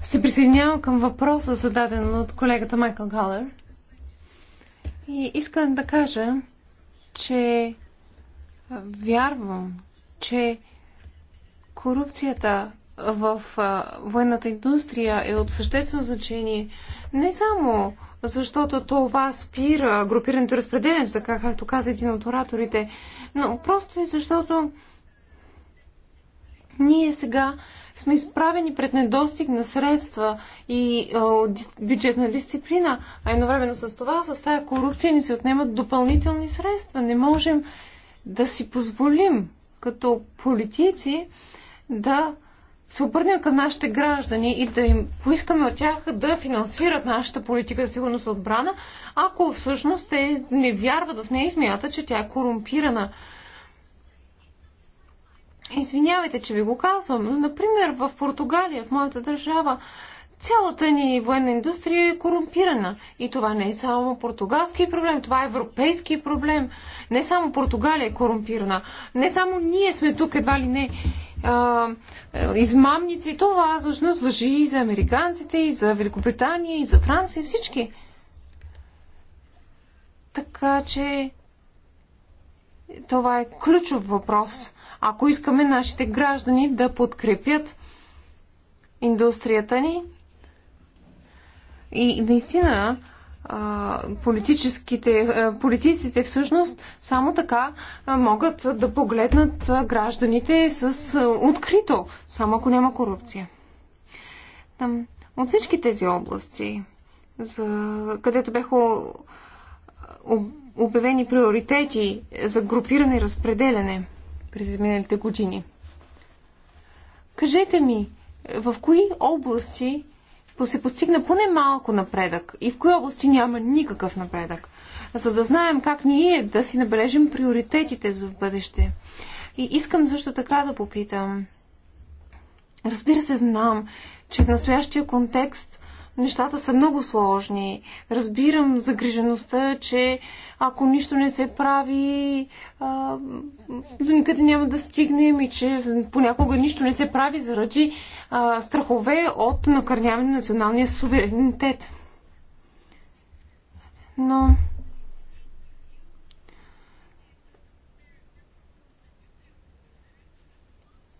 се присъединявам към въпроса, зададен от колегата Майкъл Галер. И искам да кажа, че вярвам, че корупцията в военната индустрия е от съществено значение не само защото това спира групирането и разпределението, така както каза един от ораторите, но просто и защото ние сега сме изправени пред недостиг на средства и о, бюджетна дисциплина, а едновременно с това с тая корупция ни се отнемат допълнителни средства. Не можем да си позволим като политици да се обърнем към нашите граждани и да им поискаме от тях да финансират нашата политика за сигурност и отбрана, ако всъщност те не вярват в нея и смятат, че тя е корумпирана. Извинявайте, че ви го казвам, но, например, в Португалия, в моята държава, цялата ни военна индустрия е корумпирана. И това не е само португалски проблем, това е европейски проблем. Не само Португалия е корумпирана. Не само ние сме тук, едва ли не а, измамници. Това всъщност въжи и за американците, и за Великобритания, и за Франция, и всички. Така че това е ключов въпрос – ако искаме нашите граждани да подкрепят индустрията ни. И наистина политическите, политиците всъщност само така могат да погледнат гражданите с открито, само ако няма корупция. Там, от всички тези области, за, където бяха обявени приоритети за групиране и разпределяне – през изминалите години. Кажете ми, в кои области се постигна поне малко напредък и в кои области няма никакъв напредък, за да знаем как ние да си набележим приоритетите за бъдеще. И искам също така да попитам. Разбира се, знам, че в настоящия контекст нещата са много сложни. Разбирам загрижеността, че ако нищо не се прави, а, до никъде няма да стигнем и че понякога нищо не се прави заради а, страхове от накърняване на националния суверенитет. Но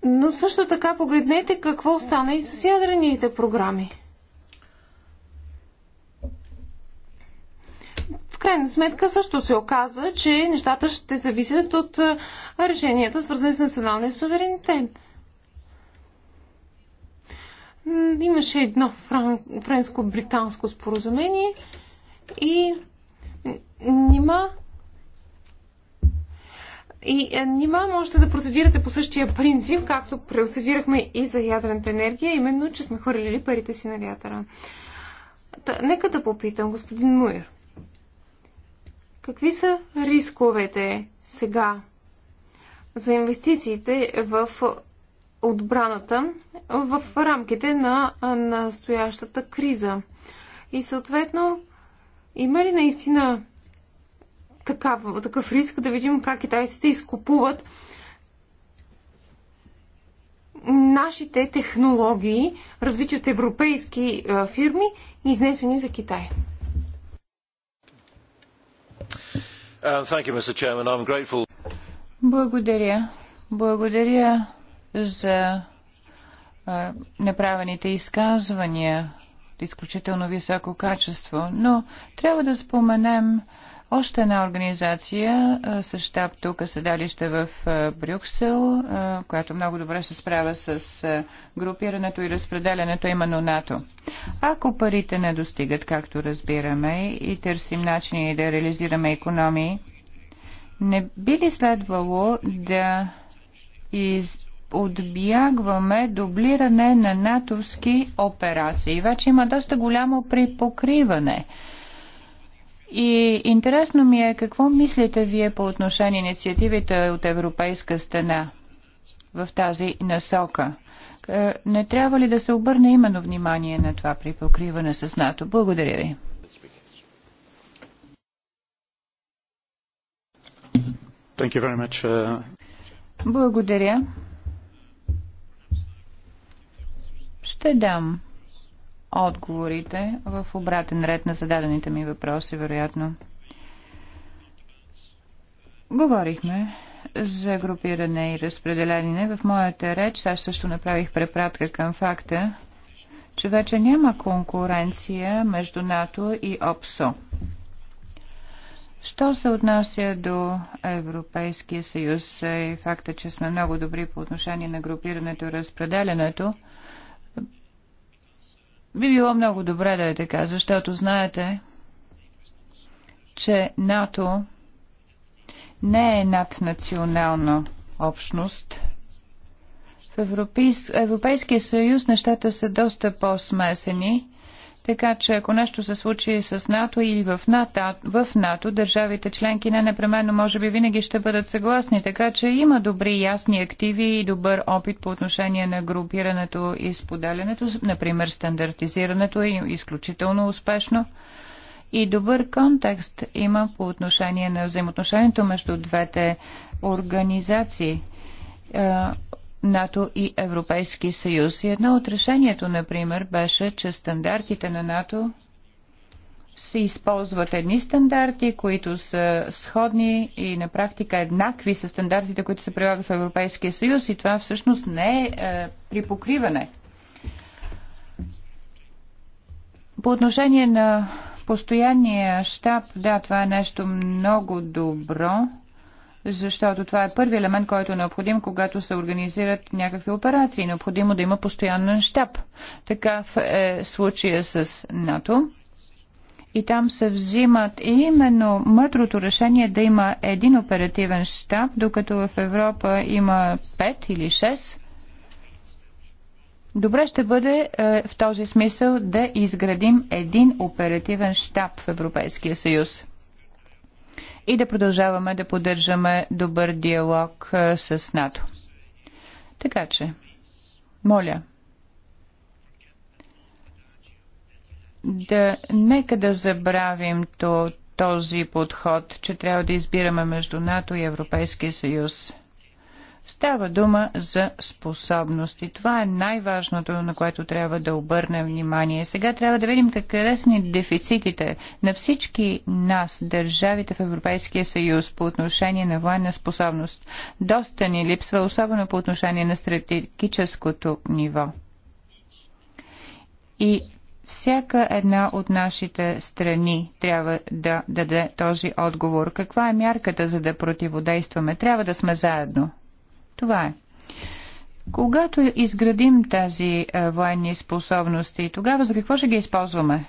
Но също така погледнете какво стана и с ядрените програми. крайна сметка също се оказа, че нещата ще зависят от решенията, свързани с националния суверенитет. Имаше едно френско-британско споразумение и нима и нима можете да процедирате по същия принцип, както процедирахме и за ядрената енергия, именно, че сме хвърлили парите си на вятъра. Та, нека да попитам господин Муир. Какви са рисковете сега за инвестициите в отбраната в рамките на настоящата криза? И съответно, има ли наистина такав, такъв риск да видим как китайците изкупуват нашите технологии, развити от европейски фирми, изнесени за Китай? Благодаря. Благодаря за а, направените изказвания от изключително високо качество, но трябва да споменем още една организация с щаб тук, седалище в Брюксел, която много добре се справя с групирането и разпределянето именно НАТО. Ако парите не достигат, както разбираме, и търсим начини да реализираме економии, не би ли следвало да из отбягваме дублиране на натовски операции. Вече има доста голямо припокриване. покриване и интересно ми е какво мислите вие по отношение инициативите от европейска страна в тази насока. Е, не трябва ли да се обърне именно внимание на това при покриване с НАТО? Благодаря ви. Thank you very much. Uh, Благодаря. Ще дам отговорите в обратен ред на зададените ми въпроси, вероятно. Говорихме за групиране и разпределение. В моята реч аз също направих препратка към факта, че вече няма конкуренция между НАТО и ОПСО. Що се отнася до Европейския съюз и факта, че сме много добри по отношение на групирането и разпределенето. Би било много добре да е така, защото знаете, че НАТО не е наднационална общност. В Европейския съюз нещата са доста по-смесени – така че ако нещо се случи с НАТО или в НАТО, в НАТО държавите членки не непременно може би винаги ще бъдат съгласни. Така че има добри ясни активи и добър опит по отношение на групирането и споделянето. Например, стандартизирането е изключително успешно. И добър контекст има по отношение на взаимоотношението между двете организации е, НАТО и Европейски съюз. И едно от решението, например, беше, че стандартите на НАТО се използват едни стандарти, които са сходни и на практика еднакви с стандартите, които се прилагат в Европейския съюз и това всъщност не е, е припокриване. По отношение на постоянния щаб, да, това е нещо много добро защото това е първи елемент, който е необходим, когато се организират някакви операции. Необходимо да има постоянен щаб. Така е случая с НАТО. И там се взимат именно мъдрото решение да има един оперативен щаб, докато в Европа има 5 или 6. Добре ще бъде е, в този смисъл да изградим един оперативен щаб в Европейския съюз и да продължаваме да поддържаме добър диалог с НАТО. Така че, моля, да нека да забравим то, този подход, че трябва да избираме между НАТО и Европейския съюз. Става дума за способности. Това е най-важното, на което трябва да обърнем внимание. Сега трябва да видим къде са ни дефицитите на всички нас, държавите в Европейския съюз, по отношение на военна способност. Доста ни липсва, особено по отношение на стратегическото ниво. И всяка една от нашите страни трябва да даде този отговор. Каква е мярката, за да противодействаме? Трябва да сме заедно. Това е. Когато изградим тези е, военни способности, тогава за какво ще ги използваме?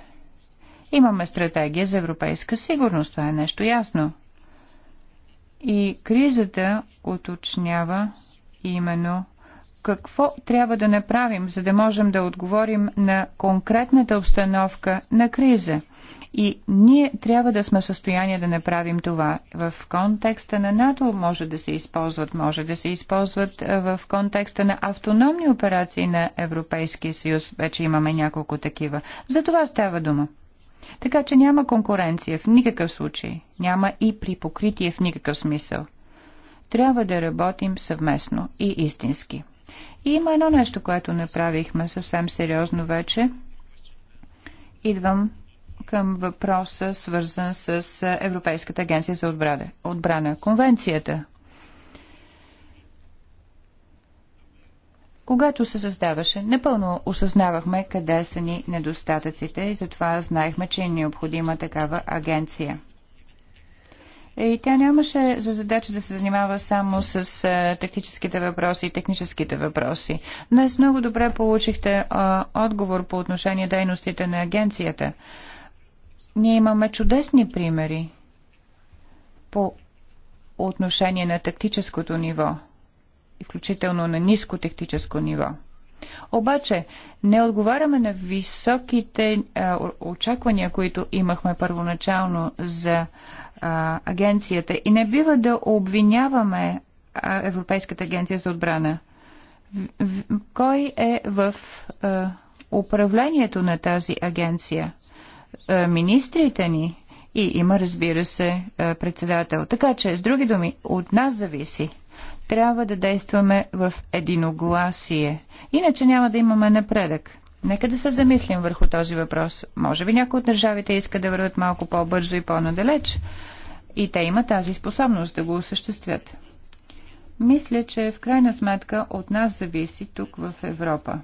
Имаме стратегия за европейска сигурност, това е нещо ясно. И кризата уточнява именно какво трябва да направим, за да можем да отговорим на конкретната обстановка на криза. И ние трябва да сме в състояние да направим това. В контекста на НАТО може да се използват, може да се използват в контекста на автономни операции на Европейския съюз. Вече имаме няколко такива. За това става дума. Така че няма конкуренция в никакъв случай. Няма и при покритие в никакъв смисъл. Трябва да работим съвместно и истински. И има едно нещо, което направихме съвсем сериозно вече. Идвам към въпроса, свързан с Европейската агенция за отбрана. отбрана. Конвенцията. Когато се създаваше, непълно осъзнавахме къде са ни недостатъците и затова знаехме, че е необходима такава агенция. Е, и тя нямаше за задача да се занимава само с а, е, тактическите въпроси и техническите въпроси. Днес много добре получихте а, отговор по отношение дейностите на агенцията. Ние имаме чудесни примери по отношение на тактическото ниво, включително на ниско тактическо ниво. Обаче не отговаряме на високите а, очаквания, които имахме първоначално за а, агенцията и не бива да обвиняваме а, Европейската агенция за отбрана. В, в, кой е в а, управлението на тази агенция? Е, министрите ни и има, разбира се, е, председател. Така че, с други думи, от нас зависи. Трябва да действаме в единогласие. Иначе няма да имаме напредък. Нека да се замислим върху този въпрос. Може би някои от държавите иска да върват малко по-бързо и по-надалеч. И те имат тази способност да го осъществят. Мисля, че в крайна сметка от нас зависи тук в Европа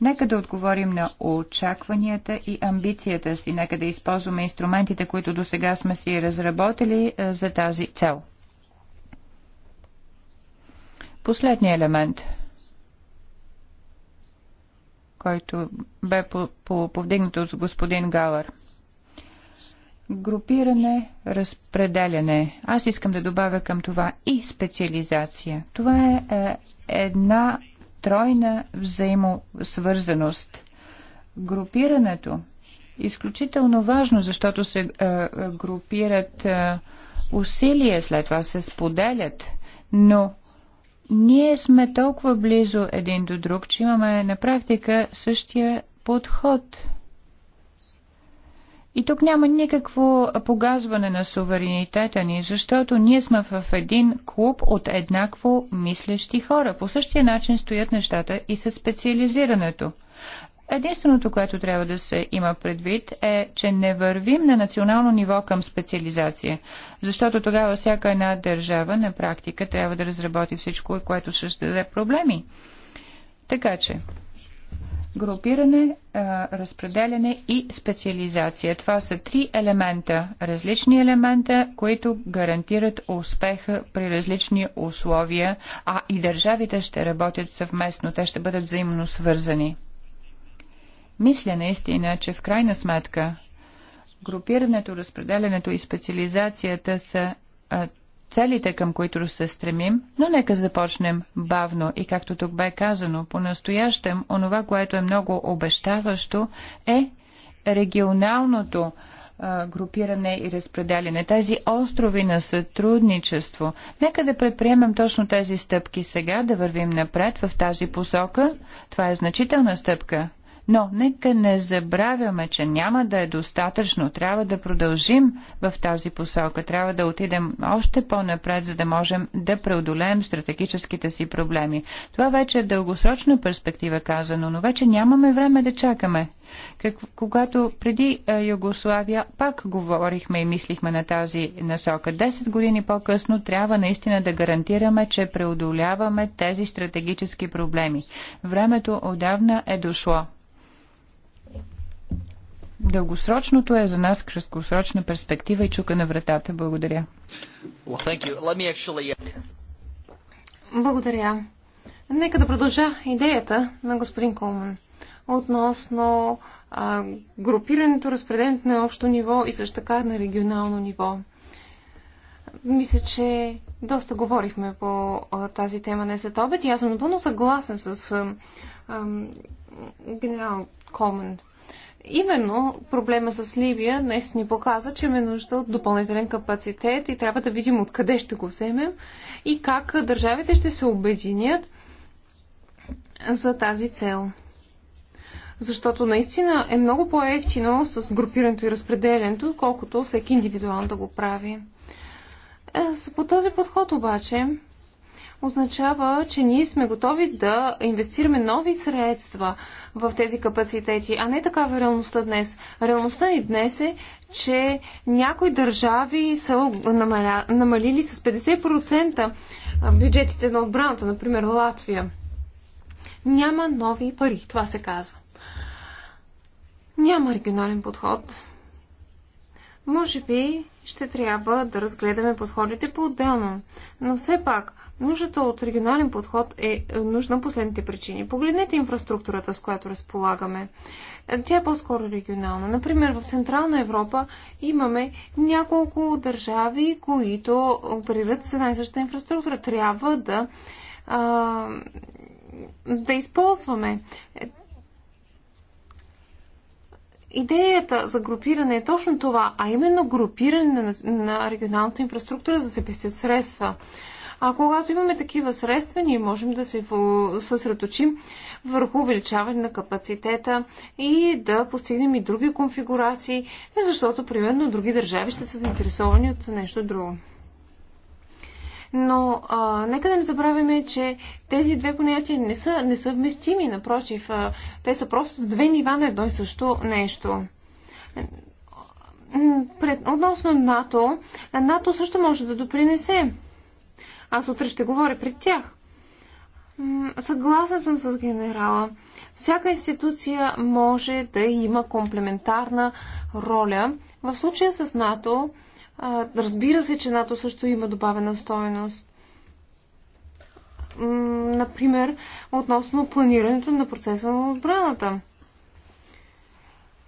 Нека да отговорим на очакванията и амбицията си. Нека да използваме инструментите, които до сега сме си разработили е, за тази цел. Последният елемент, който бе повдигнат от господин Галър – групиране, разпределяне. Аз искам да добавя към това и специализация. Това е, е една тройна взаимосвързаност. Групирането е изключително важно, защото се а, е, е, групират а, усилия, след това се споделят, но ние сме толкова близо един до друг, че имаме на практика същия подход – и тук няма никакво погазване на суверенитета ни, защото ние сме в един клуб от еднакво мислещи хора. По същия начин стоят нещата и със специализирането. Единственото, което трябва да се има предвид е, че не вървим на национално ниво към специализация, защото тогава всяка една държава на практика трябва да разработи всичко, което ще даде проблеми. Така че, групиране, разпределяне и специализация. Това са три елемента, различни елемента, които гарантират успеха при различни условия, а и държавите ще работят съвместно, те ще бъдат взаимно свързани. Мисля наистина, че в крайна сметка групирането, разпределянето и специализацията са целите, към които се стремим, но нека започнем бавно и както тук бе казано, по-настоящем онова, което е много обещаващо е регионалното а, групиране и разпределяне, тези острови на сътрудничество. Нека да предприемем точно тези стъпки сега, да вървим напред в тази посока. Това е значителна стъпка. Но нека не забравяме, че няма да е достатъчно. Трябва да продължим в тази посока. Трябва да отидем още по-напред, за да можем да преодолеем стратегическите си проблеми. Това вече е в дългосрочна перспектива казано, но вече нямаме време да чакаме. Как, когато преди е, Югославия пак говорихме и мислихме на тази насока, 10 години по-късно трябва наистина да гарантираме, че преодоляваме тези стратегически проблеми. Времето отдавна е дошло дългосрочното е за нас краткосрочна перспектива и чука на вратата. Благодаря. Uh, Благодаря. Нека да продължа идеята на господин Колман относно а, групирането, разпределението на общо ниво и също така на регионално ниво. Мисля, че доста говорихме по а, тази тема днес след обед и аз съм напълно съгласен с а, а, генерал Колман Именно проблема с Ливия днес ни показа, че имаме нужда от допълнителен капацитет и трябва да видим откъде ще го вземем и как държавите ще се обединят за тази цел. Защото наистина е много по-ефтино с групирането и разпределенето, колкото всеки индивидуално да го прави. Е, по този подход обаче означава, че ние сме готови да инвестираме нови средства в тези капацитети, а не такава е реалността днес. Реалността ни днес е, че някои държави са намалили с 50% бюджетите на отбраната, например Латвия. Няма нови пари, това се казва. Няма регионален подход. Може би ще трябва да разгледаме подходите по-отделно, но все пак – Нуждата от регионален подход е нужна по следните причини. Погледнете инфраструктурата, с която разполагаме. Тя е по-скоро регионална. Например, в Централна Европа имаме няколко държави, които оперират с една и съща инфраструктура. Трябва да, а, да използваме идеята за групиране е точно това, а именно групиране на, на регионалната инфраструктура за да се пестят средства. А когато имаме такива средства, ние можем да се съсредоточим върху увеличаване на капацитета и да постигнем и други конфигурации, е защото, примерно, други държави ще са заинтересовани от нещо друго. Но а, нека да не забравяме, че тези две понятия не са несъвместими. Напротив, а, те са просто две нива на едно и също нещо. Пред, относно НАТО, НАТО също може да допринесе. Аз утре ще говоря пред тях. Съгласен съм с генерала. Всяка институция може да има комплементарна роля. В случая с НАТО, разбира се, че НАТО също има добавена стоеност. Например, относно планирането на процеса на отбраната.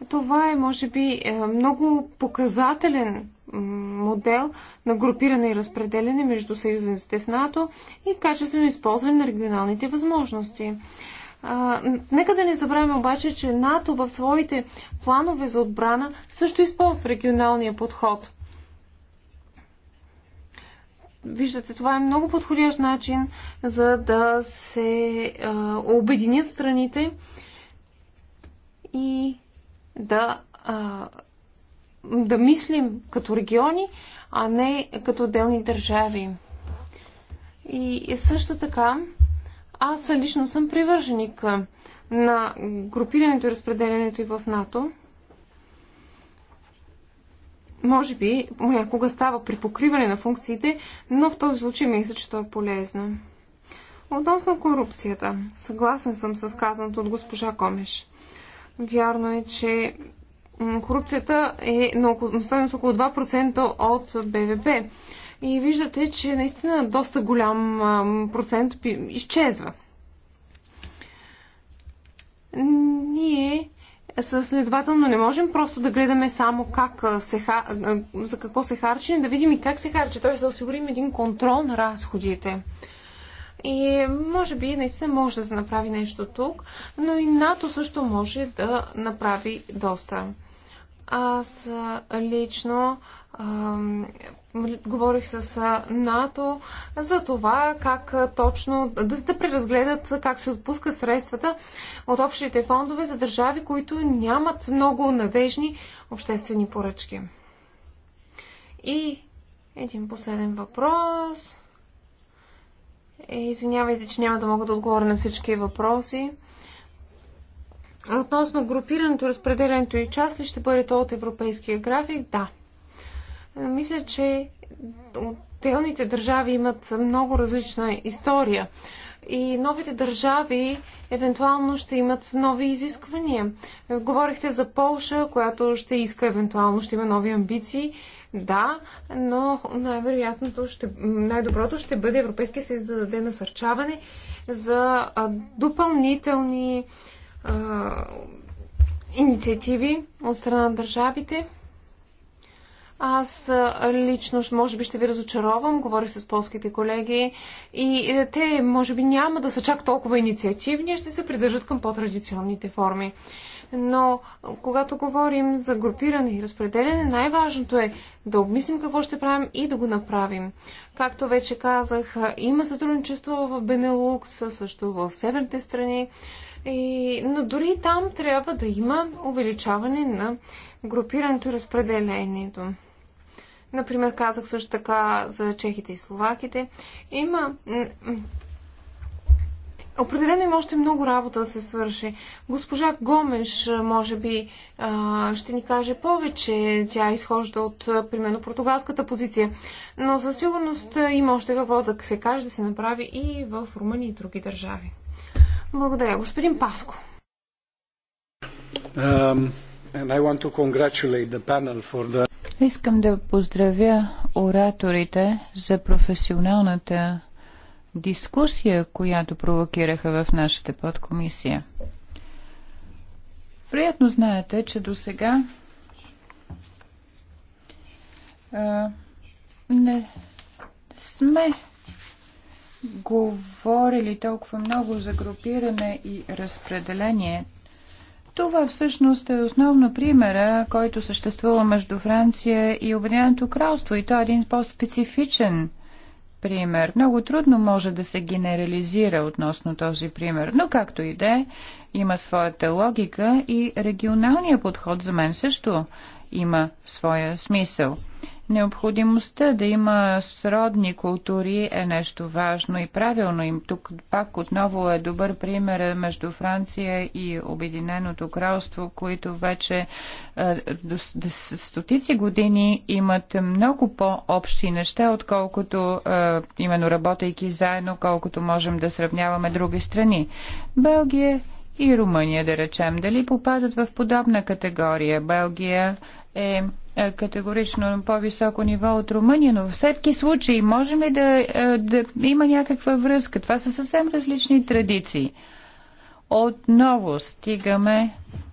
Това е, може би, е, много показателен модел на групиране и разпределене между съюзниците в НАТО и качествено използване на регионалните възможности. А, нека да не забравяме обаче, че НАТО в своите планове за отбрана също използва регионалния подход. Виждате, това е много подходящ начин за да се а, обединят страните и да а, да мислим като региони, а не като отделни държави. И също така, аз лично съм привърженик на групирането и разпределянето и в НАТО. Може би, понякога става при покриване на функциите, но в този случай мисля, че то е полезно. Относно корупцията, съгласен съм с казаното от госпожа Комеш. Вярно е, че корупцията е на около, около 2% от БВП. И виждате, че наистина доста голям процент изчезва. Ние следователно не можем просто да гледаме само как се, за какво се харчи, да видим и как се харчи, т.е. да осигурим един контрол на разходите. И може би наистина може да се направи нещо тук, но и НАТО също може да направи доста. Аз лично говорих с НАТО за това как точно да, да преразгледат как се отпускат средствата от общите фондове за държави, които нямат много надежни обществени поръчки. И един последен въпрос. Е, извинявайте, че няма да мога да отговоря на всички въпроси. Относно групирането, разпределението и част ли ще бъде то от европейския график? Да. Е, мисля, че отделните държави имат много различна история и новите държави евентуално ще имат нови изисквания. Е, говорихте за Полша, която ще иска евентуално, ще има нови амбиции. Да, но най-вероятното, ще, най-доброто ще бъде Европейския съюз да даде насърчаване за допълнителни инициативи от страна на държавите. Аз лично, може би, ще ви разочаровам. Говорих с полските колеги и е, те, може би, няма да са чак толкова инициативни, ще се придържат към по-традиционните форми. Но когато говорим за групиране и разпределяне, най-важното е да обмислим какво ще правим и да го направим. Както вече казах, има сътрудничество в Бенелукс, също в северните страни. И, но дори там трябва да има увеличаване на групирането и разпределението. Например, казах също така за чехите и словаките. Има. Определено има още много работа да се свърши. Госпожа Гомеш, може би, ще ни каже повече. Тя изхожда от, примерно, португалската позиция. Но със сигурност има още какво да се каже, да се направи и в Румъния и други държави. Благодаря. Господин Паско. Um, the... Искам да поздравя ораторите за професионалната дискусия, която провокираха в нашата подкомисия. Приятно знаете, че до сега не сме говорили толкова много за групиране и разпределение, това всъщност е основно примера, който съществува между Франция и Обединеното кралство и то е един по-специфичен пример. Много трудно може да се генерализира относно този пример, но както и да е, има своята логика и регионалния подход за мен също има своя смисъл. Необходимостта да има сродни култури е нещо важно и правилно им. Тук пак отново е добър пример между Франция и Обединеното кралство, които вече е, до, стотици години имат много по-общи неща, отколкото е, именно работейки заедно, колкото можем да сравняваме други страни. Белгия и Румъния, да речем, дали попадат в подобна категория. Белгия е е, категорично по-високо ниво от Румъния, но във всеки случай можем ли да, е, да има някаква връзка? Това са съвсем различни традиции. Отново стигаме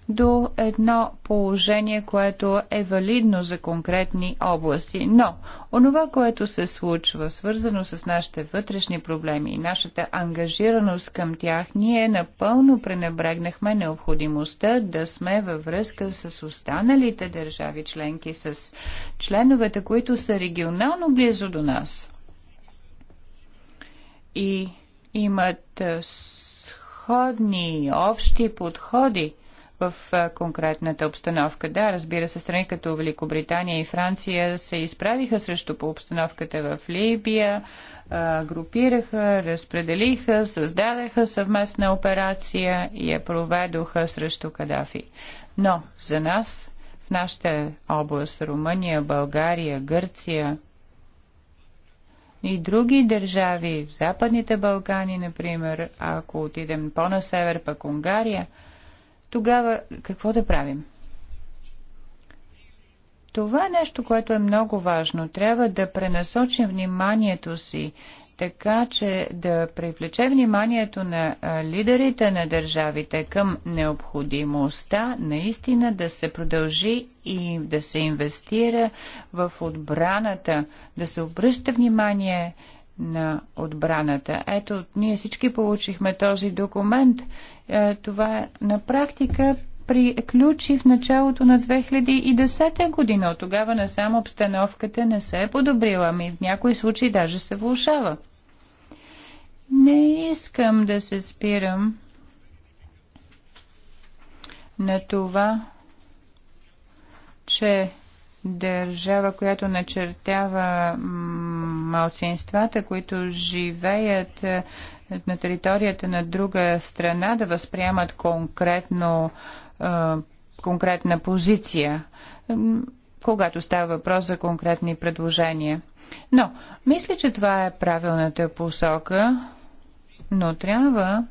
до едно положение, което е валидно за конкретни области. Но онова, което се случва, свързано с нашите вътрешни проблеми и нашата ангажираност към тях, ние напълно пренебрегнахме необходимостта да сме във връзка с останалите държави членки, с членовете, които са регионално близо до нас. И имат сходни общи подходи в конкретната обстановка. Да, разбира се, страни като Великобритания и Франция се изправиха срещу по обстановката в Либия, групираха, разпределиха, създадаха съвместна операция и я проведоха срещу Кадафи. Но за нас, в нашата област, Румъния, България, Гърция, и други държави, в Западните Балкани, например, ако отидем по-на север, пък Унгария – тогава какво да правим? Това е нещо, което е много важно. Трябва да пренасочим вниманието си така, че да привлече вниманието на лидерите на държавите към необходимостта наистина да се продължи и да се инвестира в отбраната, да се обръща внимание на отбраната. Ето, ние всички получихме този документ. Е, това е на практика приключи в началото на 2010 година. От тогава насам обстановката не се е подобрила, ми в някои случаи даже се влушава. Не искам да се спирам на това, че държава, която начертава малцинствата, които живеят е, на територията на друга страна, да възприемат конкретно, е, конкретна позиция, когато става въпрос за конкретни предложения. Но, мисля, че това е правилната посока, но трябва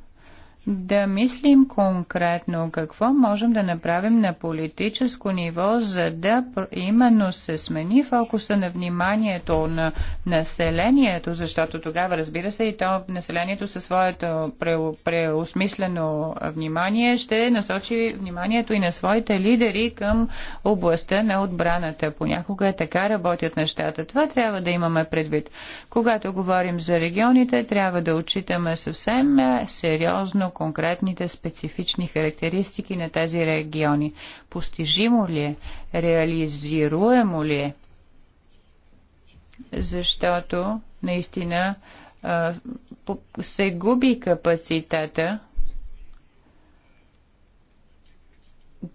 да мислим конкретно какво можем да направим на политическо ниво, за да именно се смени фокуса на вниманието на населението, защото тогава, разбира се, и то населението със своето преосмислено внимание ще насочи вниманието и на своите лидери към областта на отбраната. Понякога е така работят нещата. Това трябва да имаме предвид. Когато говорим за регионите, трябва да отчитаме съвсем е, сериозно конкретните специфични характеристики на тези региони. Постижимо ли е? Реализируемо ли е? Защото наистина се губи капацитета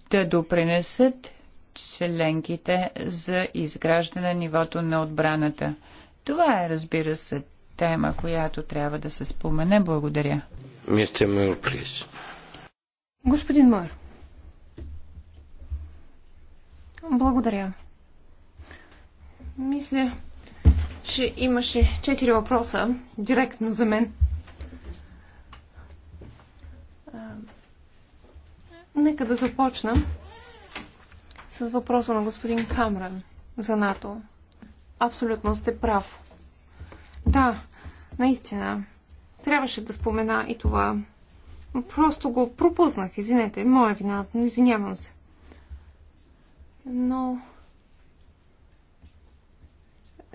да допринесат членките за изграждане на нивото на отбраната. Това е, разбира се, тема, която трябва да се спомене. Благодаря. Мистер Мюр, плиз. Господин Мойер. Благодаря. Мисля, че имаше четири въпроса директно за мен. Нека да започна с въпроса на господин Камран за НАТО. Абсолютно сте прав. Да, наистина. Трябваше да спомена и това. Просто го пропуснах, извинете. Моя вина, извинявам се. Но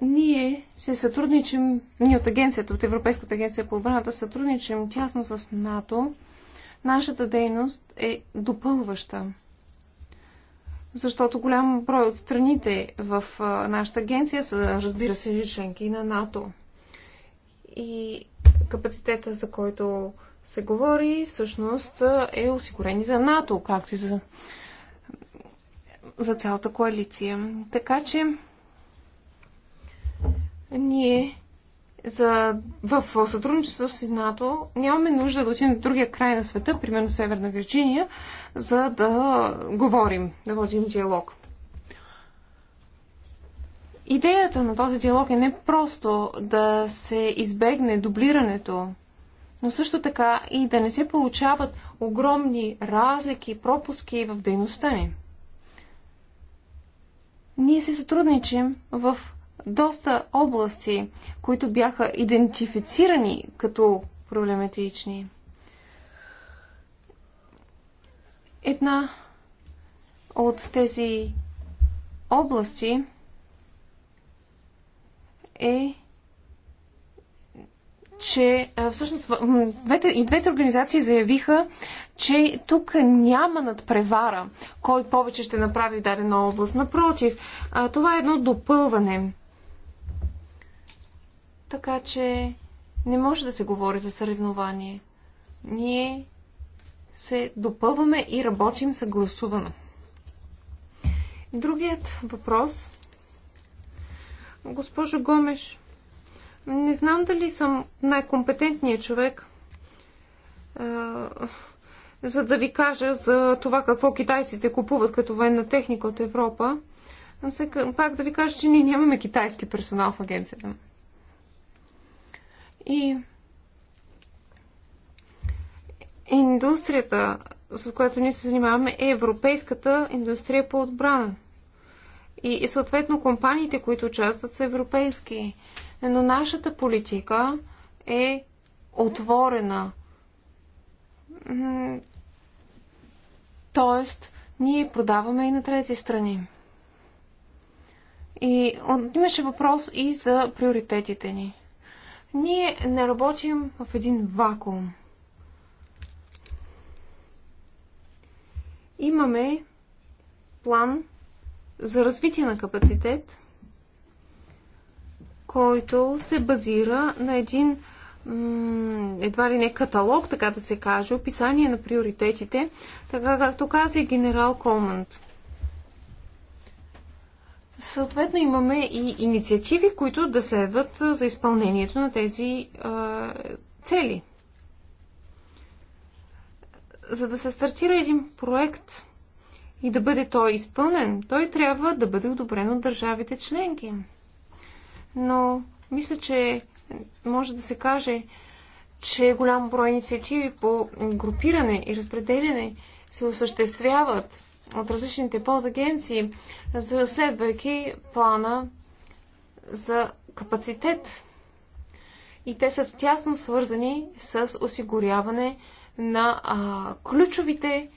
ние се сътрудничим, ние от агенцията, от Европейската агенция по отбраната, сътрудничим тясно с НАТО. Нашата дейност е допълваща, защото голям брой от страните в нашата агенция са, разбира се, членки на НАТО и капацитета, за който се говори, всъщност е осигурен и за НАТО, както и за, за цялата коалиция. Така че ние за, в сътрудничество с НАТО нямаме нужда да отидем до другия край на света, примерно Северна Вирджиния, за да говорим, да водим диалог. Идеята на този диалог е не просто да се избегне дублирането, но също така и да не се получават огромни разлики, пропуски в дейността ни. Ние се сътрудничим в доста области, които бяха идентифицирани като проблематични. Една от тези области – е, че всъщност двете, и двете организации заявиха, че тук няма надпревара, кой повече ще направи в дадена област. Напротив, това е едно допълване. Така че не може да се говори за съревнование. Ние се допълваме и работим съгласувано. Другият въпрос Госпожо Гомеш, не знам дали съм най-компетентният човек, за да ви кажа за това какво китайците купуват като военна техника от Европа. Но сега, пак да ви кажа, че ние нямаме китайски персонал в агенцията. И индустрията, с която ние се занимаваме, е европейската индустрия по отбрана – и, и съответно компаниите, които участват, са европейски. Но нашата политика е отворена. Тоест, ние продаваме и на трети страни. И имаше въпрос и за приоритетите ни. Ние не работим в един вакуум. Имаме план за развитие на капацитет, който се базира на един едва ли не каталог, така да се каже, описание на приоритетите, така както каза и генерал Колманд. Съответно имаме и инициативи, които да следват за изпълнението на тези е, цели. За да се стартира един проект, и да бъде той изпълнен, той трябва да бъде одобрен от държавите членки. Но мисля, че може да се каже, че голям брой инициативи по групиране и разпределяне се осъществяват от различните подагенции, следвайки плана за капацитет. И те са тясно свързани с осигуряване на а, ключовите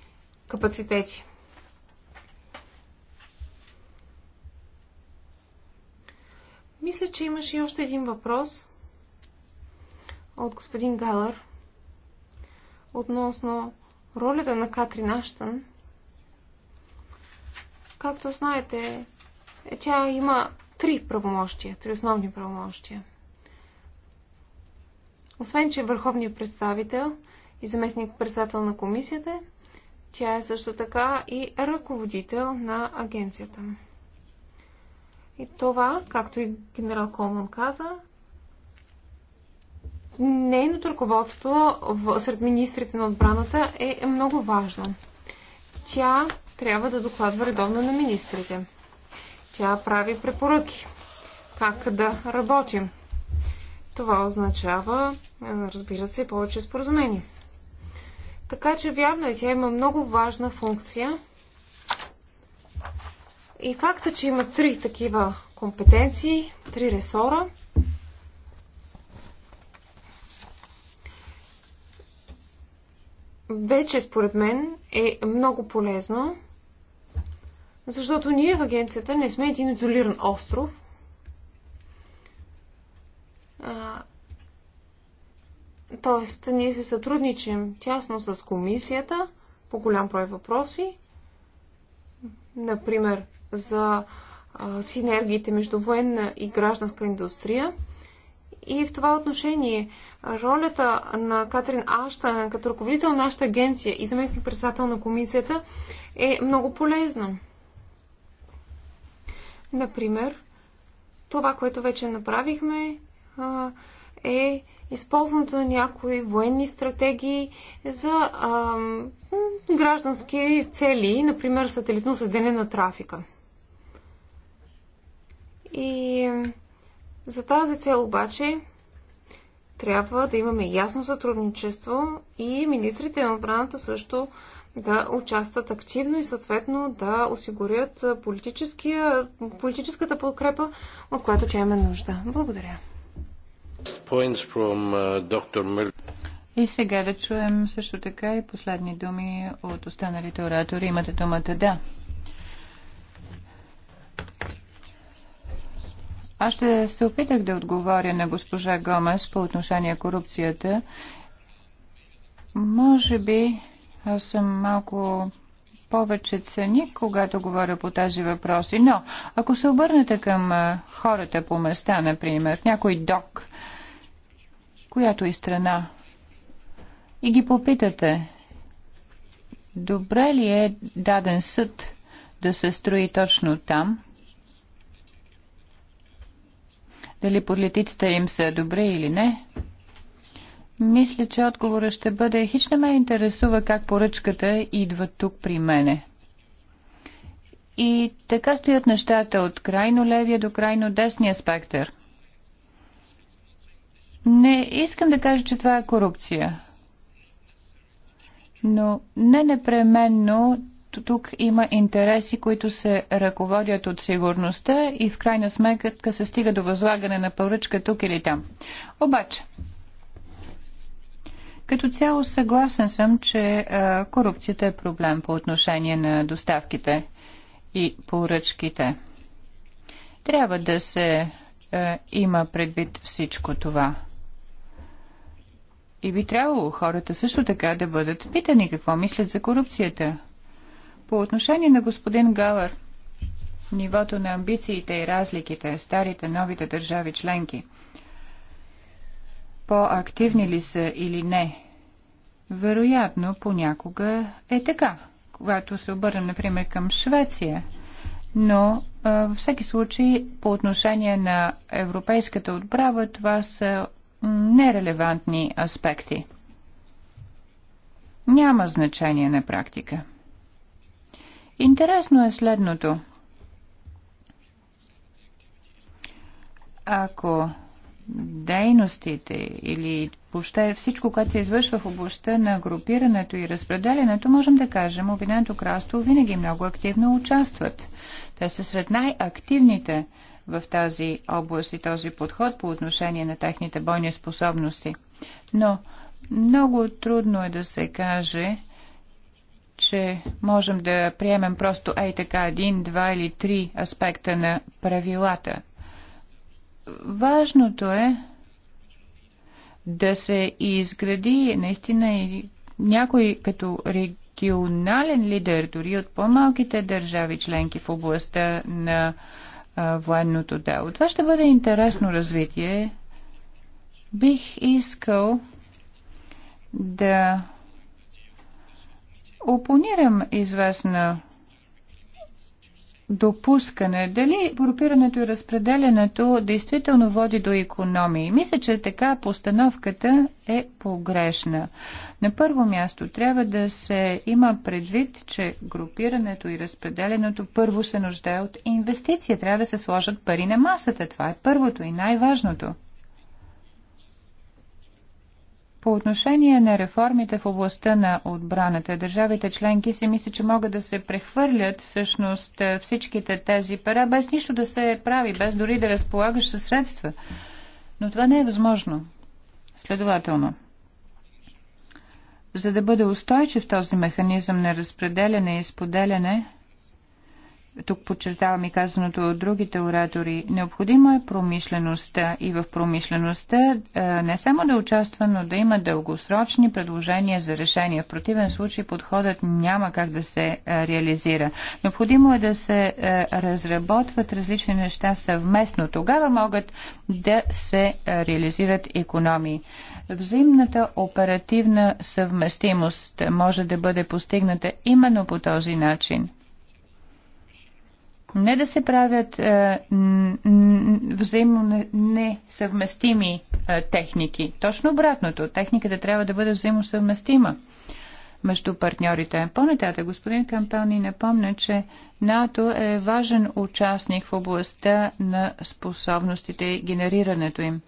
капацитети. Мисля, че имаше и още един въпрос от господин Галър относно ролята на Катрин Аштън. Както знаете, е, тя има три правомощия, три основни правомощия. Освен, че е върховният представител и заместник председател на комисията, тя е също така и ръководител на агенцията. И това, както и генерал Колман каза, нейното ръководство сред министрите на отбраната е много важно. Тя трябва да докладва редовно на министрите. Тя прави препоръки как да работим. Това означава, разбира се, повече споразумение. Така че вярно е, тя има много важна функция – и факта, че има три такива компетенции, три ресора, вече според мен е много полезно, защото ние в агенцията не сме един изолиран остров. тоест, ние се сътрудничим тясно с комисията по голям брой въпроси. Например, за синергиите между военна и гражданска индустрия. И в това отношение ролята на Катрин Аштан като ръководител на нашата агенция и заместник председател на комисията е много полезна. Например, това, което вече направихме, е използването на някои военни стратегии за граждански цели, например сателитно следене на трафика. И за тази цел обаче трябва да имаме ясно сътрудничество и министрите на отбраната също да участват активно и съответно да осигурят политическата подкрепа, от която тя има нужда. Благодаря. Uh, и сега да чуем също така и последни думи от останалите оратори. Имате думата да. Аз ще се опитах да отговоря на госпожа Гомес по отношение корупцията. Може би аз съм малко повече цени, когато говоря по тези въпроси, но ако се обърнете към хората по места, например, някой док, която и е страна, и ги попитате, добре ли е даден съд да се строи точно там, дали политиците им са добре или не, мисля, че отговорът ще бъде хич не ме интересува как поръчката идва тук при мене. И така стоят нещата от крайно левия до крайно десния спектър. Не искам да кажа, че това е корупция. Но не непременно тук има интереси, които се ръководят от сигурността и в крайна сметка се стига до възлагане на поръчка тук или там. Обаче, като цяло съгласен съм, че а, корупцията е проблем по отношение на доставките и поръчките. Трябва да се а, има предвид всичко това. И би трябвало хората също така да бъдат питани какво мислят за корупцията. По отношение на господин Галър, нивото на амбициите и разликите, старите, новите държави членки, по-активни ли са или не, вероятно понякога е така. Когато се обърнем, например, към Швеция, но във всеки случай по отношение на европейската отправа това са нерелевантни аспекти. Няма значение на практика. Интересно е следното. Ако дейностите или въобще всичко, което се извършва в областта на групирането и разпределянето, можем да кажем, Обединеното кралство винаги много активно участват. Те са сред най-активните в тази област и този подход по отношение на техните бойни способности. Но много трудно е да се каже, че можем да приемем просто ей така един, два или три аспекта на правилата. Важното е да се изгради наистина и някой като регионален лидер, дори от по-малките държави членки в областта на а, военното дело. Това ще бъде интересно развитие. Бих искал да опонирам известна допускане, дали групирането и разпределянето действително води до економии. Мисля, че така постановката е погрешна. На първо място трябва да се има предвид, че групирането и разпределянето първо се нуждае от инвестиция. Трябва да се сложат пари на масата. Това е първото и най-важното. По отношение на реформите в областта на отбраната, държавите членки си мисля, че могат да се прехвърлят всъщност е, всичките тези пера, без нищо да се прави, без дори да разполагаш със средства. Но това не е възможно. Следователно, за да бъде устойчив този механизъм на разпределяне и споделяне, тук подчертавам и казаното от другите оратори, необходимо е промишлеността и в промишлеността е, не само да участва, но да има дългосрочни предложения за решения. В противен случай подходът няма как да се е, реализира. Необходимо е да се е, разработват различни неща съвместно. Тогава могат да се реализират економии. Взаимната оперативна съвместимост може да бъде постигната именно по този начин – не да се правят е, взаимно несъвместими е, техники. Точно обратното. Техниката трябва да бъде взаимосъвместима между партньорите. По-нататък господин Кампел ни напомня, че НАТО е важен участник в областта на способностите и генерирането им.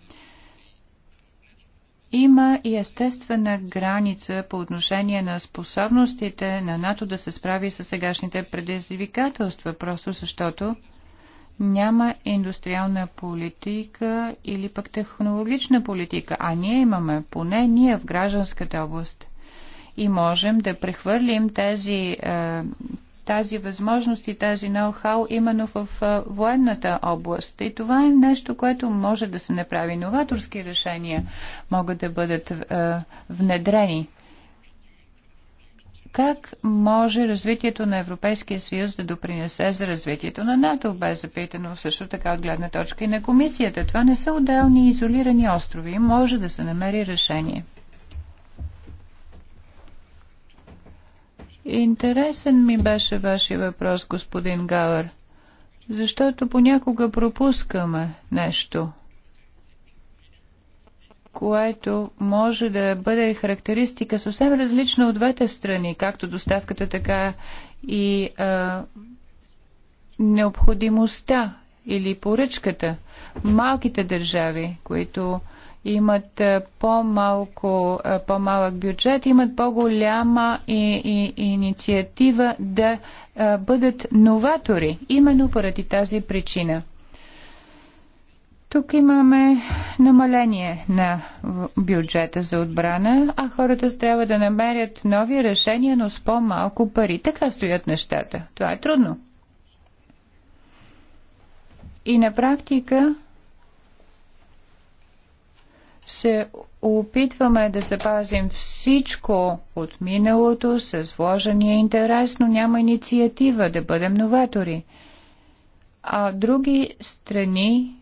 Има и естествена граница по отношение на способностите на НАТО да се справи с сегашните предизвикателства, просто защото няма индустриална политика или пък технологична политика, а ние имаме, поне ние в гражданската област. И можем да прехвърлим тези е, тази възможност и тази ноу-хау именно в военната област. И това е нещо, което може да се направи. Новаторски решения могат да бъдат внедрени. Как може развитието на Европейския съюз да допринесе за развитието на НАТО, бе запитано също така от гледна точка и на комисията. Това не са отделни изолирани острови. Може да се намери решение. Интересен ми беше вашия въпрос, господин Гавър, защото понякога пропускаме нещо, което може да бъде характеристика съвсем различна от двете страни, както доставката, така и а, необходимостта или поръчката. Малките държави, които имат е, по-малко, е, по-малък бюджет, имат по-голяма и, и, инициатива да е, бъдат новатори, именно поради тази причина. Тук имаме намаление на бюджета за отбрана, а хората трябва да намерят нови решения, но с по-малко пари. Така стоят нещата. Това е трудно. И на практика се опитваме да запазим всичко от миналото с вложения интерес, но няма инициатива да бъдем новатори. А други страни,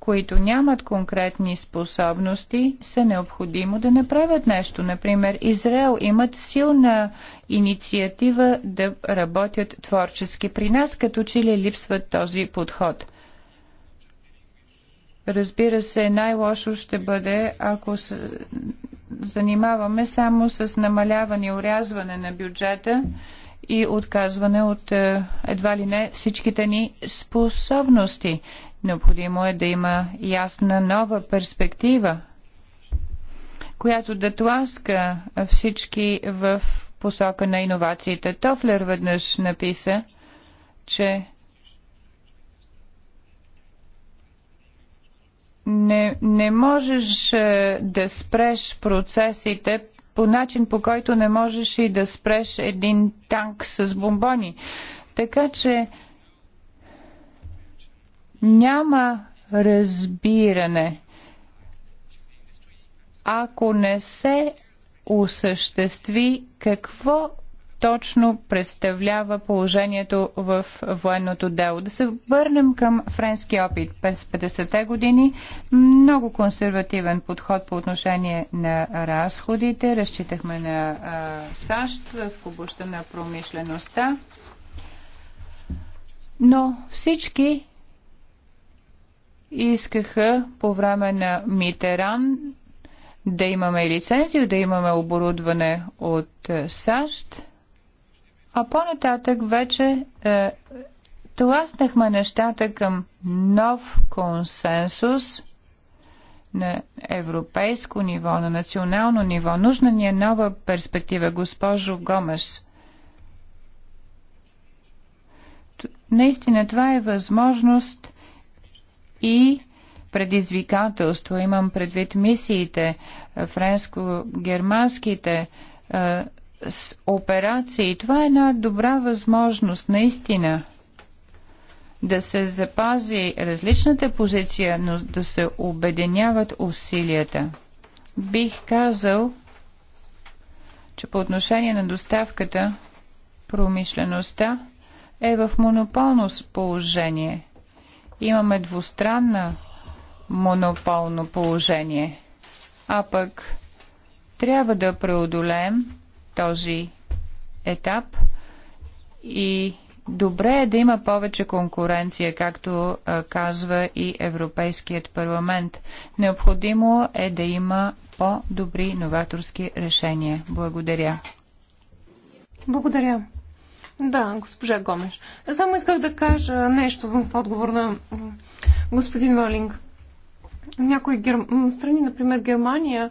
които нямат конкретни способности, са необходимо да направят нещо. Например, Израел имат силна инициатива да работят творчески при нас, като че ли липсват този подход – Разбира се, най-лошо ще бъде, ако се занимаваме само с намаляване и урязване на бюджета и отказване от е, едва ли не всичките ни способности. Необходимо е да има ясна нова перспектива, която да тласка всички в посока на иновациите. Тофлер веднъж написа, че не, не можеш е, да спреш процесите по начин, по който не можеш и да спреш един танк с бомбони. Така че няма разбиране. Ако не се осъществи какво точно представлява положението в военното дело. Да се върнем към френски опит. През 50-те години много консервативен подход по отношение на разходите. Разчитахме на а, САЩ в обуща на промишлеността. Но всички искаха по време на Митеран да имаме лицензио, да имаме оборудване от САЩ. А по-нататък вече е, тласнахме нещата към нов консенсус на европейско ниво, на национално ниво. Нужна ни е нова перспектива, госпожо Гомес. Наистина това е възможност и предизвикателство. Имам предвид мисиите, френско-германските, е, с операции. Това е една добра възможност наистина да се запази различната позиция, но да се обединяват усилията. Бих казал, че по отношение на доставката, промишлеността е в монополно положение. Имаме двустранна монополно положение. А пък трябва да преодолеем този етап и добре е да има повече конкуренция, както казва и Европейският парламент. Необходимо е да има по-добри новаторски решения. Благодаря. Благодаря. Да, госпожа Гомеш. Само исках да кажа нещо в отговор на господин Валинг. Някои гер... страни, например Германия,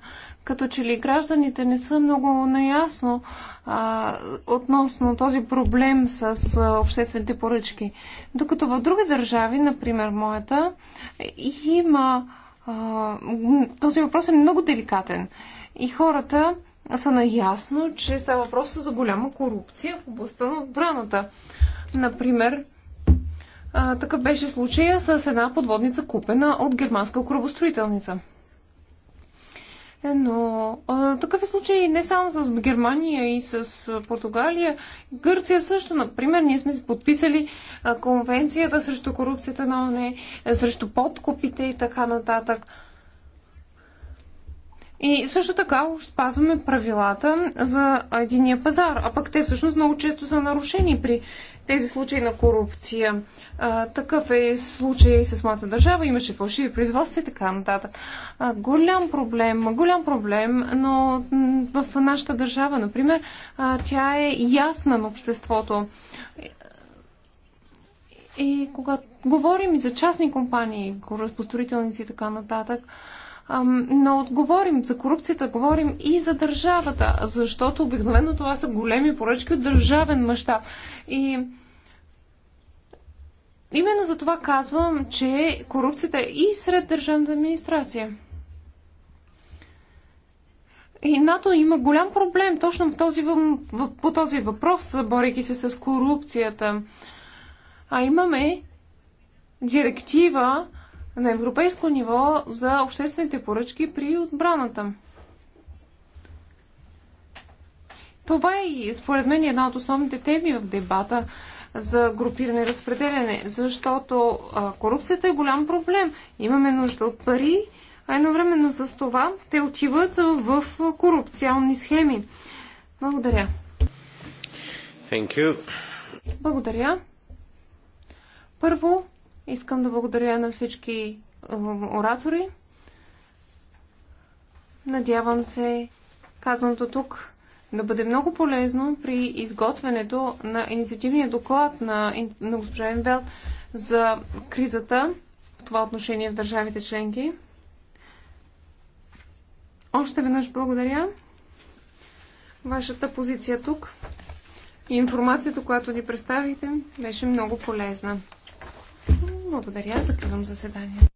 като че ли гражданите не са много наясно а, относно този проблем с а, обществените поръчки. Докато в други държави, например моята, има. А, този въпрос е много деликатен. И хората са наясно, че става въпрос за голяма корупция в областта на отбраната. Например, а, такъв беше случая с една подводница, купена от германска корабостроителница. Е, но а, такъв е случай не само с Германия и с Португалия. Гърция също, например, ние сме подписали а, конвенцията срещу корупцията на ОНЕ, срещу подкупите и така нататък. И също така спазваме правилата за единия пазар, а пък те всъщност много често са нарушени при тези случаи на корупция. А, такъв е случай с моята държава. Имаше фалшиви производства и така нататък. А, голям проблем, голям проблем, но в нашата държава, например, а, тя е ясна на обществото. И когато говорим и за частни компании, строителници и така нататък, а, но отговорим за корупцията, говорим и за държавата, защото обикновено това са големи поръчки от държавен мащаб. И именно за това казвам, че корупцията е и сред държавната администрация. И НАТО има голям проблем точно в този, по този въпрос, борейки се с корупцията. А имаме директива, на европейско ниво за обществените поръчки при отбраната. Това е и според мен една от основните теми в дебата за групиране и разпределяне, защото а, корупцията е голям проблем. Имаме нужда от пари, а едновременно с това те отиват в корупционни схеми. Благодаря. Thank you. Благодаря. Първо, Искам да благодаря на всички е, оратори. Надявам се казаното тук да бъде много полезно при изготвянето на инициативния доклад на, на госпожа Енбелт за кризата в това отношение в държавите членки. Още веднъж благодаря вашата позиция тук. и Информацията, която ни представихте, беше много полезна. Благодаря. Закривам заседанието.